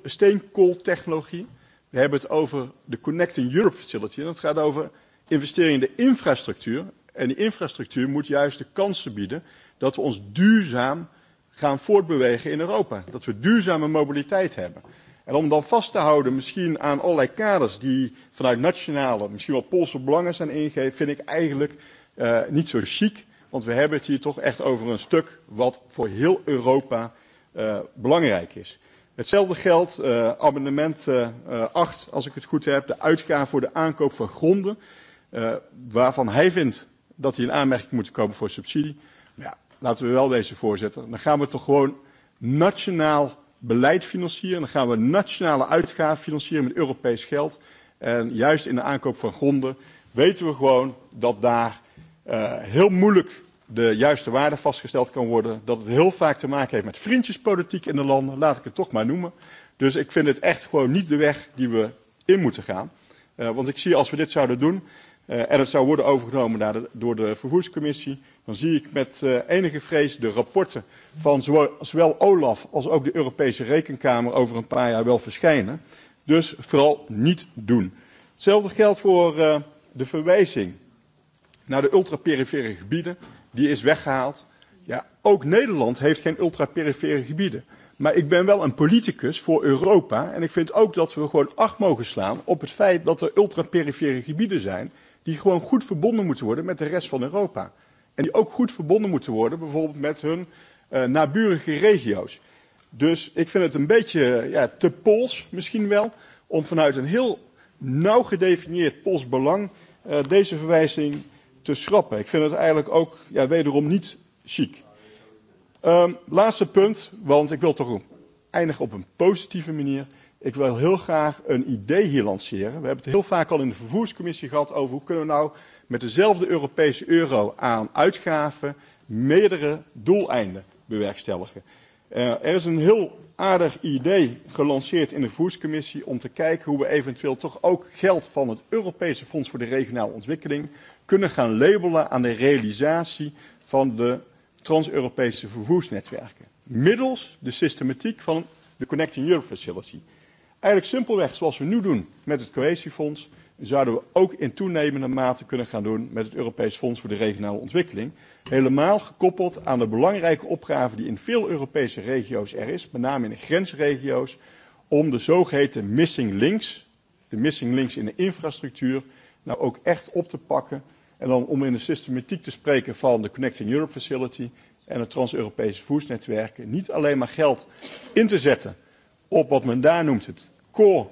steenkooltechnologie. Uh, We hebben het over de Connecting Europe Facility. En dat gaat over investeringen in de infrastructuur. En die infrastructuur moet juist de kansen bieden dat we ons duurzaam gaan voortbewegen in Europa. Dat we duurzame mobiliteit hebben. En om dan vast te houden misschien aan allerlei kaders die vanuit nationale, misschien wel Poolse belangen zijn ingegeven, vind ik eigenlijk uh, niet zo chic. Want we hebben het hier toch echt over een stuk wat voor heel Europa uh, belangrijk is. Hetzelfde geldt uh, abonnement uh, eh, 8, eh, als ik het goed heb, de uitgaven voor de aankoop van gronden, uh, waarvan hij vindt dat die in aanmerking moeten komen voor subsidie. Ja, laten we wel wezen, voorzitter. Dan gaan we toch gewoon nationaal beleid financieren. Dan gaan we nationale uitgaven financieren met Europees geld. En juist in de aankoop van gronden weten we gewoon dat daar uh, heel moeilijk de juiste waarde vastgesteld kan worden. Dat het heel vaak te maken heeft met vriendjespolitiek in de landen, laat ik het toch maar noemen. Dus ik vind het echt gewoon niet de weg die we in moeten gaan. Uh, want ik zie als we dit zouden doen, uh, en het zou worden overgenomen naar de, door de vervoerscommissie, dan zie ik met uh, enige vrees de rapporten van zowel, zowel OLAF als ook de Europese Rekenkamer over een paar jaar wel verschijnen. Dus vooral niet doen. Hetzelfde geldt voor uh, de verwijzing naar de ultraperifere gebieden die is weggehaald. Ja, ook Nederland heeft geen ultraperifere gebieden. Maar ik ben wel een politicus voor Europa. En ik vind ook dat we gewoon acht mogen slaan op het feit dat er ultraperifere gebieden zijn. Die gewoon goed verbonden moeten worden met de rest van Europa. En die ook goed verbonden moeten worden bijvoorbeeld met hun uh, naburige regio's. Dus ik vind het een beetje eh, ja, te pols misschien wel. Om vanuit een heel nauw gedefinieerd pols belang uh, eh, deze verwijzing te schrappen. Ik vind het eigenlijk ook ja, wederom niet chic. Um, laatste punt, want ik wil toch eindigen op een positieve manier. Ik wil heel graag een idee hier lanceren. We hebben het heel vaak al in de vervoerscommissie gehad over hoe kunnen we nou met dezelfde Europese euro aan uitgaven meerdere doeleinden bewerkstelligen. Uh, er is een heel aardig idee gelanceerd in de voerscommissie om te kijken hoe we eventueel toch ook geld van het Europese Fonds voor de Regionale Ontwikkeling kunnen gaan labelen aan de realisatie van de trans-Europese vervoersnetwerken. Middels de systematiek van de Connecting Europe Facility. Eigenlijk simpelweg zoals we nu doen met het cohesiefonds, zouden we ook in toenemende mate kunnen gaan doen met het Europees Fonds voor de Regionale Ontwikkeling. Helemaal gekoppeld aan de belangrijke opgave die in veel Europese regio's er is, met name in de grensregio's, om de zogeheten missing links, de missing links in de infrastructuur, nou ook echt op te pakken En dan om in de systematiek te spreken van de Connecting Europe Facility en het Trans-Europese vervoersnetwerk. Niet alleen maar geld in te zetten op wat men daar noemt het core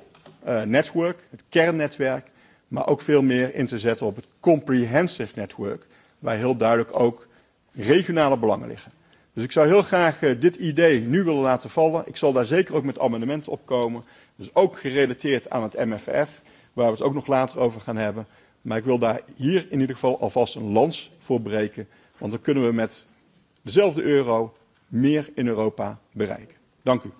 uh, network, het kernnetwerk. Maar ook veel meer in te zetten op het comprehensive network. Waar heel duidelijk ook regionale belangen liggen. Dus ik zou heel graag uh, dit idee nu willen laten vallen. Ik zal daar zeker ook met amendementen op komen. Dus ook gerelateerd aan het MFF, waar we het ook nog later over gaan hebben. Maar ik wil daar hier in ieder geval alvast een lans voor breken. Want dan kunnen we met dezelfde euro meer in Europa bereiken. Dank u.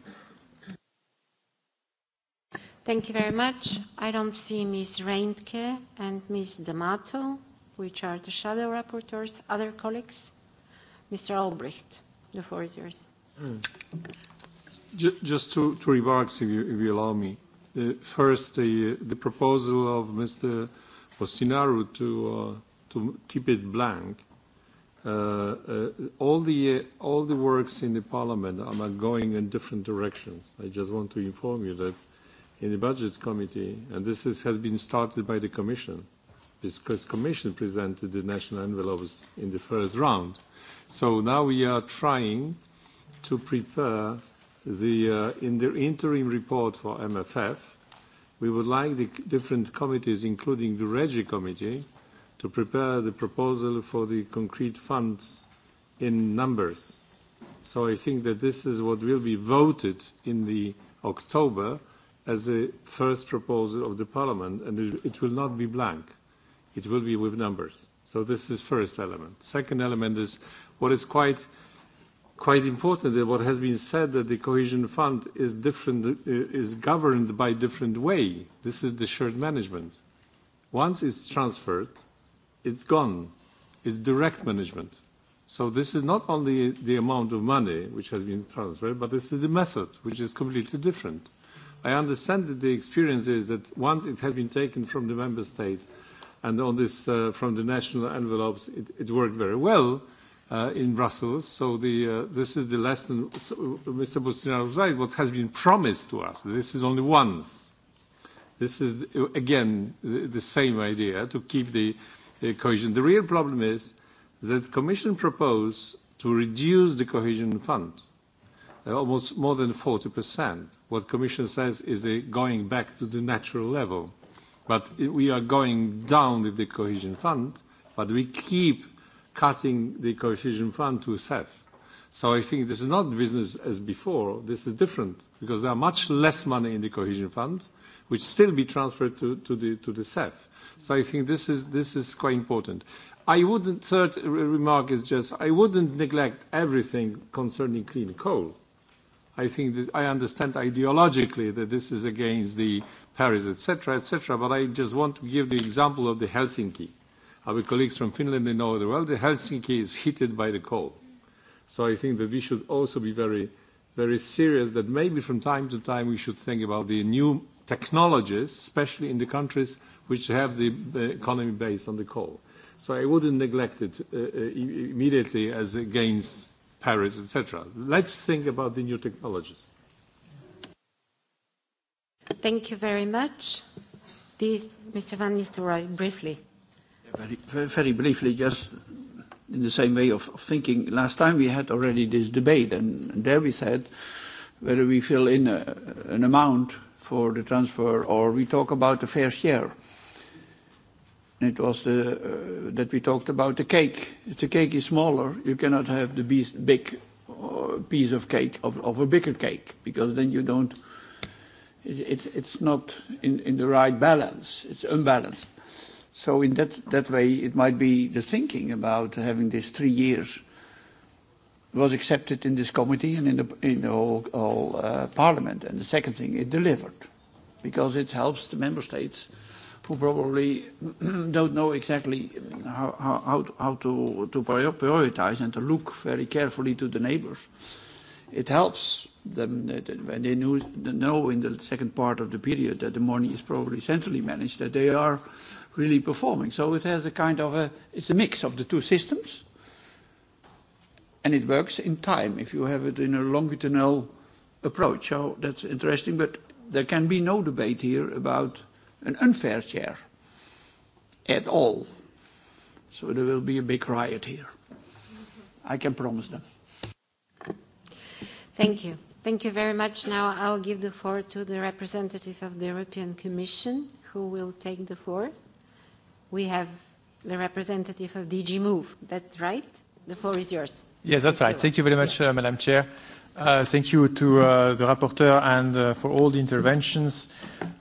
Thank you very much. I don't see Ms. Reintke and Ms. D'Amato, which are the shadow rapporteurs. Other colleagues? Mr. Albrecht, the floor is yours. Mm. Just two remarks, if you, if you allow me. The, first, the, the proposal of Mr for Sinaru to, uh, to keep it blank. Uh, uh, all, the, uh, all the works in the parliament are going in different directions. I just want to inform you that in the budget committee, and this is, has been started by the commission, because commission presented the national envelopes in the first round. So now we are trying to prepare the, uh, in the interim report for MFF, we would like the different committees, including the REGI committee, to prepare the proposal for the concrete funds in numbers. So I think that this is what will be voted in the October as a first proposal of the parliament, and it, it will not be blank. It will be with numbers. So this is first element. Second element is what is quite quite importantly, what has been said that the cohesion fund is different, uh, is governed by different way. This is the shared management. Once it's transferred, it's gone. It's direct management. So this is not only the amount of money which has been transferred, but this is the method, which is completely different. I understand that the experience is that once it has been taken from the member state and on this, uh, from the national envelopes, it, it worked very well uh, in Brussels. So the, uh, this is the lesson. So uh, Mr. Bolsonaro was right. What has been promised to us, this is only once. This is, uh, again, the, the same idea to keep the uh, cohesion. The real problem is that the Commission proposed to reduce the cohesion fund uh, almost more than 40%. What Commission says is uh, going back to the natural level. But we are going down with the cohesion fund, but we keep cutting the cohesion fund to SEF. So I think this is not business as before. This is different because there are much less money in the cohesion fund, which still be transferred to, to the to the SEF. So I think this is this is quite important. I wouldn't. Third remark is just I wouldn't neglect everything concerning clean coal. I think that I understand ideologically that this is against the Paris, etc., etc. But I just want to give the example of the Helsinki. Uh, Our colleagues from Finland, they know it well. The Helsinki is heated by the cold. So I think that we should also be very, very serious that maybe from time to time we should think about the new technologies, especially in the countries which have the economy based on the coal. So I wouldn't neglect it uh, uh immediately as against Paris, etc. Let's think about the new technologies. Thank you very much. These, Mr. Van Nistelrooy, briefly. Very, very, very briefly, just in the same way of, of thinking. Last time we had already this debate, and, and there we said whether we fill in a, an amount for the transfer or we talk about the fair share. And it was the, uh, that we talked about the cake. If the cake is smaller, you cannot have the beast, big uh, piece of cake of, of a bigger cake because then you don't. It, it, it's not in, in the right balance. It's unbalanced. Uh, So in that, that way, it might be the thinking about having this three years was accepted in this committee and in the, in the whole, whole uh, parliament. And the second thing, it delivered because it helps the member states who probably don't know exactly how, how, how to, to prioritize and to look very carefully to the neighbors. It helps them uh, when they know, know in the second part of the period that the money is probably centrally managed, that they are uh, really performing. So it has a kind of a, it's a mix of the two systems, and it works in time if you have it in a longitudinal approach. So that's interesting, but there can be no debate here about an unfair share at all. So there will be a big riot here. I can promise them. Thank you. Thank you very much. Now I'll give the floor to the representative of the European Commission, who will take the floor we have the representative of DG Move. That's right? The floor is yours. Yes, that's right. Thank you very much, uh, Madam Chair. Uh, thank you to uh, the rapporteur and uh, for all the interventions.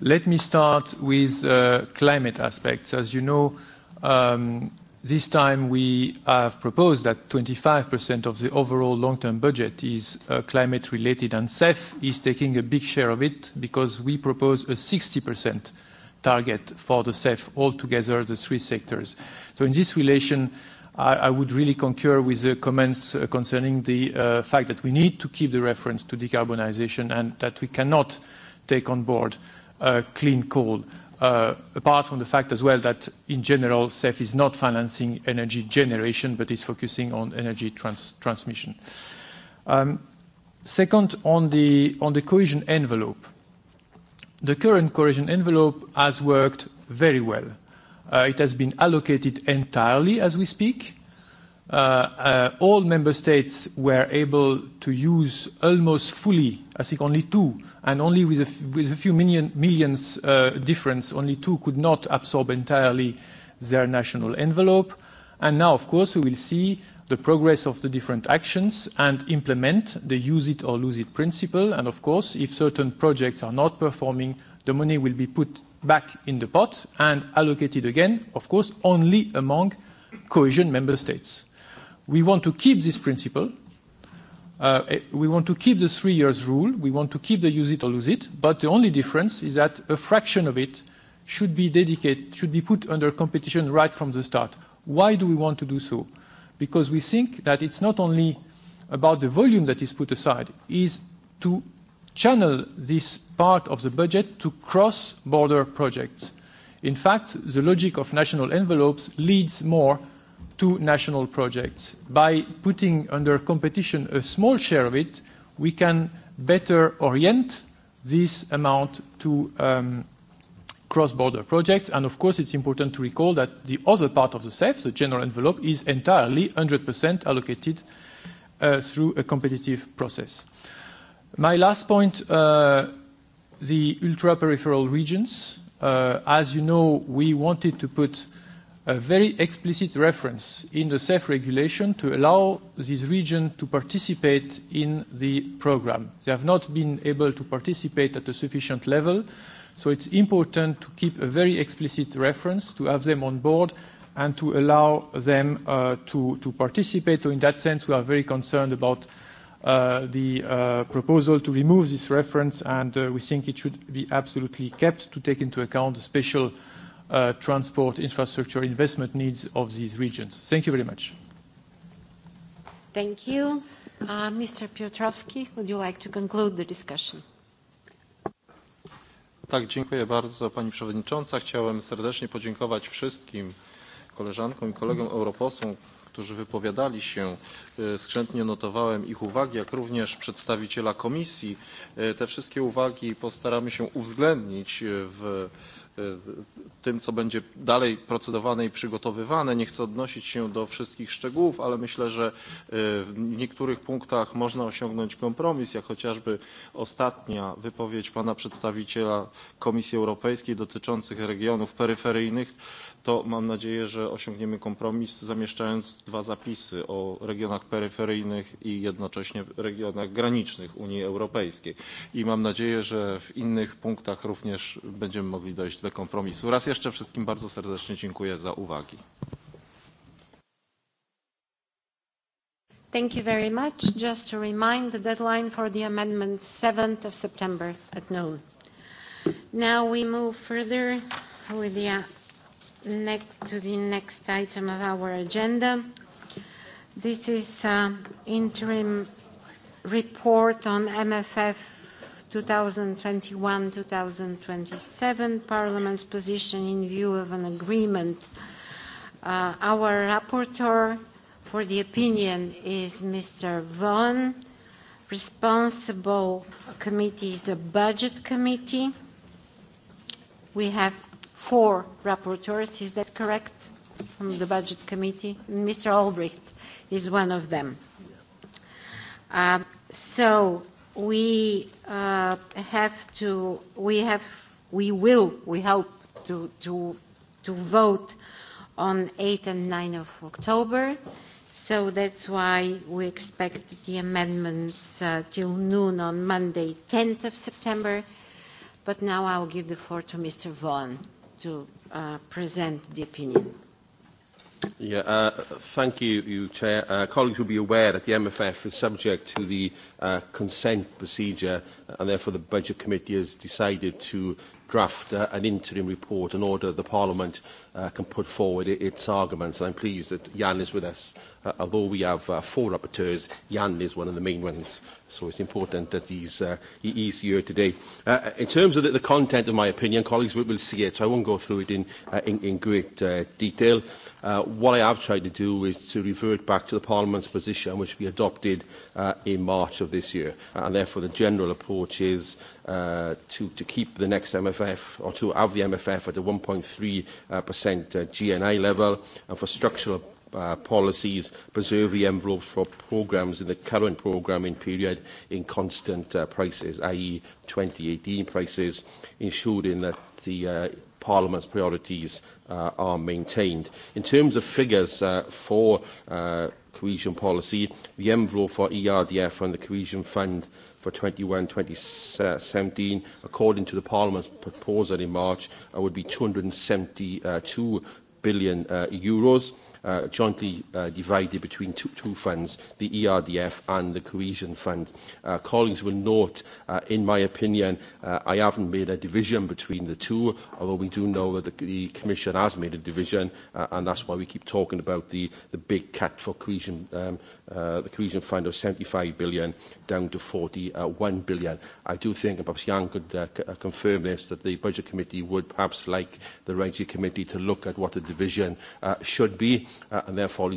Let me start with uh, climate aspects. As you know, um, this time we have proposed that 25% of the overall long-term budget is uh, climate related, and CEF is taking a big share of it because we propose a 60% target for the CEF altogether, the three sectors. So in this relation, I, I would really concur with the comments uh, concerning the uh, fact that we need to keep the reference to decarbonization and that we cannot take on board uh, clean coal. Uh, apart from the fact as well that in general, CEF is not financing energy generation, but is focusing on energy trans transmission. Um, second, on the, on the cohesion envelope, The current cohesion envelope has worked very well. Uh, it has been allocated entirely as we speak. Uh, uh, all member states were able to use almost fully, I think only two, and only with a, with a few million, millions uh, difference, only two could not absorb entirely their national envelope. And now, of course, we will see the progress of the different actions and implement the use it or lose it principle. And of course, if certain projects are not performing, the money will be put back in the pot and allocated again, of course, only among cohesion member states. We want to keep this principle. Uh, eh, we want to keep the three years rule. We want to keep the use it or lose it. But the only difference is that a fraction of it should be dedicated, should be put under competition right from the start. Why do we want to do so? because we think that it's not only about the volume that is put aside, is to channel this part of the budget to cross-border projects. In fact, the logic of national envelopes leads more to national projects. By putting under competition a small share of it, we can better orient this amount to um, cross-border projects. And of course, it's important to recall that the other part of the CEF, the general envelope, is entirely 100% allocated uh, through a competitive process. My last point, uh, the ultra-peripheral regions. Uh, as you know, we wanted to put a very explicit reference in the CEF regulation to allow this region to participate in the program. They have not been able to participate at a sufficient level, uh, So it's important to keep a very explicit reference, to have them on board, and to allow them uh, to, to participate. So in that sense, we are very concerned about uh, the uh, proposal to remove this reference, and uh, we think it should be absolutely kept to take into account the special uh, transport infrastructure investment needs of these regions. Thank you very much. Thank you. Uh, Mr. Piotrowski, would you like to conclude the discussion? Tak, dziękuję bardzo Pani Przewodnicząca. Chciałem serdecznie podziękować wszystkim koleżankom i kolegom europosłom, którzy wypowiadali się. E, skrzętnie notowałem ich uwagi, jak również przedstawiciela komisji. E, te wszystkie uwagi postaramy się uwzględnić e, w tym, co będzie dalej procedowane i przygotowywane. Nie chcę odnosić się do wszystkich szczegółów, ale myślę, że w niektórych punktach można osiągnąć kompromis, jak chociażby ostatnia wypowiedź pana przedstawiciela Komisji Europejskiej dotyczących regionów peryferyjnych to mam nadzieję, że osiągniemy kompromis, zamieszczając dwa zapisy o regionach peryferyjnych i jednocześnie regionach granicznych Unii Europejskiej. I mam nadzieję, że w innych punktach również będziemy mogli dojść do kompromisu. Raz jeszcze wszystkim bardzo serdecznie dziękuję za uwagi. Thank you very much. Just a remind, the deadline for the amendment 7th of September at noon. Now we move further with the next to the next item of our agenda. This is uh, interim report on MFF 2021-2027, Parliament's position in view of an agreement. Uh, our rapporteur for the opinion is Mr. Vaughan. Responsible committee is the Budget Committee. We have four rapporteurs. Is that correct? From the Budget Committee. Mr. Albrecht is one of them. Uh, so we uh, have to, we have, we will, we hope to, to, to vote on 8 and 9 of October. So that's why we expect the amendments uh, till noon on Monday, 10th of September. But now I'll give the floor to Mr. Vaughan to uh, present the opinion. Yeah, uh, thank you, you Chair. Uh, colleagues will be aware that the MFF is subject to the uh, consent procedure uh, and therefore the Budget Committee has decided to draft uh, an interim report and order the Parliament uh, uh, can put forward it, its arguments. And I'm pleased that Jan is with us. Uh, although we have uh, four rapporteurs, Jan is one of the main ones. So it's important that he's, uh, he, he's here today. Uh, in terms of the, the content of my opinion, colleagues will, will see it, so I won't go through it in, uh, in, in great uh, detail. Uh, what I have tried to do is to revert back to the Parliament's position, which we adopted uh, in March of this year. Uh, and therefore, the general approach is uh, to, to keep the next MFF, or to have the MFF at a 1.3% uh, 5% at GNI level, and for structural uh, policies, preserve the envelopes for programs in the current programming period in constant uh, prices, i.e. 2018 prices, ensuring that the uh, Parliament's priorities uh, are maintained. In terms of figures uh, for uh, cohesion policy, the envelope for ERDF and the cohesion fund uh, for 21-2017, according to the Parliament's proposal in March, uh, would be 272 billion uh, euros, uh, jointly uh, divided between two, two funds, the ERDF and the Cohesion Fund. Uh, colleagues will note, uh, in my opinion, uh, I haven't made a division between the two, although we do know that the, the Commission has made a division, uh, and that's why we keep talking about the, the big cut for cohesion um, uh, the Cohesion Fund of 75 billion down to 41 uh, billion. I do think, and perhaps Jan could uh, c- uh, confirm this, that the Budget Committee would perhaps like the Regi Committee to look at what the division uh, should be, uh, and therefore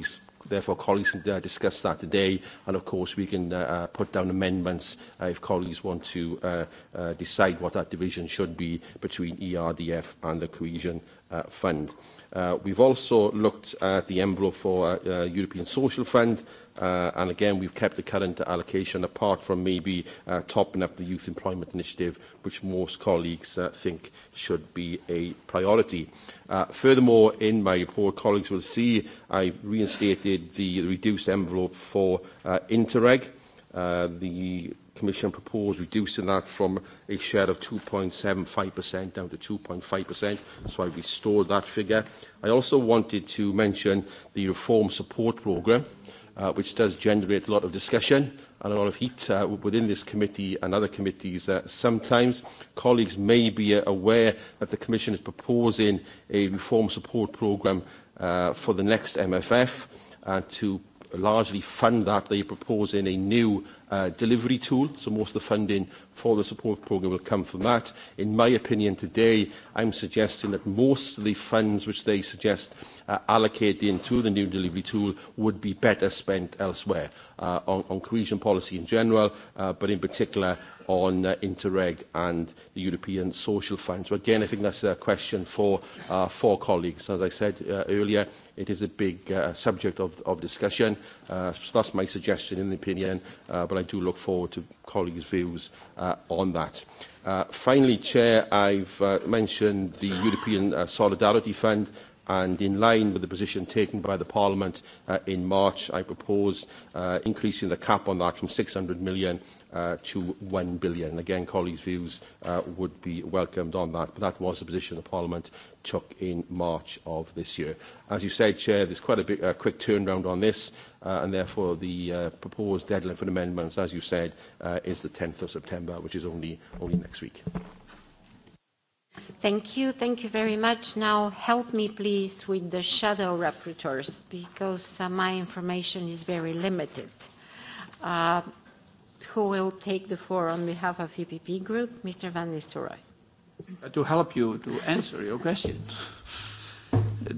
therefore colleagues can uh, discuss that today and of course we can uh, uh, put down amendments uh, if colleagues want to uh, uh, decide what that division should be between ERDF and the cohesion uh, fund. Uh, we've also looked at the envelope for uh, uh, European Social Fund uh, Uh, and again, we've kept the current allocation apart from maybe uh, topping up the Youth Employment Initiative, which most colleagues uh, think should be a priority. Uh, furthermore, in my report, colleagues will see I've reinstated the reduced envelope for uh, Interreg. Uh, the Commission proposed reducing that from a share of 2.75% down to 2.5%, so I restored that figure. I also wanted to mention the Reform Support Programme. Uh, uh, which does generate a lot of discussion and a lot of heat uh, within this committee and other committees. Uh, sometimes colleagues may be uh, aware that the Commission is proposing a reform support programme uh, for the next MFF and uh, to largely fund that they propose in a new uh, delivery tool, so most of the funding for the support programme will come from that. In my opinion today, I'm suggesting that most of the funds which they suggest uh, allocating to the new delivery tool would be better spent elsewhere, uh, on, on cohesion policy in general, uh, but in particular on uh, Interreg and the European Social Fund. So again, I think that's a question for, uh, for colleagues. As I said uh, earlier, it is a big uh, subject of, of discussion. Uh, so that's my suggestion in the opinion, uh, but I do look forward to colleagues' views uh, on that. Uh, finally, Chair, I've uh, mentioned the European uh, Solidarity Fund and in line with the position taken by the Parliament uh, in March, I proposed uh, increasing the cap on that from 600 million uh, to 1 billion. Again, colleagues' views uh, would be welcomed on that, but that was the position the Parliament took in March of this year. As you said, Chair, there's quite a big, uh, quick turnaround on this, uh, and therefore the uh, proposed deadline for amendments, as you said, uh, is the 10th of September, which is only, only next week. Thank you. Thank you very much. Now help me, please, with the shadow rapporteurs, because uh, my information is very limited. Uh, who will take the floor on behalf of EPP Group, Mr. Van Nistelrooy. Uh, to help you to answer your question,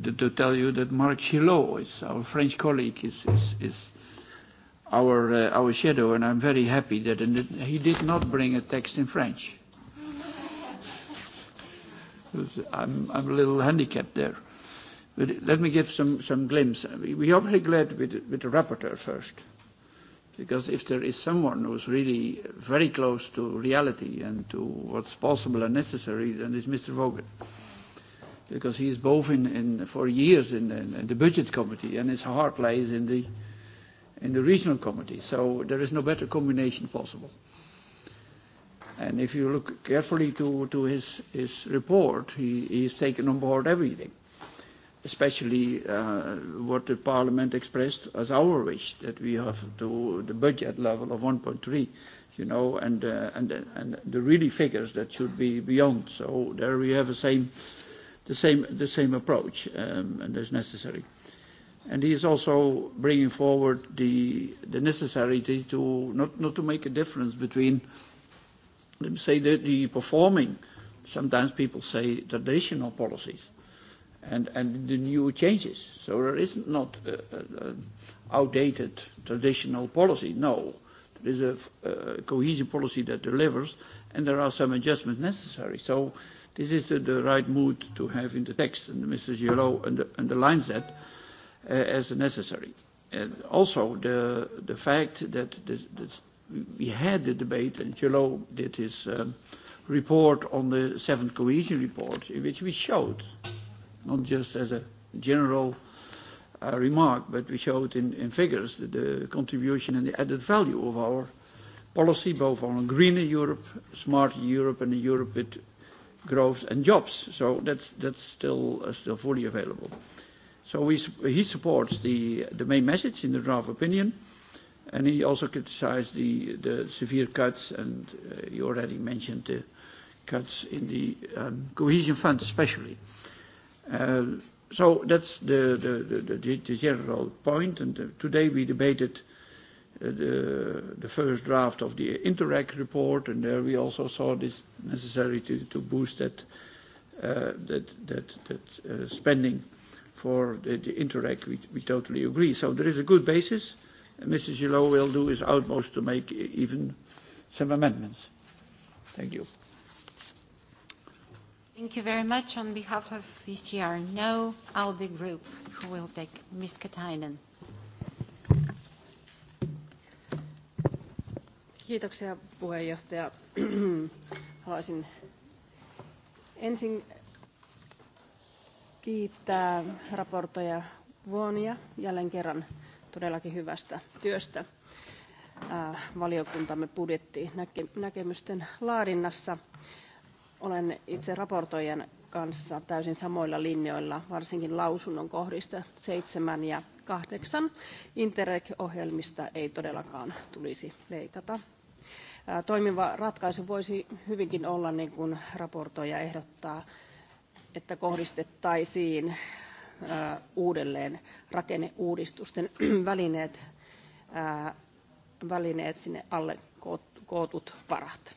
to, to tell you that Marc Gillot, is our French colleague, is, is, is our, uh, our shadow, and I'm very happy that in the, he did not bring a text in French. I'm, I'm a little handicapped there. But let me give some, some glimpse. We are very glad with, with the rapporteur first. Uh, Because if there is someone who's really very close to reality and to what's possible and necessary, then it's Mr. Vaughan. Because he is both in, in for years in, in, in the budget committee and his heart lies in the in the regional committee. So there is no better combination possible. And if you look carefully to, to his, his report, he, he's taken on board everything especially uh, what the Parliament expressed as our wish, that we have to the budget level of 1.3, you know, and, uh, and, and the really figures that should be beyond. So there we have the same, the same, the same approach, um, and that's necessary. And he is also bringing forward the, the necessity to not, not to make a difference between, let me say, the, the performing, sometimes people say traditional policies, and, and the new changes. So there is not a, a, a outdated traditional policy. No, there is a, a cohesion policy that delivers, and there are some adjustments necessary. So this is the, the right mood to have in the text, and Mr. Gillot under, underlines that uh, as necessary. And also the, the fact that this, this, we had the debate, and Gillot did his um, report on the seventh cohesion report, in which we showed uh, not just as a general uh, remark, but we showed in, in figures the, the contribution and the added value of our policy, both on a greener Europe, smarter Europe, and a Europe with growth and jobs. So that's, that's still, uh, still fully available. So we, he supports the, the main message in the draft opinion, and he also criticized the, the severe cuts, and uh, you already mentioned the cuts in the um, cohesion fund especially. Uh, Uh, so that's the, the, the, the, the general point. And uh, today we debated uh, the, the first draft of the Interreg report, and there we also saw this necessary to, to boost that, uh, that, that, that uh, spending for the, the Interreg. We, we totally agree. So there is a good basis. And Mr. Gillot will do his utmost to make even some amendments. Thank you. Thank you very much on behalf of VCR. Now, ALDE Group, who will take Ms. Katainen. Kiitoksia puheenjohtaja. Haluaisin ensin kiittää raportoja Vuonia jälleen kerran todellakin hyvästä työstä valiokuntamme budjettinäkemysten laadinnassa. Olen itse raportoijan kanssa täysin samoilla linjoilla, varsinkin lausunnon kohdista 7 ja 8. Interreg-ohjelmista ei todellakaan tulisi leikata. Toimiva ratkaisu voisi hyvinkin olla, niin kuin raportoija ehdottaa, että kohdistettaisiin uudelleen rakenneuudistusten välineet, välineet sinne alle kootut varat.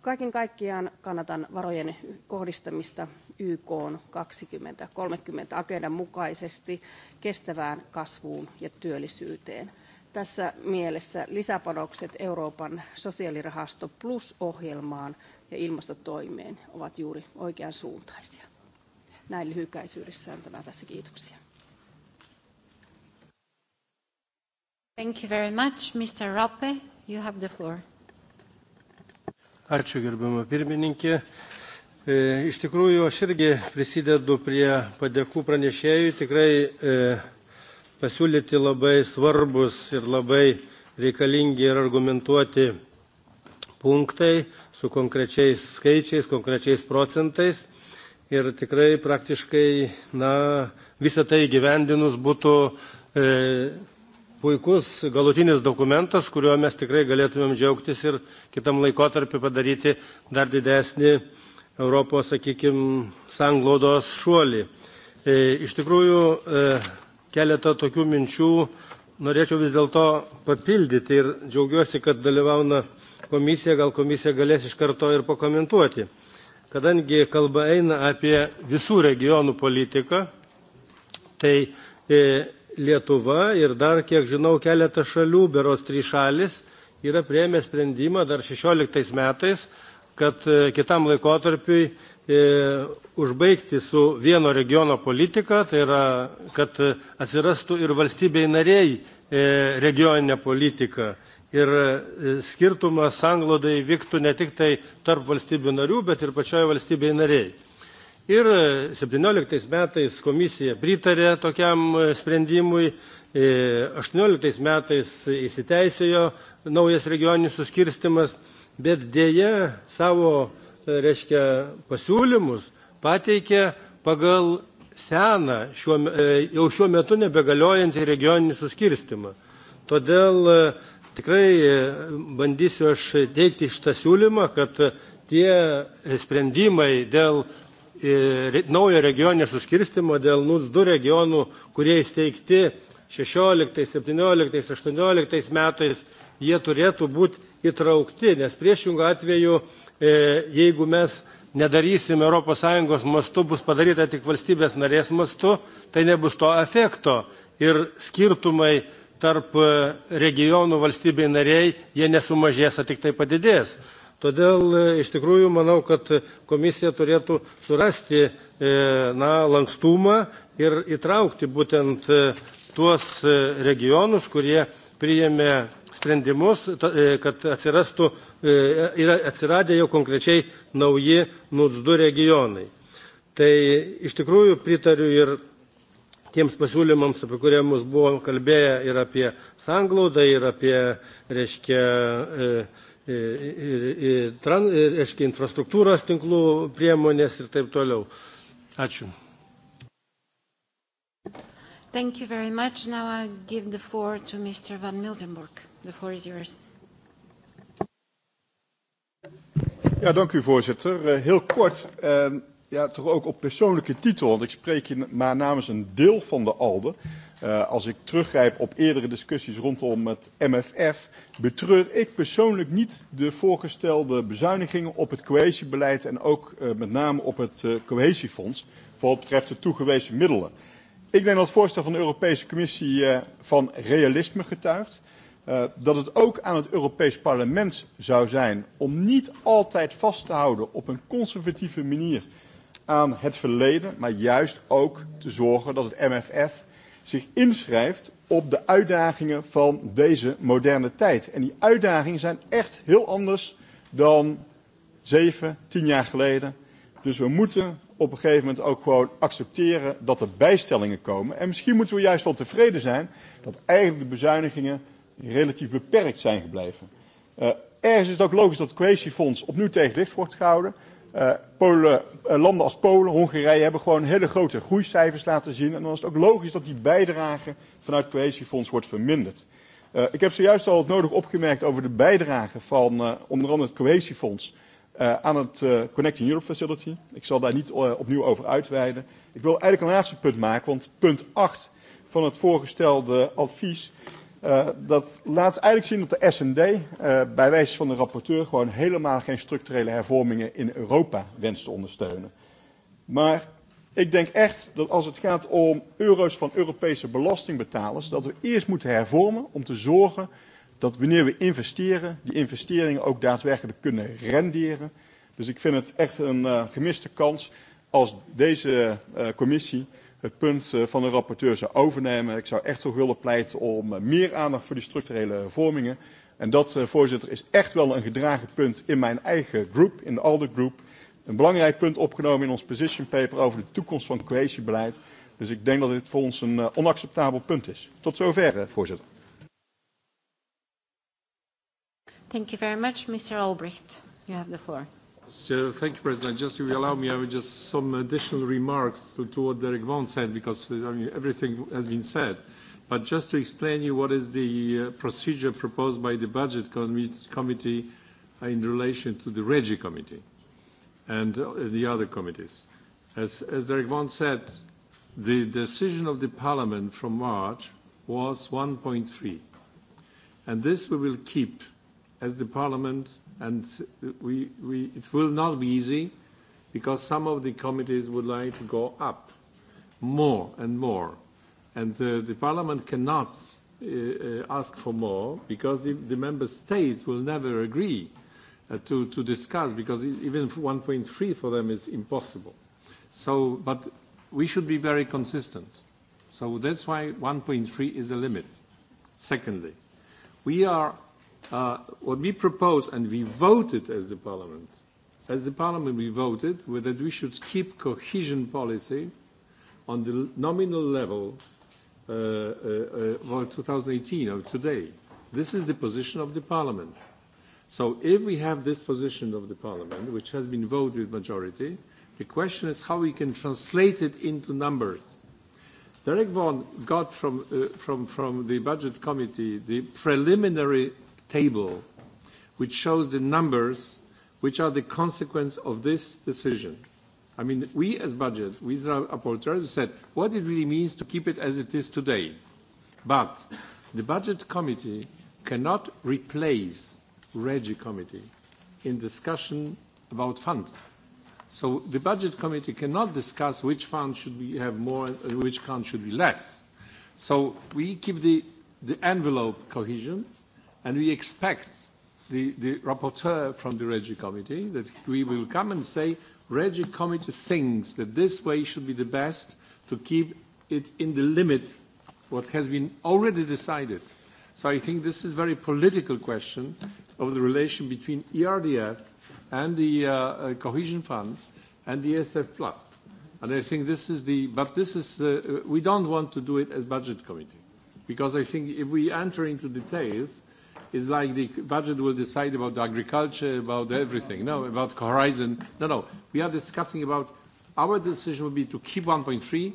Kaiken kaikkiaan kannatan varojen kohdistamista YK 2030 agendan mukaisesti kestävään kasvuun ja työllisyyteen. Tässä mielessä lisäpanokset Euroopan sosiaalirahasto Plus-ohjelmaan ja ilmastotoimeen ovat juuri oikean suuntaisia. Näin lyhykäisyydessään tämä tässä. Kiitoksia. Thank you very much. Mr. Rappe, you have the floor. Ačiū gerbiamą pirmininkę. E, iš tikrųjų, aš irgi prisidedu prie padėkų pranešėjų. Tikrai e, pasiūlyti labai svarbus ir labai reikalingi ir argumentuoti punktai su konkrečiais skaičiais, konkrečiais procentais. Ir tikrai praktiškai, na, visą tai gyvendinus būtų e, puikus galutinis dokumentas, kuriuo mes tikrai galėtumėm džiaugtis ir kitam laikotarpiu padaryti dar didesnį Europos, sakykime, sanglaudos šuolį. E, iš tikrųjų, e, keletą tokių minčių norėčiau vis dėlto papildyti ir džiaugiuosi, kad dalyvauna komisija, gal komisija galės iš karto ir pakomentuoti. Kadangi kalba eina apie visų regionų politiką, tai e, Lietuva ir dar, kiek žinau, keletą šalių, beros trys šalis, yra prieėmę sprendimą dar 16 metais, kad e, kitam laikotarpiui e, užbaigti su vieno regiono politika, tai yra, kad e, atsirastų ir valstybei nariai regioninė politika. Ir skirtumas anglodai vyktų ne tik tai tarp valstybių narių, bet ir pačioje valstybėje nariai. Ir 17 metais komisija pritarė tokiam sprendimui, 18 e, metais įsiteisėjo naujas regioninis suskirstimas, bet dėja savo e, reiškia, pasiūlymus pateikė pagal seną, šiuo, e, jau šiuo metu nebegaliojantį regioninį suskirstimą. Todėl tikrai bandysiu aš teikti šitą siūlymą, kad tie sprendimai dėl naujo regioninio suskirstimo dėl NUTS 2 regionų, kurie įsteigti 16, 17, 18 metais, jie turėtų būti įtraukti, nes priešingų atveju, e, jeigu mes nedarysim ES mastu, bus padaryta tik valstybės narės mastu, tai nebus to efekto ir skirtumai tarp e, regionų valstybei nariai, jie nesumažės, o tik tai padidės. Todėl e, iš tikrųjų manau, kad komisija turėtų surasti e, na, lankstumą ir įtraukti būtent e, tuos regionus, kurie priėmė sprendimus, kad atsirastų, yra atsiradę jau konkrečiai nauji NUTS 2 regionai. Tai iš tikrųjų pritariu ir tiems pasiūlymams, apie kurie mus buvo kalbėję ir apie sanglaudą, ir apie, reiškia, ir, ir, ir, aiškiai, infrastruktūros tinklų priemonės ir taip toliau. Ačiū. Thank you very much. Now I give the floor to Mr. Van Miltenburg. The floor is yours. Ja, dank u voorzitter. Uh, heel kort. Uh, ja, toch ook op persoonlijke titel, want ik spreek hier maar namens een deel van de ALDE. Uh, als ik teruggrijp op eerdere discussies rondom het MFF, betreur ik persoonlijk niet de voorgestelde bezuinigingen op het cohesiebeleid en ook uh, met name op het uh, cohesiefonds, voor wat betreft de toegewezen middelen. Ik denk dat het voorstel van de Europese Commissie uh, van realisme getuigt. Uh, dat het ook aan het Europees Parlement zou zijn om niet altijd vast te houden op een conservatieve manier aan het verleden, maar juist ook te zorgen dat het MFF zich inschrijft op de uitdagingen van deze moderne tijd. En die uitdagingen zijn echt heel anders dan zeven, tien jaar geleden. Dus we moeten op een gegeven moment ook gewoon accepteren dat er bijstellingen komen. En misschien moeten we juist wel tevreden zijn dat eigenlijk de bezuinigingen relatief beperkt zijn gebleven. Uh, ergens is het ook logisch dat het cohesiefonds opnieuw tegen licht wordt gehouden. Uh, Polen, uh, landen als Polen, Hongarije hebben gewoon hele grote groeicijfers laten zien. En dan is het ook logisch dat die bijdrage vanuit cohesiefonds wordt verminderd. Uh, ik heb zojuist al het nodig opgemerkt over de bijdrage van uh, onder andere het cohesiefonds uh, aan het uh, Connecting Europe Facility. Ik zal daar niet uh, opnieuw over uitweiden. Ik wil eigenlijk een laatste punt maken, want punt 8 van het voorgestelde advies Uh, dat laat eigenlijk zien dat de S&D uh, eh, bij wijze van de rapporteur gewoon helemaal geen structurele hervormingen in Europa wenst te ondersteunen. Maar ik denk echt dat als het gaat om euro's van Europese belastingbetalers, dat we eerst moeten hervormen om te zorgen dat wanneer we investeren, die investeringen ook daadwerkelijk kunnen renderen. Dus ik vind het echt een uh, gemiste kans als deze uh, commissie uh, het punt eh, van de rapporteur zou overnemen. Ik zou echt ook willen pleiten om eh, meer aandacht voor die structurele hervormingen. En dat, eh, voorzitter, is echt wel een gedragen punt in mijn eigen groep, in de ALDE groep. Een belangrijk punt opgenomen in ons position paper over de toekomst van cohesiebeleid. Dus ik denk dat dit voor ons een uh, onacceptabel punt is. Tot zover, voorzitter. Thank you very much, Mr. Albrecht. You have the floor. So, thank you, President. Just if you allow me, I would just some additional remarks to, to what Derek Vaughan said, because uh, I mean, everything has been said. But just to explain you what is the uh, procedure proposed by the Budget com Committee uh, in relation to the REGI Committee and uh, the other committees. As, as Derek Vaughan said, the decision of the Parliament from March was 1.3. And this we will keep as the Parliament And we, we, it will not be easy because some of the committees would like to go up more and more. And uh, the parliament cannot uh, uh, ask for more because the, the member states will never agree uh, to, to discuss because e, even 1.3 for them is impossible. So, but we should be very consistent. So that's why 1.3 is the limit. Secondly, we are uh, what we proposed and we voted as the parliament, as the parliament we voted, was that we should keep cohesion policy on the nominal level uh, uh, for 2018 or today. This is the position of the parliament. So if we have this position of the parliament, which has been voted with majority, the question is how we can translate it into numbers. Derek Vaughan got from, uh, from, from the budget committee the preliminary table, which shows the numbers which are the consequence of this decision. I mean, we as budget, we as rapporteurs said what it really means to keep it as it is today. But the budget committee cannot replace Regi committee in discussion about funds. So the budget committee cannot discuss which fund should we have more and which fund should be less. So we keep the, the envelope cohesion and we expect the, the rapporteur from the Regi Committee that we will come and say, Regi Committee thinks that this way should be the best to keep it in the limit what has been already decided. So I think this is a very political question of the relation between ERDF and the uh, uh, Cohesion Fund and the ESF Plus. And I think this is the, but this is, uh, uh, we don't want to do it as budget committee. Because I think if we enter into details, It's like the budget will decide about agriculture, about everything. No, about horizon. No, no. We are discussing about our decision will be to keep 1.3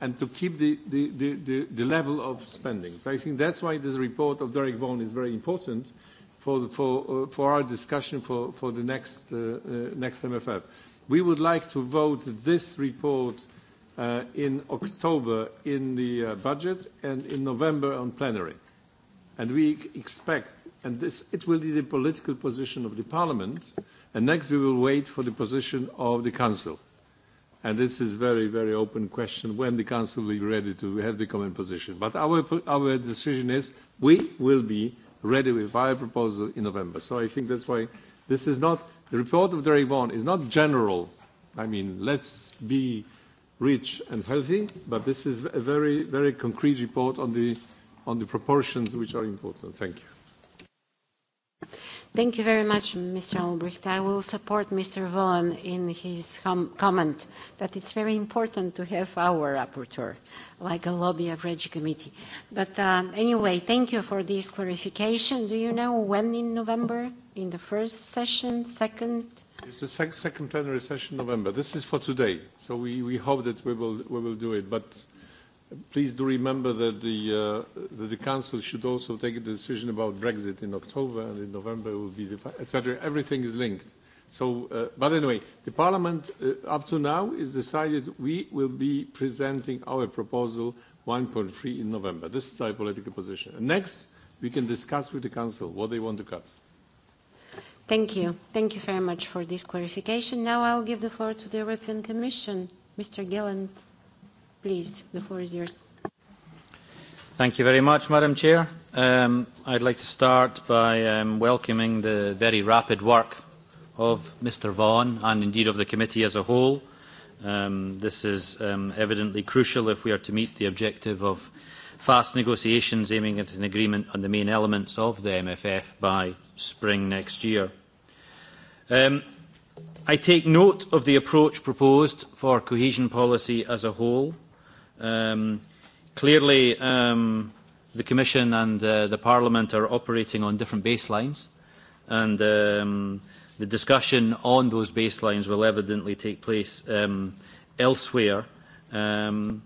and to keep the, the, the, the, the level of spending. So I think that's why this report of Derek Vaughan is very important for, the, for, uh, for our discussion for, for the next, uh, uh, next MFF. We would like to vote this report uh, in October in the uh, budget and in November on plenary. And we expect and this, it will be the political position of the Parliament, and next we will wait for the position of the Council. And this is very, very open question when the Council will be ready to have the common position. But our, our decision is we will be ready with our proposal in November. So I think that's why this is not, the report of Derivon is not general. I mean, let's be rich and healthy, but this is a very, very concrete report on the, on the proportions which are important. Thank you. Thank you very much, Mr. Albrecht. I will support Mr. Vaughan in his com comment that it's very important to have our rapporteur, like a lobby of Regi Committee. But uh, anyway, thank you for this clarification. Do you know when in November? In the first session, second? It's the sec second plenary session November. This is for today, so we, we hope that we will, we will do it. But Please do remember that the, uh, that the Council should also take a decision about Brexit in October, and in November will be the, etc. Everything is linked. So, uh, but anyway, the Parliament uh, up to now is decided we will be presenting our proposal 1.3 in November. This is our political position. And next, we can discuss with the Council what they want to cut. Thank you. Thank you very much for this clarification. Now I'll give the floor to the European Commission. Mr. Gilland. Please, the floor is yours. Thank you very much, Madam Chair. Um, I'd like to start by um, welcoming the very rapid work of Mr Vaughan and indeed of the committee as a whole. Um, this is um, evidently crucial if we are to meet the objective of fast negotiations aiming at an agreement on the main elements of the MFF by spring next year. Um, I take note of the approach proposed for cohesion policy as a whole Um, clearly, um, the Commission and uh, the Parliament are operating on different baselines, and um, the discussion on those baselines will evidently take place um, elsewhere. Um,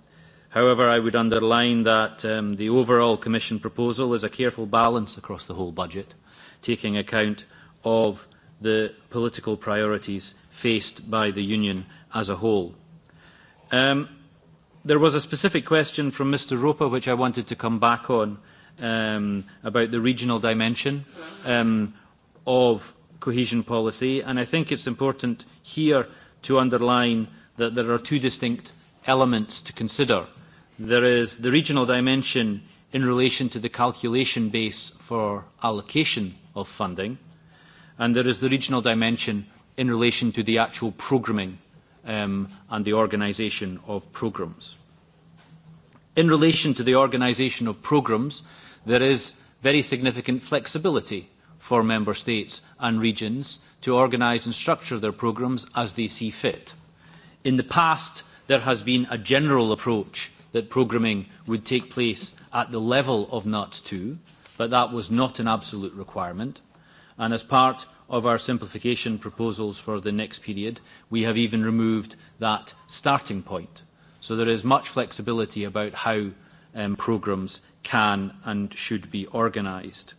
however, I would underline that um, the overall Commission proposal is a careful balance across the whole budget, taking account of the political priorities faced by the Union as a whole. Um, There was a specific question from Mr. Ropa, which I wanted to come back on, um, about the regional dimension um, of cohesion policy. And I think it's important here to underline that there are two distinct elements to consider. There is the regional dimension in relation to the calculation base for allocation of funding, and there is the regional dimension in relation to the actual programming um, and the organisation of programmes. In relation to the organisation of programmes, there is very significant flexibility for member states and regions to organise and structure their programmes as they see fit. In the past, there has been a general approach that programming would take place at the level of NUTS 2, but that was not an absolute requirement. And as part of our simplification proposals for the next period, we have even removed that starting point. So there is much flexibility about how um, programs can and should be organised.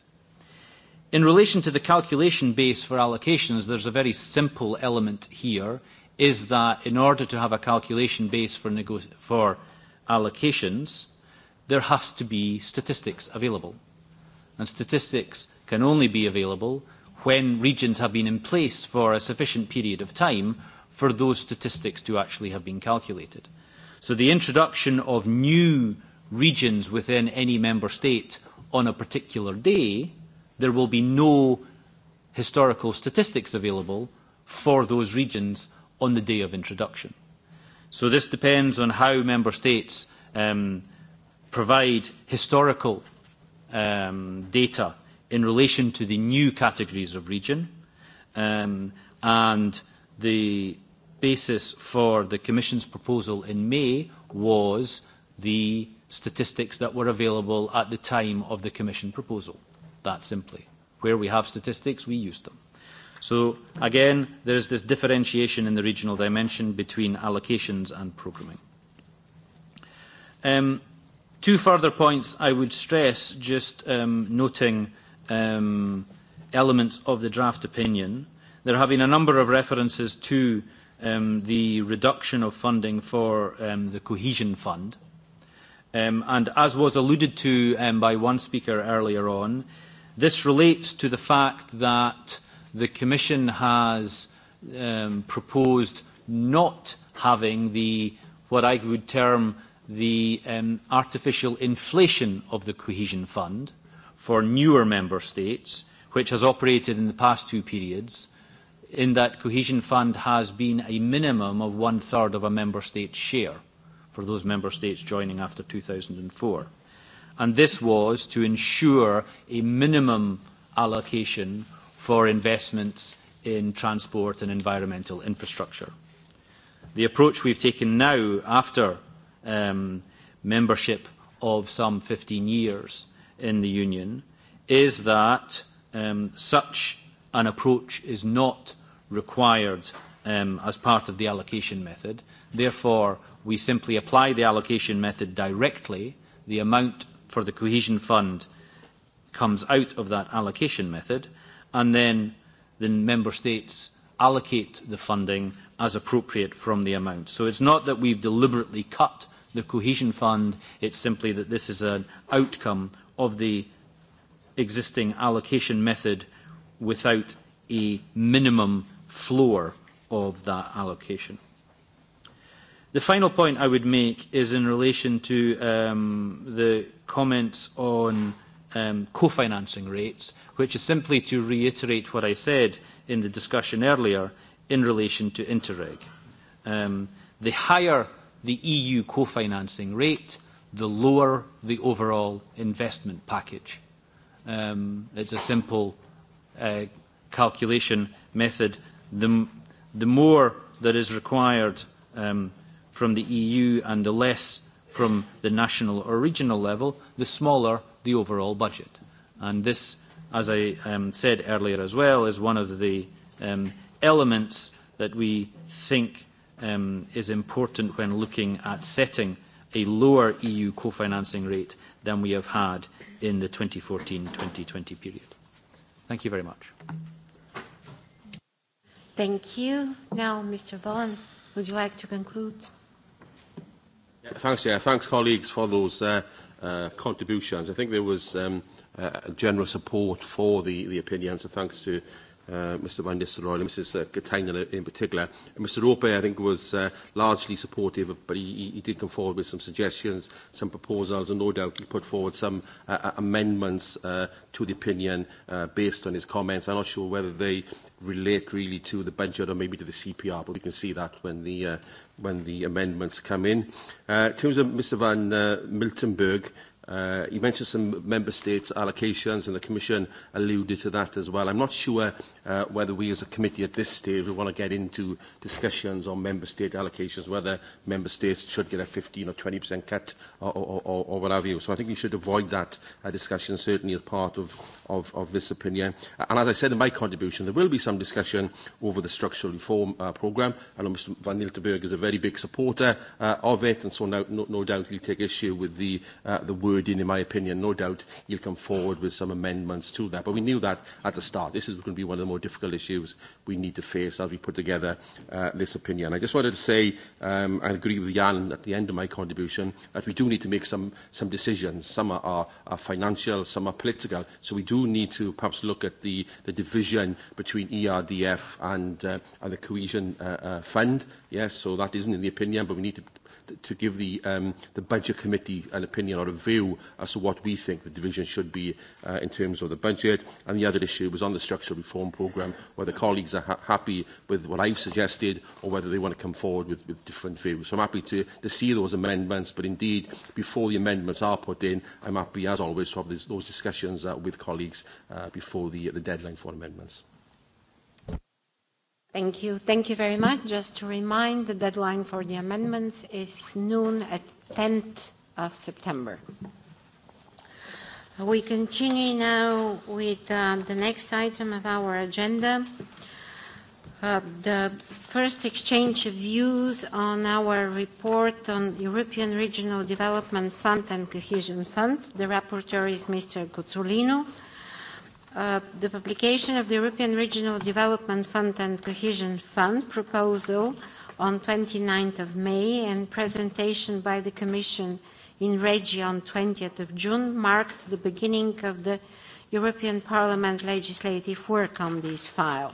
In relation to the calculation base for allocations, there's a very simple element here, is that in order to have a calculation base for, for allocations, there has to be statistics available. And statistics can only be available when regions have been in place for a sufficient period of time for those statistics to actually have been calculated. So the introduction of new regions within any member state on a particular day, there will be no historical statistics available for those regions on the day of introduction. So this depends on how member states um, provide historical um, data in relation to the new categories of region um, and the basis for the Commission's proposal in May was the statistics that were available at the time of the Commission proposal. That simply. Where we have statistics, we use them. So again, there is this differentiation in the regional dimension between allocations and programming. Um, two further points I would stress, just um, noting uh, um, elements of the draft opinion. There have been a number of references to um, the reduction of funding for um, the cohesion fund. Um, and as was alluded to um, by one speaker earlier on, this relates to the fact that the Commission has um, proposed not having the, what I would term the um, artificial inflation of the cohesion fund, for newer member states, which has operated in the past two periods, in that cohesion fund has been a minimum of one third of a member state's share for those member states joining after 2004. And this was to ensure a minimum allocation for investments in transport and environmental infrastructure. The approach we've taken now after um, membership of some 15 years in the Union is that um, such an approach is not required um, as part of the allocation method. Therefore, we simply apply the allocation method directly. The amount for the cohesion fund comes out of that allocation method, and then the member states allocate the funding as appropriate from the amount. So it's not that we've deliberately cut the cohesion fund, it's simply that this is an outcome of the existing allocation method without a minimum floor of that allocation. The final point I would make is in relation to um, the comments on um, co-financing rates, which is simply to reiterate what I said in the discussion earlier in relation to Interreg. Um, the higher the EU co-financing rate, the lower the overall investment package. Um, it's a simple uh, calculation method. The, the more that is required um, from the EU and the less from the national or regional level, the smaller the overall budget. And this, as I um, said earlier as well, is one of the um, elements that we think um, is important when looking at setting uh, a lower EU co-financing rate than we have had in the 2014-2020 period. Thank you very much. Thank you. Now, Mr. Vaughan, would you like to conclude? Yeah, thanks, yeah. Thanks, colleagues, for those uh, uh, contributions. I think there was um, uh, general support for the, the opinion, so thanks to uh, Mr Van Nistelrooy and Mrs uh, Katainen in particular. And Mr Rope, I think, was uh, largely supportive, but he, he did come forward with some suggestions, some proposals, and no doubt he put forward some uh, uh, amendments uh, to the opinion uh, based on his comments. I'm not sure whether they relate really to the budget or maybe to the CPR, but we can see that when the, uh, when the amendments come in. Uh, in terms of Mr Van uh, Miltenberg, uh, Uh, you mentioned some member states allocations and the Commission alluded to that as well. I'm not sure uh, whether we as a committee at this stage would want to get into discussions on member state allocations, whether member states should get a 15 or 20% cut or, or, or, or what have you. So I think we should avoid that uh, discussion certainly as part of, of, of this opinion. And as I said in my contribution, there will be some discussion over the structural reform uh, programme. I know Mr Van Niltenberg is a very big supporter uh, of it and so no, no, no doubt he'll take issue with the, uh, the word wording, in my opinion. No doubt you'll come forward with some amendments to that. But we knew that at the start. This is going to be one of the more difficult issues we need to face as we put together uh, this opinion. I just wanted to say, um, I agree with Jan at the end of my contribution, that we do need to make some, some decisions. Some are, are, are financial, some are political. So we do need to perhaps look at the, the division between ERDF and, uh, and the cohesion uh, uh, fund. Yes, so that isn't in the opinion, but we need to to give the, um, the Budget Committee an opinion or a view as to what we think the division should be uh, in terms of the budget. And the other issue was on the structural reform programme, whether colleagues are ha happy with what I've suggested or whether they want to come forward with, with different views. So I'm happy to, to see those amendments, but indeed, before the amendments are put in, I'm happy, as always, to have this, those discussions uh, with colleagues uh, before the, the deadline for amendments. Thank you. Thank you very much. Just to remind, the deadline for the amendments is noon at 10th of September. We continue now with uh, the next item of our agenda. Uh, the first exchange of views on our report on European Regional Development Fund and Cohesion Fund. The rapporteur is Mr. Cozzolino. Uh, the publication of the European Regional Development Fund and Cohesion Fund proposal on 29th of May and presentation by the Commission in Regi on 20th of June marked the beginning of the European Parliament legislative work on this file.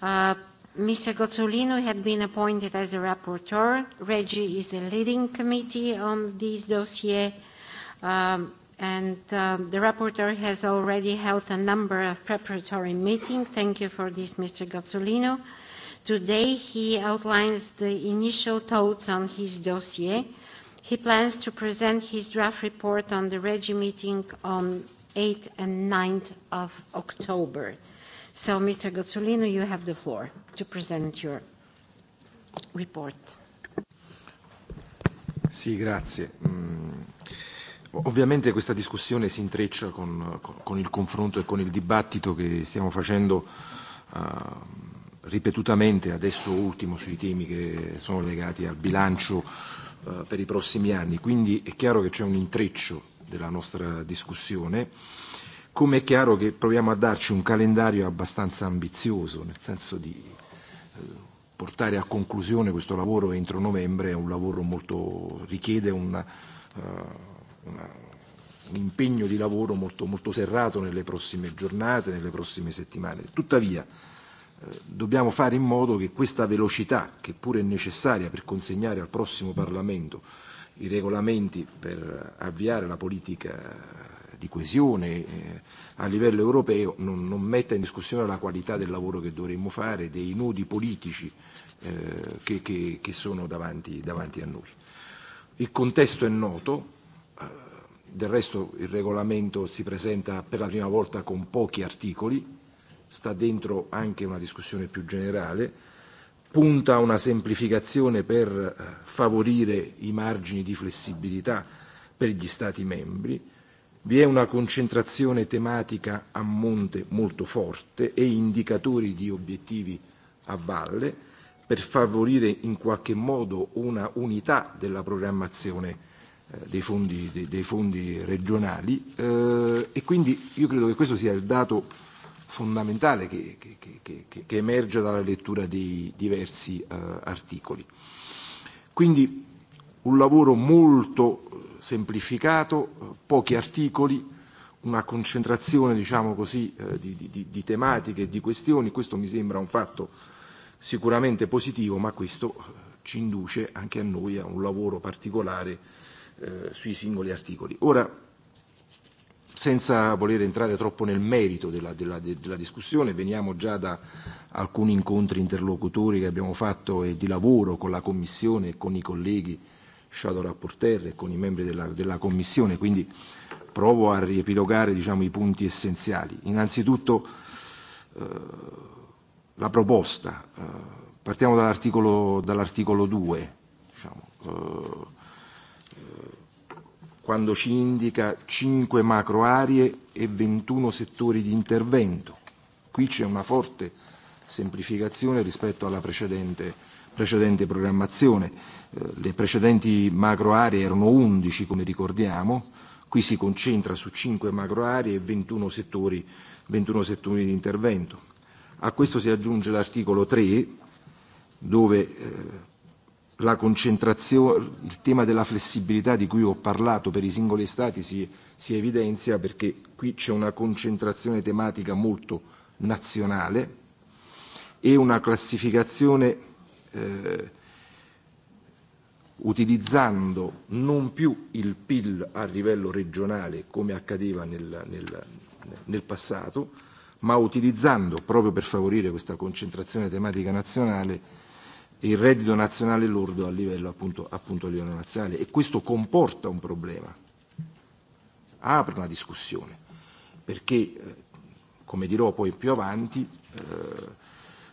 Uh, Mr. Gozzolino had been appointed as a rapporteur. Regi is the leading committee on this dossier. Um, and um, the rapporteur has already held a number of preparatory meetings. Thank you for this, Mr. Gozzolino. Today he outlines the initial thoughts on his dossier. He plans to present his draft report on the REGI meeting on 8th and 9th of October. So, Mr. Gozzolino, you have the floor to present your report. Sì, grazie. Mm. Ovviamente questa discussione si intreccia con, con il confronto e con il dibattito che stiamo facendo uh, ripetutamente adesso ultimo sui temi che sono legati al bilancio uh, per i prossimi anni. Quindi è chiaro che c'è un intreccio della nostra discussione, come è chiaro che proviamo a darci un calendario abbastanza ambizioso, nel senso di uh, portare a conclusione questo lavoro entro novembre è un lavoro molto richiede un uh, un impegno di lavoro molto, molto serrato nelle prossime giornate, nelle prossime settimane. Tuttavia, eh, dobbiamo fare in modo che questa velocità, che pure è necessaria per consegnare al prossimo Parlamento i regolamenti per avviare la politica di coesione eh, a livello europeo, non, non metta in discussione la qualità del lavoro che dovremmo fare, dei nodi politici eh, che, che, che sono davanti, davanti a noi. Il contesto è noto, Del resto il regolamento si presenta per la prima volta con pochi articoli, sta dentro anche una discussione più generale, punta a una semplificazione per eh, favorire i margini di flessibilità per gli Stati membri, vi è una concentrazione tematica a monte molto forte e indicatori di obiettivi a valle per favorire in qualche modo una unità della programmazione Eh, dei fondi, dei, dei fondi regionali eh, e quindi io credo che questo sia il dato fondamentale che, che, che, che, che emerge dalla lettura dei diversi eh, articoli. Quindi un lavoro molto eh, semplificato, eh, pochi articoli, una concentrazione diciamo così, eh, di, di, di tematiche e di questioni, questo mi sembra un fatto sicuramente positivo, ma questo ci induce anche a noi a un lavoro particolare eh, sui singoli articoli. Ora, senza voler entrare troppo nel merito della, della, della discussione, veniamo già da alcuni incontri interlocutori che abbiamo fatto e di lavoro con la Commissione e con i colleghi shadow rapporteur e con i membri della, della Commissione, quindi provo a riepilogare diciamo, i punti essenziali. Innanzitutto eh, la proposta, eh, partiamo dall'articolo, dall'articolo 2, diciamo, eh, quando ci indica 5 macro aree e 21 settori di intervento. Qui c'è una forte semplificazione rispetto alla precedente, precedente programmazione. Eh, le precedenti macro aree erano 11, come ricordiamo, qui si concentra su 5 macro aree e 21 settori, 21 settori di intervento. A questo si aggiunge l'articolo 3, dove eh, la concentrazione, il tema della flessibilità di cui ho parlato per i singoli Stati si, si evidenzia perché qui c'è una concentrazione tematica molto nazionale e una classificazione eh, utilizzando non più il PIL a livello regionale come accadeva nel, nel, nel passato, ma utilizzando, proprio per favorire questa concentrazione tematica nazionale, il reddito nazionale lordo a livello appunto, appunto a livello nazionale e questo comporta un problema, apre una discussione, perché eh, come dirò poi più avanti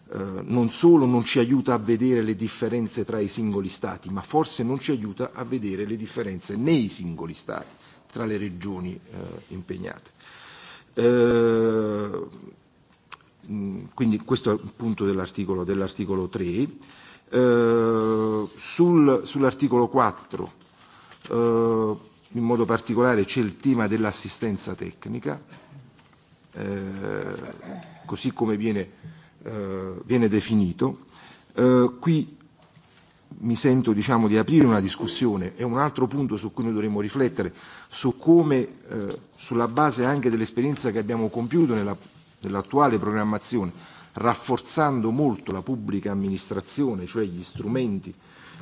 eh, eh, non solo non ci aiuta a vedere le differenze tra i singoli stati, ma forse non ci aiuta a vedere le differenze nei singoli stati, tra le regioni eh, impegnate. Eh, quindi questo è il punto dell'articolo, dell'articolo 3. Eh, sul, sull'articolo 4, eh, in modo particolare, c'è il tema dell'assistenza tecnica, eh, così come viene, eh, viene definito. Eh, qui mi sento diciamo, di aprire una discussione, è un altro punto su cui noi dovremmo riflettere, su come, eh, sulla base anche dell'esperienza che abbiamo compiuto nella, nell'attuale programmazione, rafforzando molto la pubblica amministrazione, cioè gli strumenti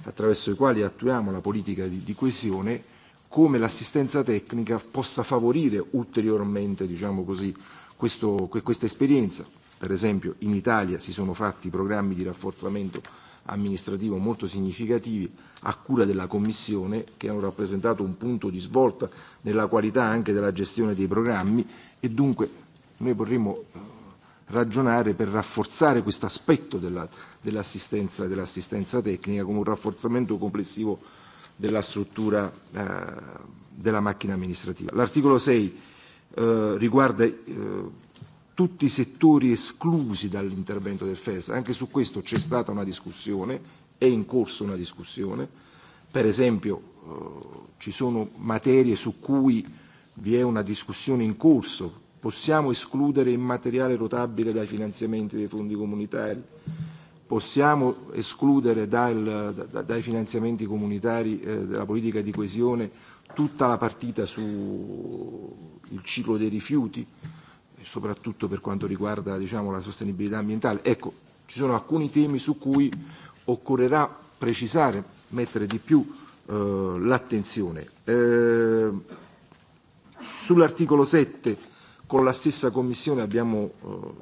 attraverso i quali attuiamo la politica di, di coesione, come l'assistenza tecnica possa favorire ulteriormente diciamo così, questo, questa esperienza. Per esempio in Italia si sono fatti programmi di rafforzamento amministrativo molto significativi a cura della Commissione che hanno rappresentato un punto di svolta nella qualità anche della gestione dei programmi e dunque noi vorremmo ragionare per rafforzare questo aspetto della, dell'assistenza, dell'assistenza tecnica come un rafforzamento complessivo della struttura eh, della macchina amministrativa. L'articolo 6 eh, riguarda eh, tutti i settori esclusi dall'intervento del FES. Anche su questo c'è stata una discussione, è in corso una discussione. Per esempio eh, ci sono materie su cui vi è una discussione in corso Possiamo escludere il materiale rotabile dai finanziamenti dei fondi comunitari? Possiamo escludere dal, da, dai finanziamenti comunitari eh, della politica di coesione tutta la partita sul ciclo dei rifiuti, e soprattutto per quanto riguarda diciamo, la sostenibilità ambientale? Ecco, ci sono alcuni temi su cui occorrerà precisare, mettere di più eh, l'attenzione. Eh, sull'articolo 7 Con la stessa Commissione abbiamo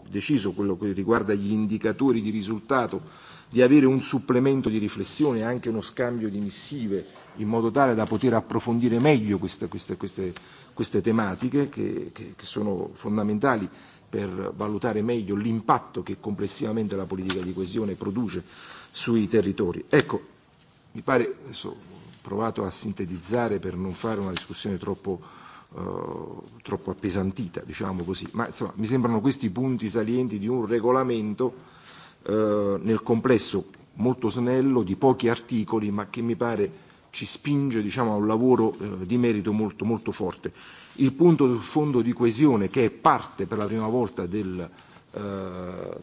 eh, deciso, quello che riguarda gli indicatori di risultato, di avere un supplemento di riflessione e anche uno scambio di missive in modo tale da poter approfondire meglio queste, queste, queste, queste tematiche che, che, che sono fondamentali per valutare meglio l'impatto che complessivamente la politica di coesione produce sui territori. Ecco, mi pare, adesso ho provato a sintetizzare per non fare una discussione troppo eh, troppo appesantita, diciamo così. Ma insomma, mi sembrano questi punti salienti di un regolamento eh, nel complesso molto snello di pochi articoli, ma che mi pare ci spinge diciamo, a un lavoro eh, di merito molto, molto forte. Il punto del fondo di coesione, che è parte per la prima volta del, eh,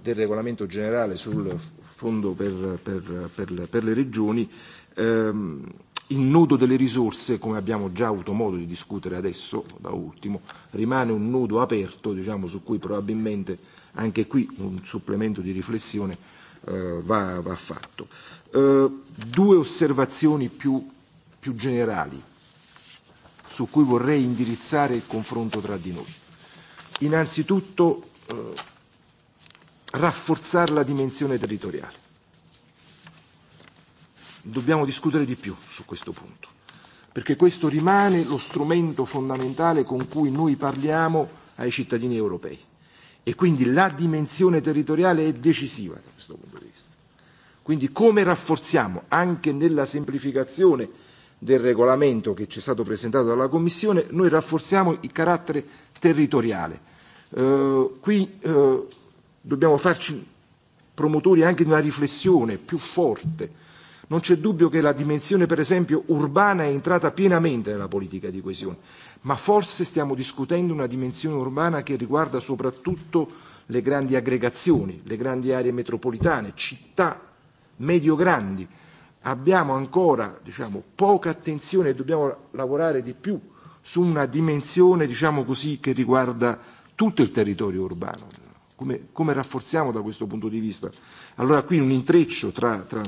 del regolamento generale sul fondo per, per, per, per le regioni, ehm, Il nodo delle risorse, come abbiamo già avuto modo di discutere adesso, da ultimo, rimane un nodo aperto diciamo, su cui probabilmente anche qui un supplemento di riflessione eh, va, va fatto. Eh, due osservazioni più, più generali su cui vorrei indirizzare il confronto tra di noi. Innanzitutto eh, rafforzare la dimensione territoriale dobbiamo discutere di più su questo punto, perché questo rimane lo strumento fondamentale con cui noi parliamo ai cittadini europei e quindi la dimensione territoriale è decisiva da questo punto di vista. Quindi come rafforziamo anche nella semplificazione del regolamento che ci è stato presentato dalla Commissione, noi rafforziamo il carattere territoriale. Eh, qui eh, dobbiamo farci promotori anche di una riflessione più forte Non c'è dubbio che la dimensione, per esempio, urbana è entrata pienamente nella politica di coesione, ma forse stiamo discutendo una dimensione urbana che riguarda soprattutto le grandi aggregazioni, le grandi aree metropolitane, città medio-grandi. Abbiamo ancora diciamo, poca attenzione e dobbiamo lavorare di più su una dimensione diciamo così, che riguarda tutto il territorio urbano. Come, come rafforziamo da questo punto di vista? Allora qui un intreccio tra, tra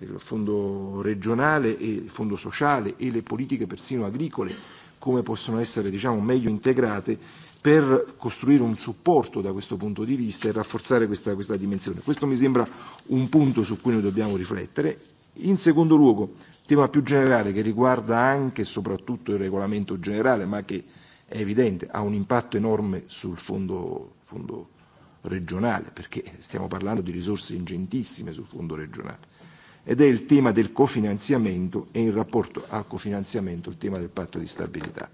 il fondo regionale e il fondo sociale e le politiche persino agricole come possono essere diciamo, meglio integrate per costruire un supporto da questo punto di vista e rafforzare questa, questa dimensione. Questo mi sembra un punto su cui noi dobbiamo riflettere. In secondo luogo, tema più generale che riguarda anche e soprattutto il regolamento generale, ma che è evidente ha un impatto enorme sul fondo, fondo regionale, perché stiamo parlando di risorse ingentissime sul fondo regionale ed è il tema del cofinanziamento e in rapporto al cofinanziamento il tema del patto di stabilità,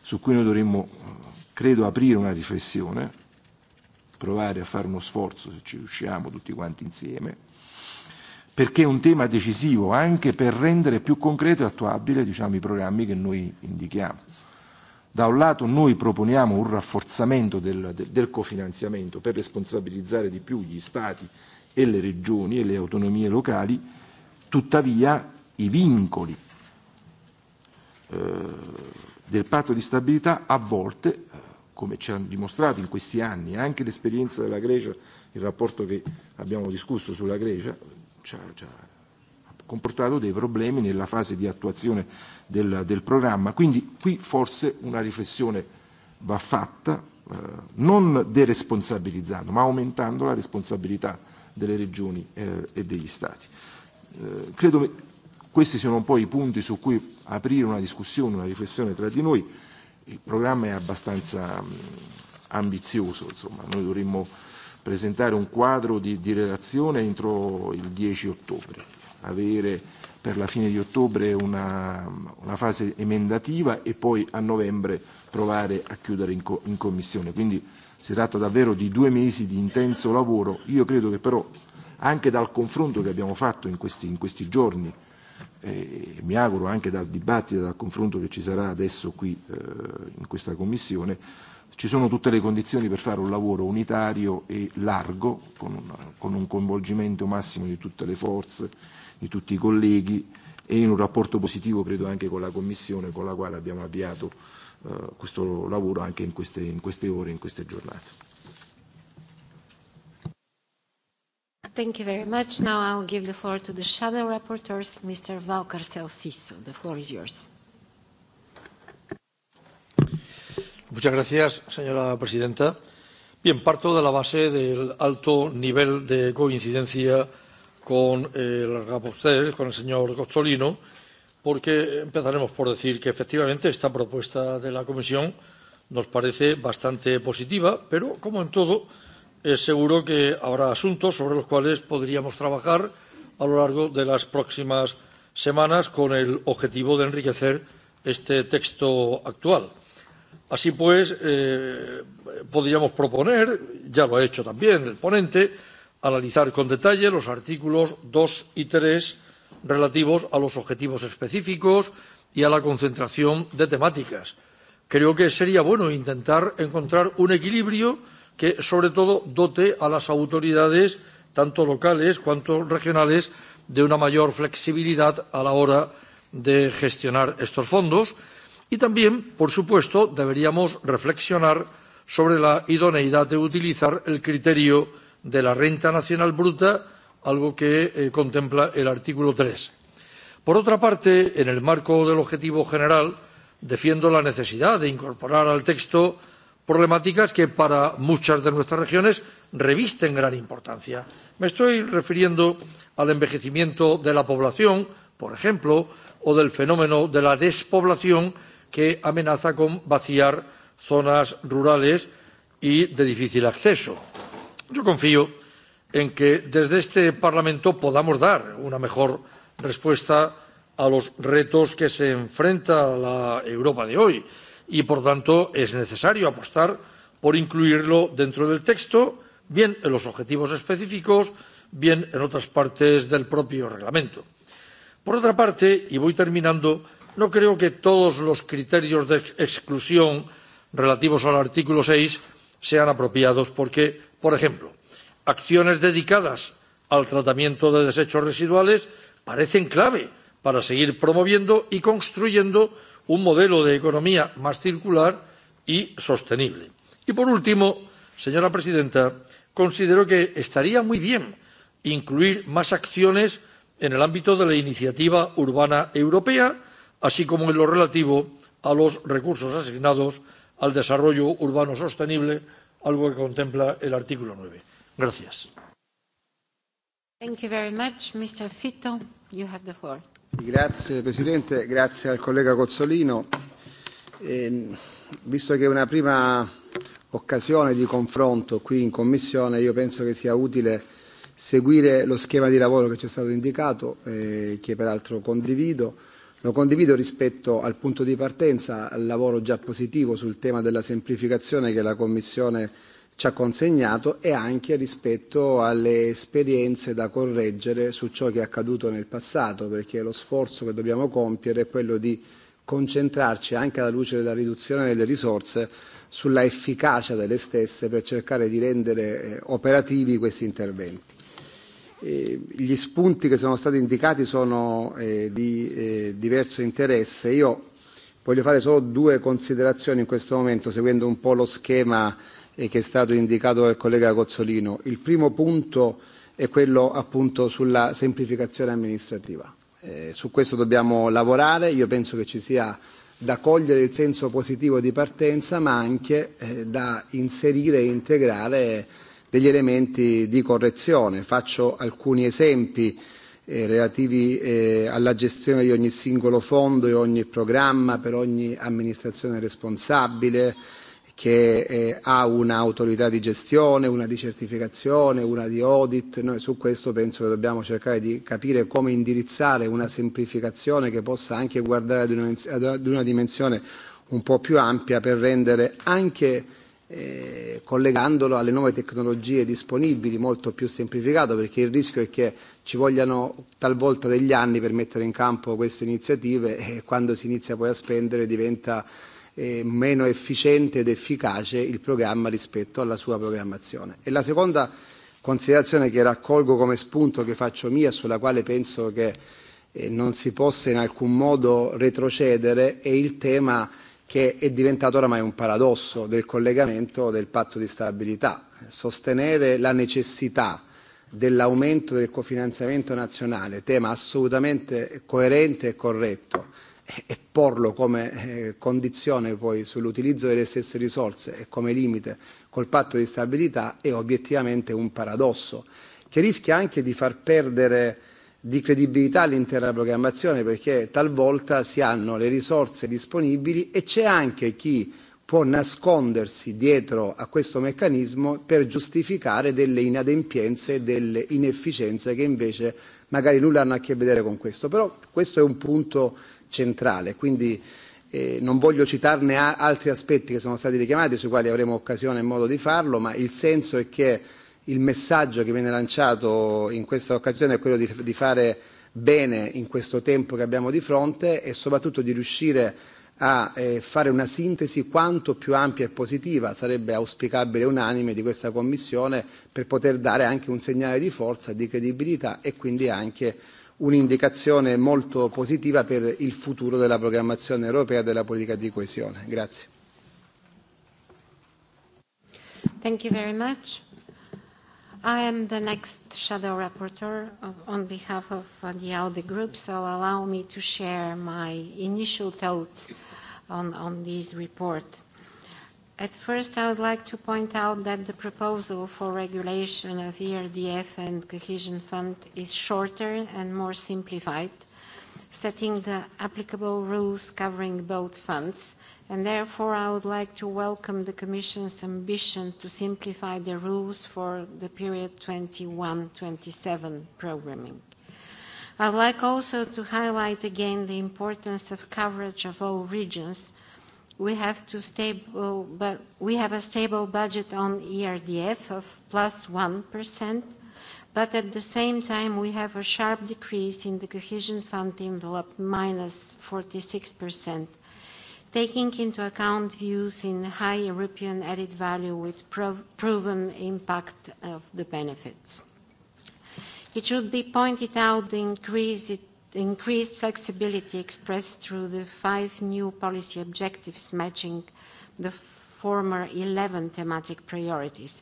su cui noi dovremmo, credo, aprire una riflessione, provare a fare uno sforzo se ci riusciamo tutti quanti insieme, perché è un tema decisivo anche per rendere più concreto e attuabile diciamo, i programmi che noi indichiamo. Da un lato noi proponiamo un rafforzamento del, del cofinanziamento per responsabilizzare di più gli Stati e le regioni e le autonomie locali Tuttavia i vincoli eh, del patto di stabilità a volte, eh, come ci ha dimostrato in questi anni anche l'esperienza della Grecia, il rapporto che abbiamo discusso sulla Grecia, ci ha, ci ha comportato dei problemi nella fase di attuazione del, del programma. Quindi qui forse una riflessione va fatta, eh, non deresponsabilizzando, ma aumentando la responsabilità delle regioni eh, e degli Stati. Eh, Eh, credo questi siano poi i punti su cui aprire una discussione, una riflessione tra di noi. Il programma è abbastanza mh, mm, ambizioso, insomma, noi dovremmo presentare un quadro di, di relazione entro il 10 ottobre, avere per la fine di ottobre una, una fase emendativa e poi a novembre provare a chiudere in, co- in commissione. Quindi si tratta davvero di due mesi di intenso lavoro. Io credo che però anche dal confronto che abbiamo fatto in questi, in questi giorni e mi auguro anche dal dibattito e dal confronto che ci sarà adesso qui eh, in questa Commissione, ci sono tutte le condizioni per fare un lavoro unitario e largo, con un, con un coinvolgimento massimo di tutte le forze, di tutti i colleghi e in un rapporto positivo credo anche con la Commissione con la quale abbiamo avviato eh, questo lavoro anche in queste, in queste ore, in queste giornate. Thank you very much. Now I'll give the floor to the shadow rapporteurs, Mr. Valcarcel Siso. The floor is yours. Muchas gracias, señora presidenta. Bien, parto de la base del alto nivel de coincidencia con eh, el rapporteur, con el señor Cozzolino, porque empezaremos por decir que efectivamente esta propuesta de la Comisión nos parece bastante positiva, pero como en todo, eh, seguro que habrá asuntos sobre los cuales podríamos trabajar a lo largo de las próximas semanas con el objetivo de enriquecer este texto actual. Así pues, eh, podríamos proponer, ya lo ha hecho también el ponente, analizar con detalle los artículos 2 y 3 relativos a los objetivos específicos y a la concentración de temáticas. Creo que sería bueno intentar encontrar un equilibrio que sobre todo dote a las autoridades, tanto locales cuanto regionales, de una mayor flexibilidad a la hora de gestionar estos fondos. Y también, por supuesto, deberíamos reflexionar sobre la idoneidad de utilizar el criterio de la renta nacional bruta, algo que eh, contempla el artículo 3. Por otra parte, en el marco del objetivo general, defiendo la necesidad de incorporar al texto problemáticas que para muchas de nuestras regiones revisten gran importancia. Me estoy refiriendo al envejecimiento de la población, por ejemplo, o del fenómeno de la despoblación que amenaza con vaciar zonas rurales y de difícil acceso. Yo confío en que desde este Parlamento podamos dar una mejor respuesta a los retos que se enfrenta la Europa de hoy y, por tanto, es necesario apostar por incluirlo dentro del texto, bien en los objetivos específicos, bien en otras partes del propio reglamento. Por otra parte, y voy terminando, no creo que todos los criterios de exclusión relativos al artículo 6 sean apropiados porque, por ejemplo, acciones dedicadas al tratamiento de desechos residuales parecen clave para seguir promoviendo y construyendo un modelo de economía más circular y sostenible. Y por último, señora presidenta, considero que estaría muy bien incluir más acciones en el ámbito de la iniciativa urbana europea, así como en lo relativo a los recursos asignados al desarrollo urbano sostenible, algo que contempla el artículo 9. Gracias. Thank you very much. Mr. Fito, you have the floor. Grazie Presidente, grazie al collega Cozzolino. E, visto che è una prima occasione di confronto qui in Commissione, io penso che sia utile seguire lo schema di lavoro che ci è stato indicato, eh, che peraltro condivido. Lo condivido rispetto al punto di partenza, al lavoro già positivo sul tema della semplificazione che la Commissione ci ha consegnato e anche rispetto alle esperienze da correggere su ciò che è accaduto nel passato, perché lo sforzo che dobbiamo compiere è quello di concentrarci anche alla luce della riduzione delle risorse sulla efficacia delle stesse per cercare di rendere eh, operativi questi interventi. Eh, gli spunti che sono stati indicati sono eh, di eh, diverso interesse. Io voglio fare solo due considerazioni in questo momento, seguendo un po' lo schema eh, eh, che è stato indicato dal collega Cozzolino. Il primo punto è quello appunto sulla semplificazione amministrativa. Eh, su questo dobbiamo lavorare, io penso che ci sia da cogliere il senso positivo di partenza ma anche eh, da inserire e integrare degli elementi di correzione. Faccio alcuni esempi eh, relativi eh, alla gestione di ogni singolo fondo e ogni programma per ogni amministrazione responsabile, che eh, ha un'autorità di gestione, una di certificazione, una di audit. Noi su questo penso che dobbiamo cercare di capire come indirizzare una semplificazione che possa anche guardare ad una, ad una dimensione un po' più ampia per rendere anche eh, collegandolo alle nuove tecnologie disponibili molto più semplificato perché il rischio è che ci vogliano talvolta degli anni per mettere in campo queste iniziative e quando si inizia poi a spendere diventa eh, eh, meno efficiente ed efficace il programma rispetto alla sua programmazione. E la seconda considerazione che raccolgo come spunto che faccio mia, sulla quale penso che eh, non si possa in alcun modo retrocedere, è il tema che è diventato oramai un paradosso del collegamento del patto di stabilità. Sostenere la necessità dell'aumento del cofinanziamento nazionale, tema assolutamente coerente e corretto, e porlo come eh, condizione poi sull'utilizzo delle stesse risorse e come limite col patto di stabilità è obiettivamente un paradosso che rischia anche di far perdere di credibilità all'intera programmazione perché talvolta si hanno le risorse disponibili e c'è anche chi può nascondersi dietro a questo meccanismo per giustificare delle inadempienze e delle inefficienze che invece magari nulla hanno a che vedere con questo. Però questo è un punto centrale. Quindi eh, non voglio citarne a- altri aspetti che sono stati richiamati, sui quali avremo occasione e modo di farlo, ma il senso è che il messaggio che viene lanciato in questa occasione è quello di, di fare bene in questo tempo che abbiamo di fronte e soprattutto di riuscire a eh, fare una sintesi quanto più ampia e positiva, sarebbe auspicabile e unanime, di questa Commissione per poter dare anche un segnale di forza, di credibilità e quindi anche un'indicazione molto positiva per il futuro della programmazione europea della politica di coesione. Grazie. Thank you very much. I am the next shadow rapporteur of, on behalf of uh, the ALDE group, so allow me to share my initial thoughts on, on this report. At first, I would like to point out that the proposal for regulation of ERDF and Cohesion Fund is shorter and more simplified, setting the applicable rules covering both funds, and therefore I would like to welcome the Commission's ambition to simplify the rules for the period 21-27 programming. I would like also to highlight again the importance of coverage of all regions – we have, to stable, but we have a stable budget on ERDF of +1%, but at the same time, we have a sharp decrease in the cohesion fund envelope, -46%. Taking into account views in high European added value with prov proven impact of the benefits. It should be pointed out the increase increased flexibility expressed through the five new policy objectives matching the former 11 thematic priorities,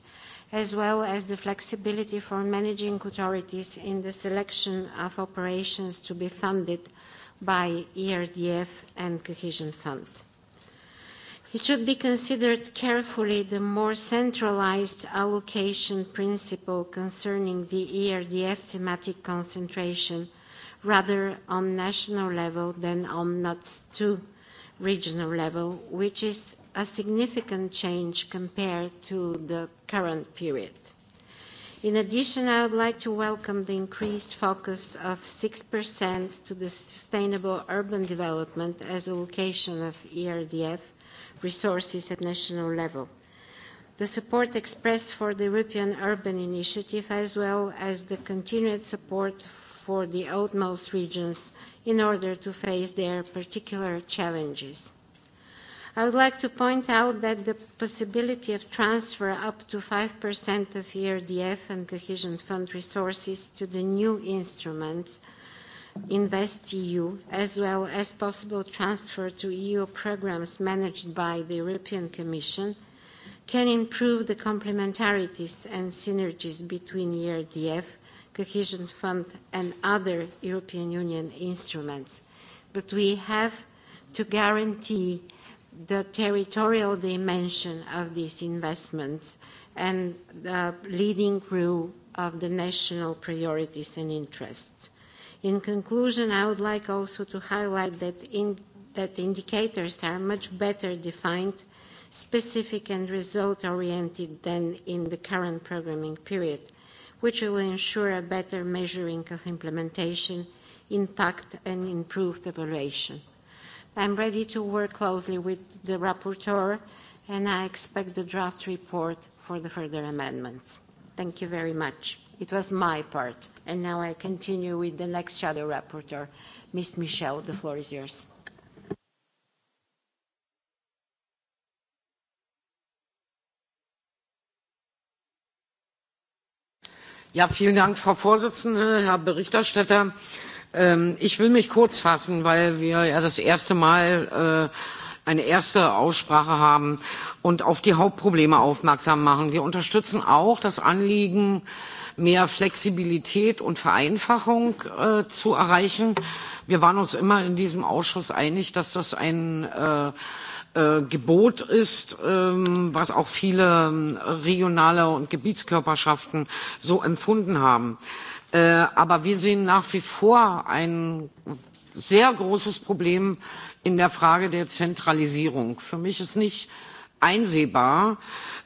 as well as the flexibility for managing authorities in the selection of operations to be funded by ERDF and Cohesion Fund. It should be considered carefully the more centralized allocation principle concerning the ERDF thematic concentration rather on national level than on NUTS 2 regional level, which is a significant change compared to the current period. In addition, I would like to welcome the increased focus of 6% to the sustainable urban development as allocation of ERDF resources at national level. The support expressed for the European Urban Initiative, as well as the continued support for the outmost regions in order to face their particular challenges. I would like to point out that the possibility of transfer up to 5% of ERDF and Cohesion Fund resources to the new instruments, InvestEU, as well as possible transfer to EU programs managed by the European Commission, can improve the complementarities and synergies between ERDF Cohesion Fund and other European Union instruments. But we have to guarantee the territorial dimension of these investments and the leading role of the national priorities and interests. In conclusion, I would like also to highlight that, in, that indicators are much better defined, specific and result-oriented than in the current programming period which will ensure a better measuring of implementation, impact, and improved evaluation. I'm ready to work closely with the rapporteur, and I expect the draft report for the further amendments. Thank you very much. It was my part, and now I continue with the next shadow rapporteur. Ms. Michel, the floor is yours. Ja, vielen Dank, Frau Vorsitzende, Herr Berichterstatter. Ähm, ich will mich kurz fassen, weil wir ja das erste Mal äh, eine erste Aussprache haben und auf die Hauptprobleme aufmerksam machen. Wir unterstützen auch das Anliegen, mehr Flexibilität und Vereinfachung äh, zu erreichen. Wir waren uns immer in diesem Ausschuss einig, dass das ein äh, Äh, Gebot ist, ähm, was auch viele ähm, regionale und Gebietskörperschaften so empfunden haben. Äh, aber wir sehen nach wie vor ein sehr großes Problem in der Frage der Zentralisierung. Für mich ist nicht einsehbar,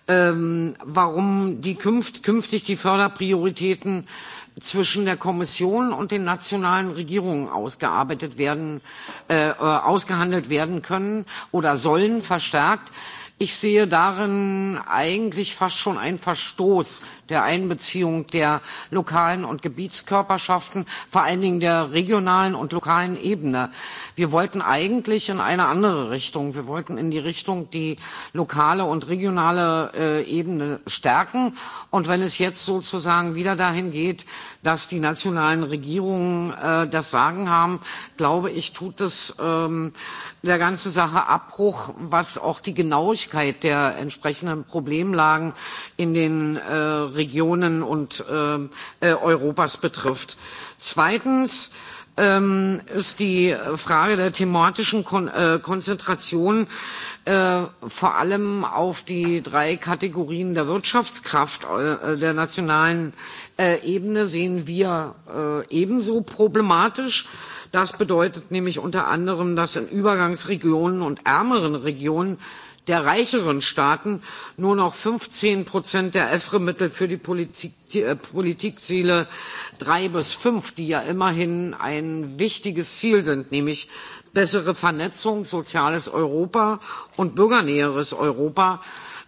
ähm, warum die künft, künftig die Förderprioritäten äh, zwischen der Kommission und den nationalen Regierungen ausgearbeitet werden, äh, äh, ausgehandelt werden können oder sollen verstärkt. Ich sehe darin eigentlich fast schon einen Verstoß der Einbeziehung der lokalen und Gebietskörperschaften, vor allen Dingen der regionalen und lokalen Ebene. Wir wollten eigentlich in eine andere Richtung. Wir wollten in die Richtung die lokale und regionale äh, Ebene stärken. Und wenn es jetzt sozusagen wieder dahin geht, dass die nationalen Regierungen äh, das Sagen haben, glaube ich, tut es ähm, der ganzen Sache Abbruch, was auch die Genauigkeit der entsprechenden Problemlagen in den äh, Regionen und ähm, äh, Europas betrifft. Zweitens ähm, ist die Frage der thematischen Kon äh, Konzentration äh, vor allem auf die drei Kategorien der Wirtschaftskraft äh, der nationalen äh, Ebene sehen wir äh, ebenso problematisch. Das bedeutet nämlich unter anderem, dass in Übergangsregionen und ärmeren Regionen äh, der reicheren Staaten nur noch 15 Prozent der EFRE-Mittel für die Politik, äh, Politikziele 3 bis 5, die ja immerhin ein wichtiges Ziel sind, nämlich bessere Vernetzung, soziales Europa und bürgernäheres Europa,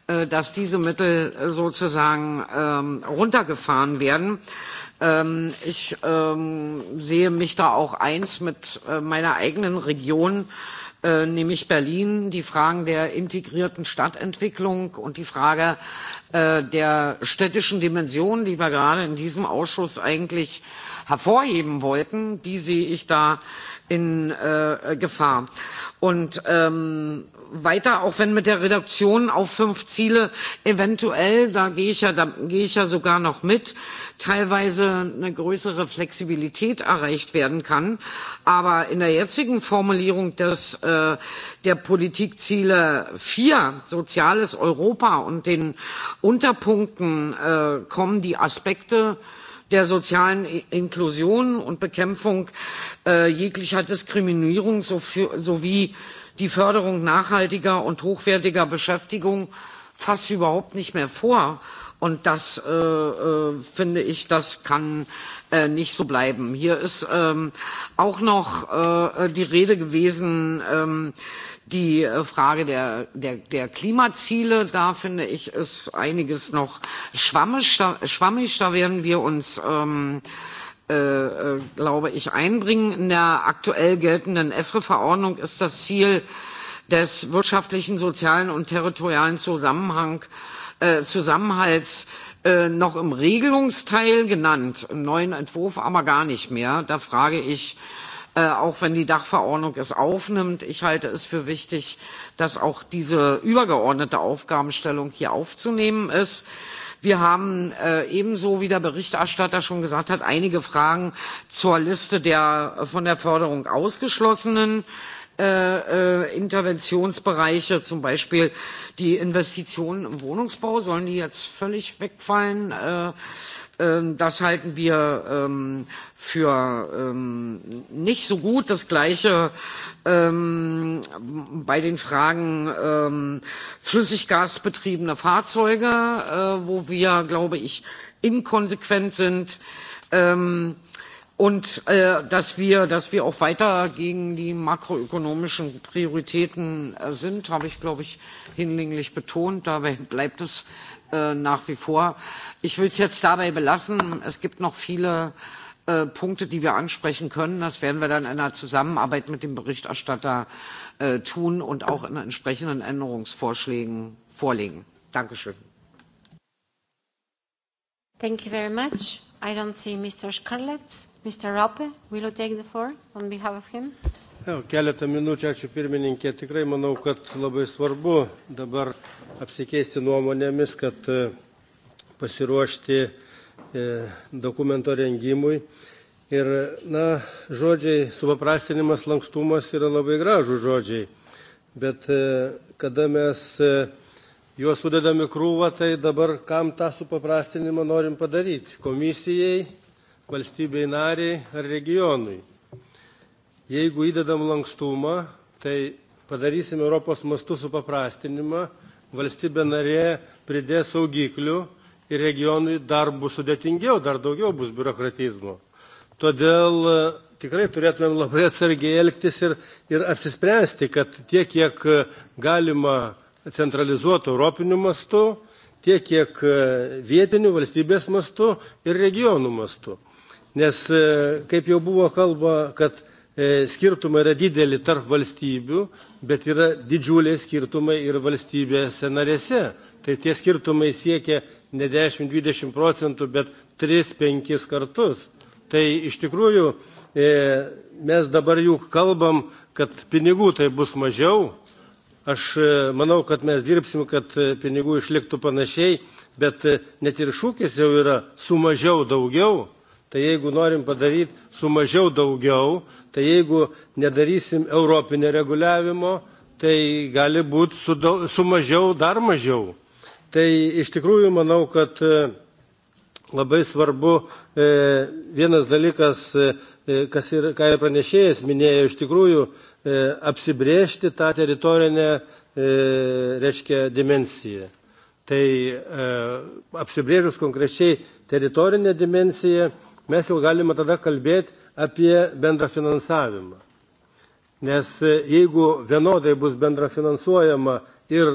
äh, dass diese Mittel äh, sozusagen ähm, runtergefahren werden. Ähm, ich ähm, sehe mich da auch eins mit äh, meiner eigenen Region, äh, äh, nämlich Berlin, die Fragen der integrierten Stadtentwicklung und die Frage äh, der städtischen Dimension, die wir gerade in diesem Ausschuss eigentlich hervorheben wollten, die sehe ich da in äh, Gefahr. Und ähm, weiter, auch wenn mit der Reduktion auf fünf Ziele eventuell, da gehe ich ja, da gehe ich ja sogar noch mit, teilweise eine größere Flexibilität erreicht werden kann. Aber in der jetzigen Formulierung des, äh, der Politikziele 4, soziales Europa und den Unterpunkten äh, kommen die Aspekte, der sozialen Inklusion und Bekämpfung äh, jeglicher Diskriminierung sowie die Förderung nachhaltiger und hochwertiger Beschäftigung fast überhaupt nicht mehr vor. Und das äh, äh, finde ich, das kann äh, nicht so bleiben. Hier ist ähm, auch noch äh, die Rede gewesen, ähm, die äh, Frage der, der, der Klimaziele. Da finde ich, ist einiges noch schwammig. Da, schwammig, da werden wir uns ähm, äh, Äh, äh, glaube ich, einbringen. In der aktuell geltenden EFRE-Verordnung ist das Ziel des wirtschaftlichen, sozialen und territorialen Zusammenhang, äh, Zusammenhalts äh, noch im Regelungsteil genannt, im neuen Entwurf aber gar nicht mehr. Da frage ich, äh, auch wenn die Dachverordnung es aufnimmt, ich halte es für wichtig, dass auch diese übergeordnete Aufgabenstellung hier aufzunehmen ist. Äh, Wir haben äh, ebenso, wie der Berichterstatter schon gesagt hat, einige Fragen zur Liste der äh, von der Förderung ausgeschlossenen äh, äh, Interventionsbereiche, zum Beispiel die Investitionen im Wohnungsbau, sollen die jetzt völlig wegfallen? Äh, Ähm, das halten wir ähm, für ähm, nicht so gut. Das Gleiche ähm, bei den Fragen ähm, flüssiggasbetriebener Fahrzeuge, äh, wo wir, glaube ich, inkonsequent sind. Ähm, und äh, dass wir dass wir auch weiter gegen die makroökonomischen Prioritäten äh, sind, habe ich glaube ich hinlänglich betont. Dabei bleibt es. Äh, äh, nach wie vor. Ich will es jetzt dabei belassen. Es gibt noch viele äh, Punkte, die wir ansprechen können. Das werden wir dann in einer Zusammenarbeit mit dem Berichterstatter äh, tun und auch in entsprechenden Änderungsvorschlägen vorlegen. Dankeschön. Thank you very much. I don't see Mr. Scarlett. Mr. Rope, will you take the floor on behalf of him? Keletą minučių, ačiū pirmininkė. Tikrai manau, kad labai svarbu dabar apsikeisti nuomonėmis, kad e, pasiruošti e, dokumento rengimui. Ir, na, žodžiai supaprastinimas, lankstumas yra labai gražų žodžiai, bet e, kada mes juos sudedame krūvą, tai dabar kam tą supaprastinimą norim padaryti? Komisijai, valstybei nariai ar regionui? Jeigu įdedam lankstumą, tai padarysim Europos mastų supaprastinimą, valstybė narė pridės saugiklių ir regionui dar bus sudėtingiau, dar daugiau bus biurokratizmo. Todėl e, tikrai turėtumėm labai atsargiai elgtis ir, ir apsispręsti, kad tiek, kiek e, galima centralizuotų europinių mastų, tiek, kiek e, vietinių valstybės mastų ir regionų mastų. Nes, kaip jau buvo kalba, kad E, skirtumai yra dideli tarp valstybių, bet yra didžiuliai skirtumai ir valstybėse narėse. Tai tie skirtumai siekia ne 10-20 procentų, bet 3-5 kartus. Tai iš tikrųjų e, mes dabar juk kalbam, kad pinigų tai bus mažiau. Aš e, manau, kad mes dirbsim, kad pinigų išliktų panašiai, bet net ir šūkis jau yra su mažiau daugiau. Tai jeigu norim padaryti su mažiau daugiau, Tai jeigu nedarysim europinio reguliavimo, tai gali būti su, su mažiau dar mažiau. Tai iš tikrųjų manau, kad e, labai svarbu e, vienas dalykas, e, e, kas ir, ką ir pranešėjas minėjo, iš tikrųjų e, apsibriežti tą teritorinę e, reiškia dimensiją. Tai apsibrėžus konkrečiai teritorinę dimensiją mes jau galime tada kalbėti apie bendrą finansavimą. Nes e, jeigu vienodai bus bendra finansuojama ir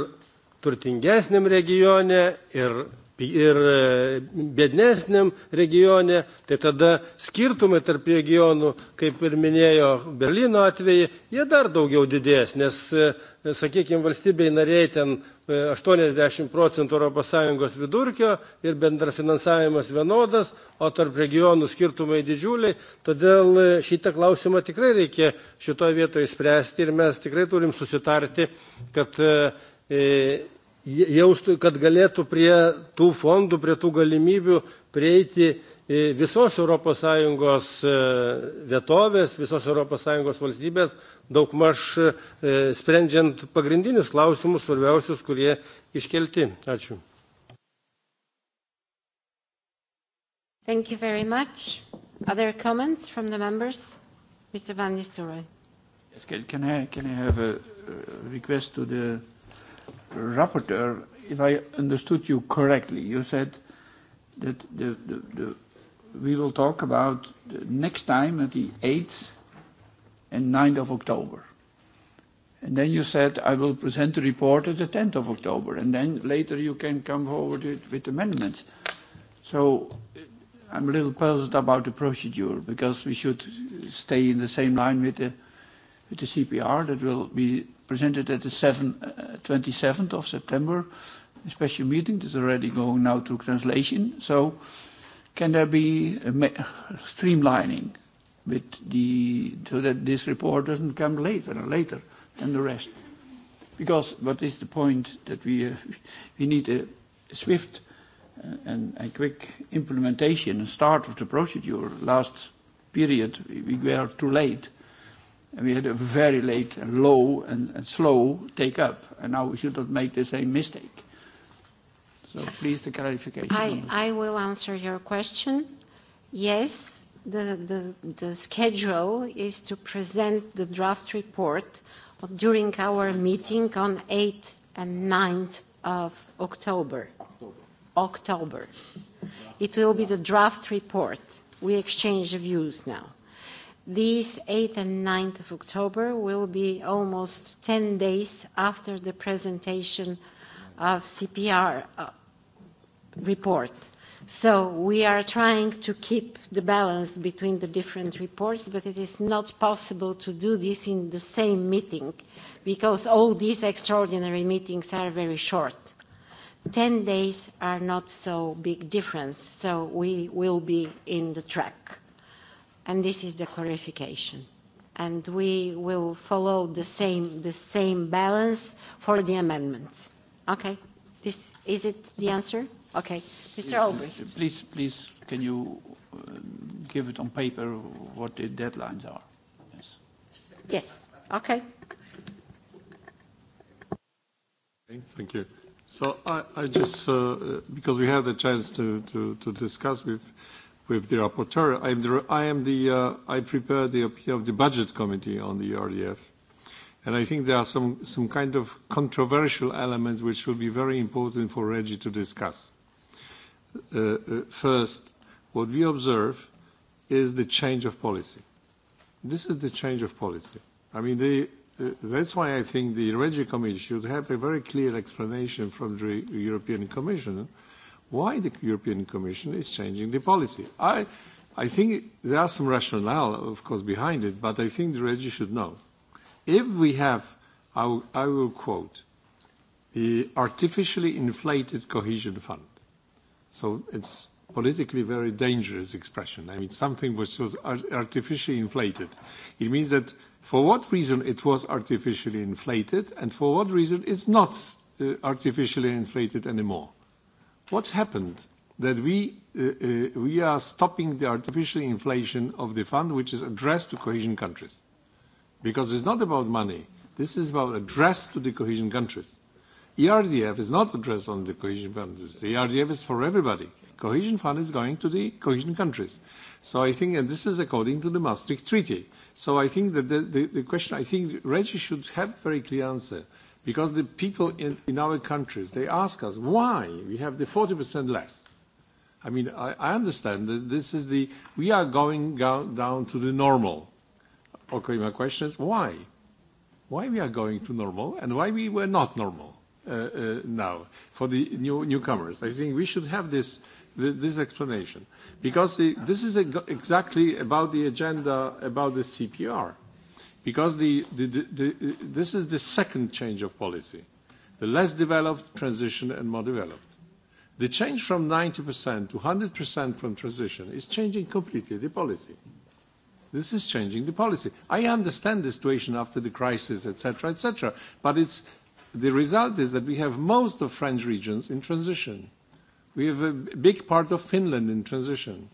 turtingesniam regione, ir, ir e, bednesniam regione, tai tada skirtumai tarp regionų, kaip ir minėjo Berlyno atvejai, jie dar daugiau didės, nes, e, sakykime, valstybei nariai ten 80 e, procentų ES vidurkio ir bendrafinansavimas vienodas, o tarp regionų skirtumai didžiuliai. Todėl e, šitą klausimą tikrai reikia šitoje vietoje spręsti ir mes tikrai turim susitarti, kad, e, jaustų, kad galėtų prie tų fondų, prie tų galimybių prieiti visos ES e, vietovės, visos ES valstybės daugmaž e, sprendžiant pagrindinius klausimus, svarbiausius, kurie iškelti. Ačiū. Thank you very much. Other comments from the members? Mr. Van Nistelrooy. Yes, can, can, I, can I have a request to the rapporteur? If I understood you correctly, you said that the, the, the we will talk about next time at the 8th and 9th of October. And then you said, I will present the report at the 10th of October, and then later you can come forward with, with amendments. So I'm a little puzzled about the procedure, because we should stay in the same line with the, with the CPR that will be presented at the 7, uh, 27th of September, a special meeting that's already going now to translation. So can there be streamlining with the so that this report doesn't come later and later than the rest? Because what is the point that we uh, we need a swift uh, and a quick implementation and start of the procedure. Last period, we were too late, and we had a very late and low and, and slow take up, and now we should not make the same mistake. So please, the clarification. I, I will answer your question. Yes, the, the, the schedule is to present the draft report during our meeting on 8th and 9th of October. October. October. It will be the draft report. We exchange views now. These 8th and 9th of October will be almost 10 days after the presentation of CPR, uh, report. So we are trying to keep the balance between the different reports, but it is not possible to do this in the same meeting because all these extraordinary meetings are very short. 10 days are not so big difference, so we will be in the track. And this is the clarification. And we will follow the same, the same balance for the amendments. Okay, this is it the answer? Okay. Mr. Olbricht. Uh, please, please, can you uh, give it on paper what the deadlines are? Yes. Yes. Okay. okay thank you. So I, I just, uh, because we had the chance to, to, to discuss with, with the rapporteur, I am the, I, am the, uh, I prepared the appeal of the budget committee on the RDF. And I think there are some, some kind of controversial elements which will be very important for Reggie to discuss. Uh, uh, first, what we observe is the change of policy. This is the change of policy. I mean, the, uh, that's why I think the Regi Committee should have a very clear explanation from the European Commission why the European Commission is changing the policy. I, I think there are some rationale, of course, behind it, but I think the Regi should know. If we have, I will, I will quote, the artificially inflated cohesion fund, So it's politically very dangerous expression. I mean, something which was artificially inflated. It means that for what reason it was artificially inflated and for what reason it's not uh, artificially inflated anymore. What happened that we, uh, uh, we are stopping the artificial inflation of the fund which is addressed to cohesion countries? Because it's not about money. This is about address to the cohesion countries. ERDF is not addressed on the cohesion fund. The ERDF is for everybody. Cohesion fund is going to the cohesion countries. So I think, and this is according to the Maastricht Treaty. So I think that the, the, the question, I think Reggie should have very clear answer. Because the people in, in our countries, they ask us why we have the 40% less. I mean, I, I understand that this is the, we are going down, down to the normal. Okay, my question is why? Why we are going to normal and why we were not normal? Uh, uh, now for the new newcomers. I think we should have this this explanation because the, this is a, exactly about the agenda about the CPR because the, the, the, the, this is the second change of policy the less developed transition and more developed the change from 90% to 100% from transition is changing completely the policy this is changing the policy i understand the situation after the crisis etc etc but it's the result is that we have most of French regions in transition. We have a big part of Finland in transition.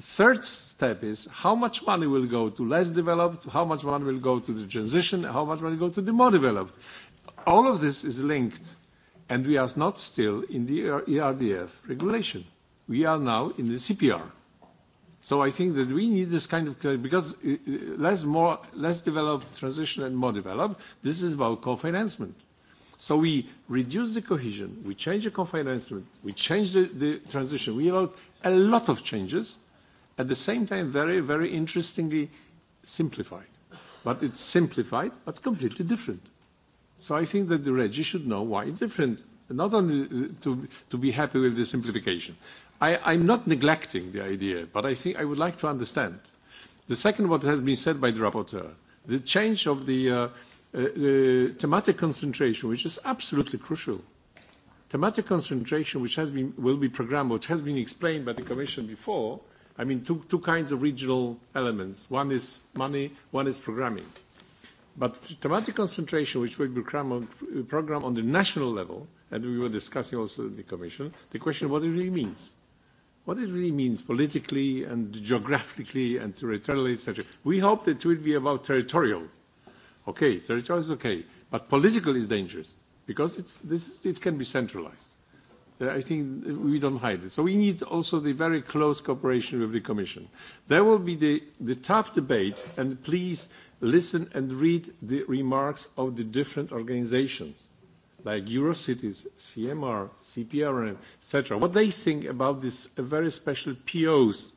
Third step is how much money will go to less developed, how much money will go to the transition, how much money will go to the more developed. All of this is linked, and we are not still in the ERDF e regulation. We are now in the CPR. So I think that we need this kind of clarity because uh, uh, less more less developed transition and more developed, this is about co-financement. So we reduce the cohesion, we change the co-financement, we change the, the transition. We allowed a lot of changes, at the same time very, very interestingly simplified. But it's simplified, but completely different. So I think that the Regi should know why it's different, not only uh, to, to be happy with the simplification. I, I'm not neglecting the idea, but I think I would like to understand. The second, what has been said by the rapporteur, the change of the, uh, uh, the thematic concentration, which is absolutely crucial. Thematic concentration, which has been, will be programmed, which has been explained by the Commission before, I mean, two, two kinds of regional elements. One is money, one is programming. But thematic concentration, which will be programmed on the national level, and we were discussing also in the Commission, the question what it really means what it really means politically and geographically and territorially, etc. We hope that it will be about territorial. Okay, territorial is okay, but political is dangerous because it's, this, it can be centralized. Uh, I think we don't hide it. So we need also the very close cooperation with the Commission. There will be the, the tough debate, and please listen and read the remarks of the different organizations like Eurocities, CMR, CPR, etc., what they think about these very special POs.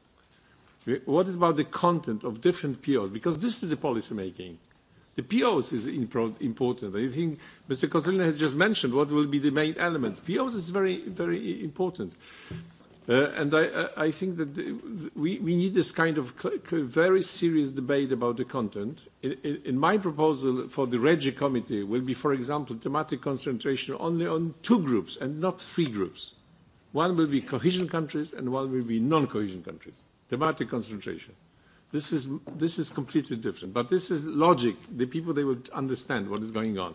What is about the content of different POs? Because this is the policy making. The POs is important. I think Mr. Cozzolino has just mentioned what will be the main elements. POs is very, very important. Mm-hmm. Uh, and I, I think that the, we, we need this kind of cl- cl- very serious debate about the content. In, in, in my proposal for the REGI committee will be, for example, thematic concentration only on two groups and not three groups. One will be cohesion countries and one will be non-cohesion countries. Thematic concentration. This is, this is completely different. But this is logic. The people, they will understand what is going on.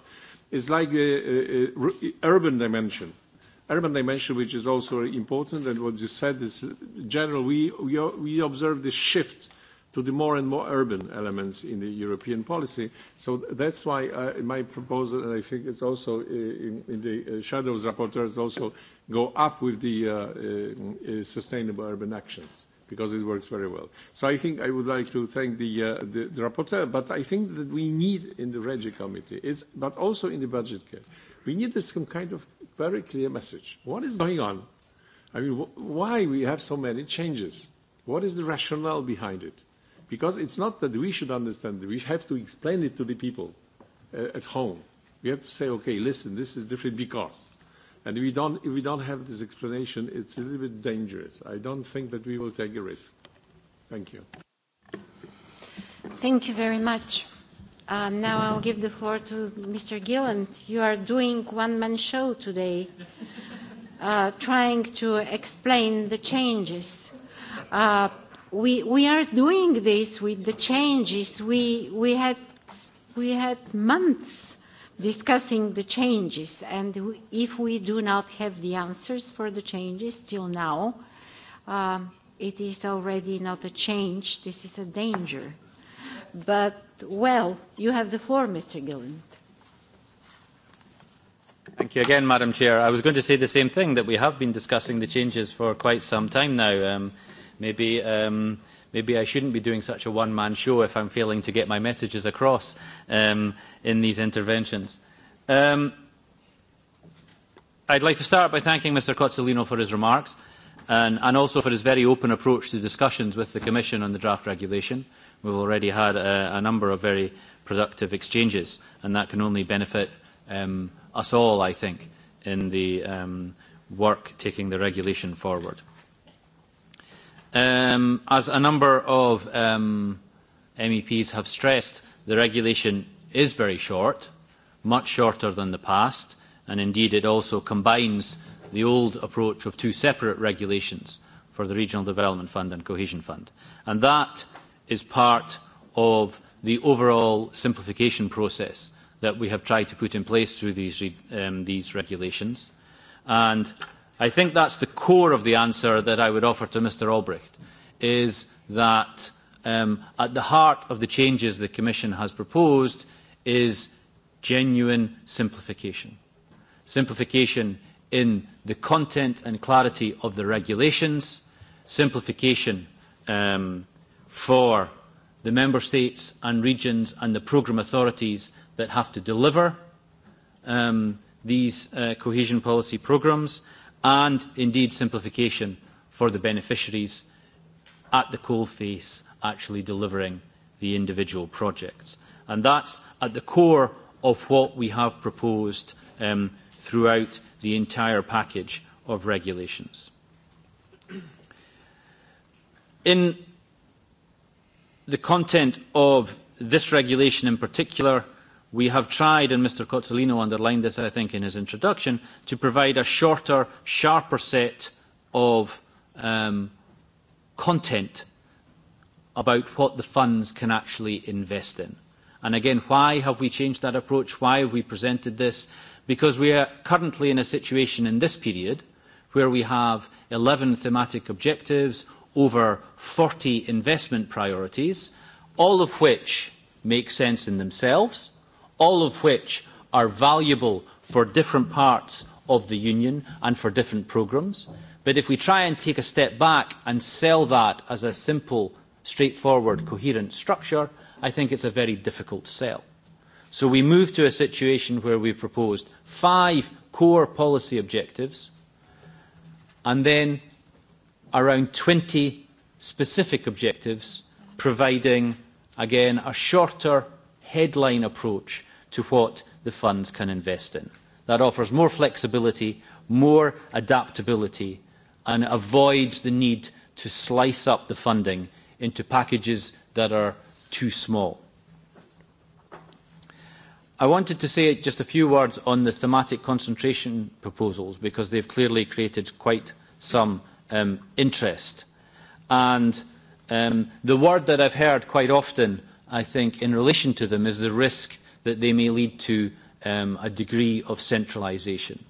It's like a, a, a urban dimension urban dimension, which is also important, and what you said is general, we, we, we observe this shift to the more and more urban elements in the European policy. So that's why uh, my proposal, and I think it's also uh, in, in the uh, shadows rapporteurs also go up with the uh, uh, uh, sustainable urban actions because it works very well. So I think I would like to thank the, uh, the, the rapporteur, but I think that we need in the Regi committee, it's, but also in the budget care, We need this some kind of very clear message. What is going on? I mean, wh why we have so many changes? What is the rationale behind it? Because it's not that we should understand it. We have to explain it to the people uh, at home. We have to say, okay, listen, this is different because. And if we don't, if we don't have this explanation, it's a little bit dangerous. I don't think that we will take a risk. Thank you. Thank you very much. Um, now I'll give the floor to Mr. Gilland. You are doing one-man show today, uh, trying to explain the changes. Uh, we, we are doing this with the changes. We, we, had, we had months discussing the changes, and if we do not have the answers for the changes till now, um, it is already not a change, this is a danger. But well. You have the floor, Mr. Gilland. Thank you again, Madam Chair. I was going to say the same thing, that we have been discussing the changes for quite some time now. Um, maybe... Um, maybe I shouldn't be doing such a one-man show if I'm failing to get my messages across um, in these interventions. Um, I'd like to start by thanking Mr Cozzolino for his remarks and, and also for his very open approach to discussions with the Commission on the draft regulation. Uh, We've already had a, a number of very productive exchanges, and that can only benefit um, us all, I think, in the um, work taking the regulation forward. Um, as a number of um, MEPs have stressed, the regulation is very short, much shorter than the past, and indeed it also combines the old approach of two separate regulations for the Regional Development Fund and Cohesion Fund. And that is part of the overall simplification process that we have tried to put in place through these, um, these regulations. And I think that's the core of the answer that I would offer to Mr Albrecht, is that um, at the heart of the changes the Commission has proposed is genuine simplification. Simplification in the content and clarity of the regulations, simplification um, for the member states and regions and the programme authorities that have to deliver um, these uh, cohesion policy programmes and indeed simplification for the beneficiaries at the coalface actually delivering the individual projects. And that's at the core of what we have proposed um, throughout the entire package of regulations. In the content of this regulation in particular, we have tried, and Mr Cozzolino underlined this, I think, in his introduction, to provide a shorter, sharper set of um, content about what the funds can actually invest in. And again, why have we changed that approach? Why have we presented this? Because we are currently in a situation in this period where we have 11 thematic objectives, over 40 investment priorities, all of which make sense in themselves, all of which are valuable for different parts of the union and for different programmes. But if we try and take a step back and sell that as a simple, straightforward, coherent structure, I think it's a very difficult sell. So we move to a situation where we've proposed five core policy objectives and then around 20 specific objectives, providing, again, a shorter headline approach to what the funds can invest in. That offers more flexibility, more adaptability, and avoids the need to slice up the funding into packages that are too small. I wanted to say just a few words on the thematic concentration proposals because they've clearly created quite some um, interest. And um, the word that I've heard quite often, I think, in relation to them is the risk that they may lead to um, a degree of centralisation.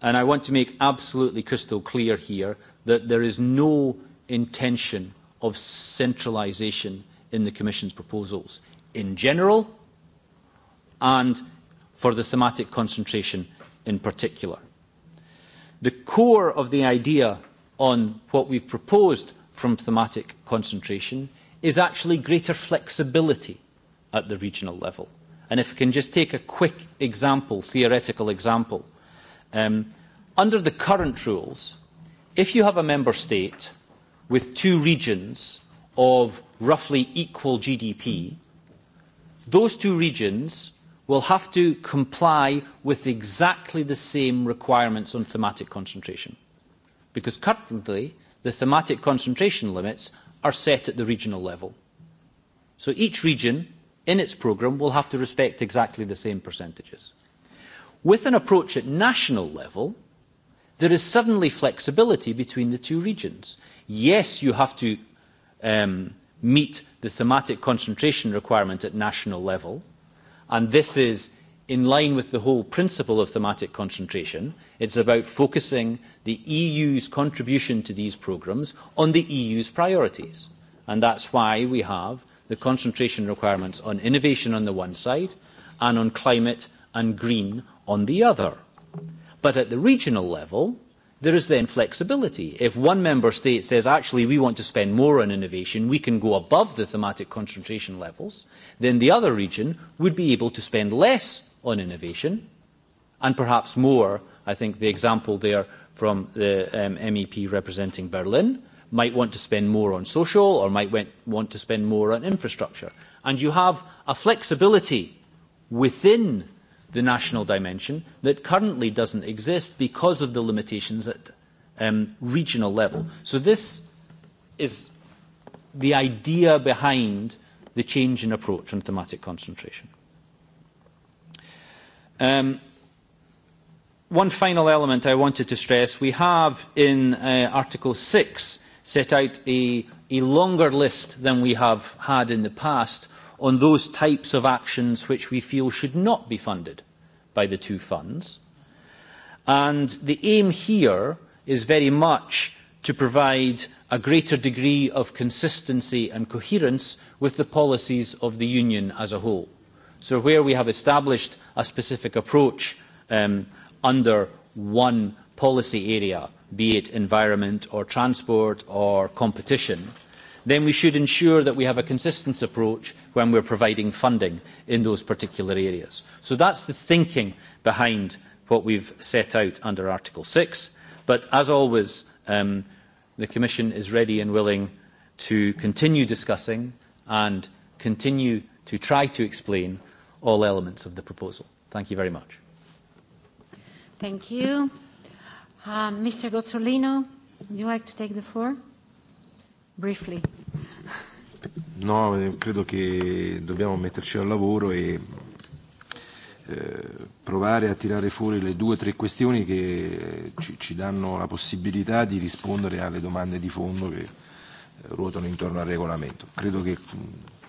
And I want to make absolutely crystal clear here that there is no intention of centralisation in the Commission's proposals in general and for the thematic concentration in particular. The core of the idea on what we've proposed from thematic concentration is actually greater flexibility at the regional level. And if I can just take a quick example, theoretical example. Um, under the current rules, if you have a member state with two regions of roughly equal GDP, those two regions will have to comply with exactly the same requirements on thematic concentration because currently the thematic concentration limits are set at the regional level. So each region in its programme will have to respect exactly the same percentages. With an approach at national level, there is suddenly flexibility between the two regions. Yes, you have to um, meet the thematic concentration requirement at national level, and this is in line with the whole principle of thematic concentration, it's about focusing the EU's contribution to these programmes on the EU's priorities. And that's why we have the concentration requirements on innovation on the one side and on climate and green on the other. But at the regional level, there is then flexibility. If one member state says, actually, we want to spend more on innovation, we can go above the thematic concentration levels, then the other region would be able to spend less on innovation. And perhaps more, I think the example there from the um, MEP representing Berlin might want to spend more on social or might want to spend more on infrastructure. And you have a flexibility within the national dimension that currently doesn't exist because of the limitations at um, regional level. So this is the idea behind the change in approach on thematic concentration. Um, one final element I wanted to stress. We have in uh, Article 6 set out a, a longer list than we have had in the past on those types of actions which we feel should not be funded by the two funds. And the aim here is very much to provide a greater degree of consistency and coherence with the policies of the Union as a whole. So where we have established a specific approach um, under one policy area, be it environment or transport or competition, then we should ensure that we have a consistent approach when we're providing funding in those particular areas. So that's the thinking behind what we've set out under Article 6. But as always, um, the Commission is ready and willing to continue discussing and continue to try to explain all elements of the proposal. Thank you very much. Thank you. Uh, Mr. Gozzolino, would you like to take the floor? Briefly. No, eh, credo che dobbiamo metterci al lavoro e eh, provare a tirare fuori le due o tre questioni che eh, ci, ci danno la possibilità di rispondere alle domande di fondo che eh, ruotano intorno al regolamento. Credo che mm,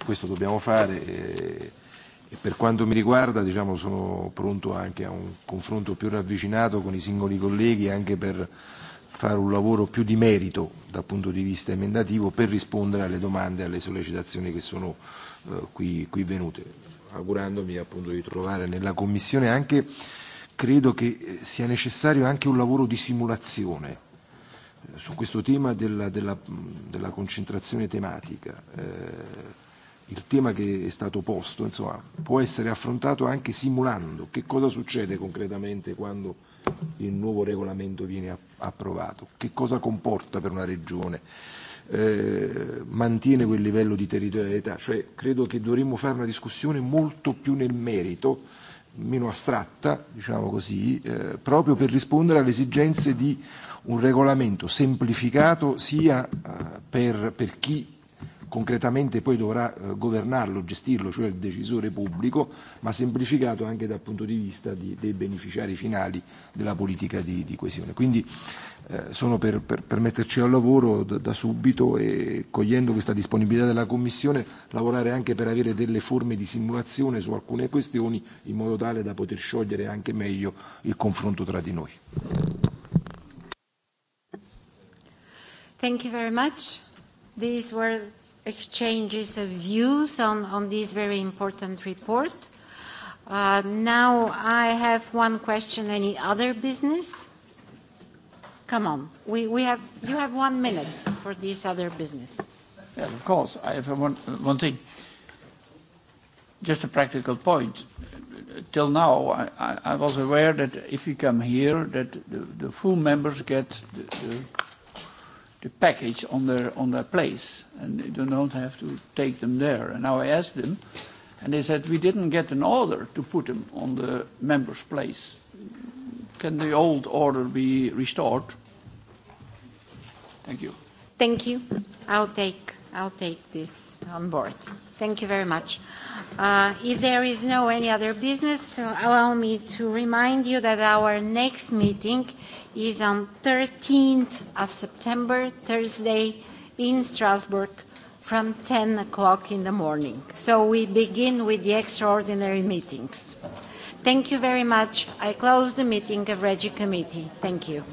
questo dobbiamo fare. Eh, e per quanto mi riguarda diciamo, sono pronto anche a un confronto più ravvicinato con i singoli colleghi anche per fare un lavoro più di merito dal punto di vista emendativo per rispondere alle domande e alle sollecitazioni che sono eh, qui, qui venute, augurandomi appunto di trovare nella Commissione anche, credo che eh, sia necessario anche un lavoro di simulazione eh, su questo tema della, della, della concentrazione tematica. Eh, il tema che è stato posto insomma, può essere affrontato anche simulando che cosa succede concretamente quando il nuovo regolamento viene approvato, che cosa comporta per una regione, eh, mantiene quel livello di territorialità, cioè credo che dovremmo fare una discussione molto più nel merito, meno astratta, diciamo così, eh, proprio per rispondere alle esigenze di un regolamento semplificato sia eh, per, per chi concretamente poi dovrà eh, governarlo, gestirlo, cioè il decisore pubblico, ma semplificato anche dal punto di vista di, dei beneficiari finali della politica di, di coesione. Quindi eh, sono per, per, per metterci al lavoro da, da subito e cogliendo questa disponibilità della Commissione lavorare anche per avere delle forme di simulazione su alcune questioni in modo tale da poter sciogliere anche meglio il confronto tra di noi. Thank you very much. These were exchanges of views on, on this very important report. Uh, now I have one question. Any other business? Come on. We, we have, you have one minute for this other business. Yeah, of course. I have one, one thing. Just a practical point. Till now, I, I, I was aware that if you come here, that the, the full members get the, the the package on their, on their place, and they do not have to take them there. And now I asked them, and they said, we didn't get an order to put them on the member's place. Can the old order be restored? Thank you. Thank you. I'll take, I'll take this on board. Thank you very much. Uh, if there is no any other business, uh, allow me to remind you that our next meeting is on 13th of September, Thursday, in Strasbourg from 10 o'clock in the morning. So we begin with the extraordinary meetings. Thank you very much. I close the meeting of Regi Committee. Thank you.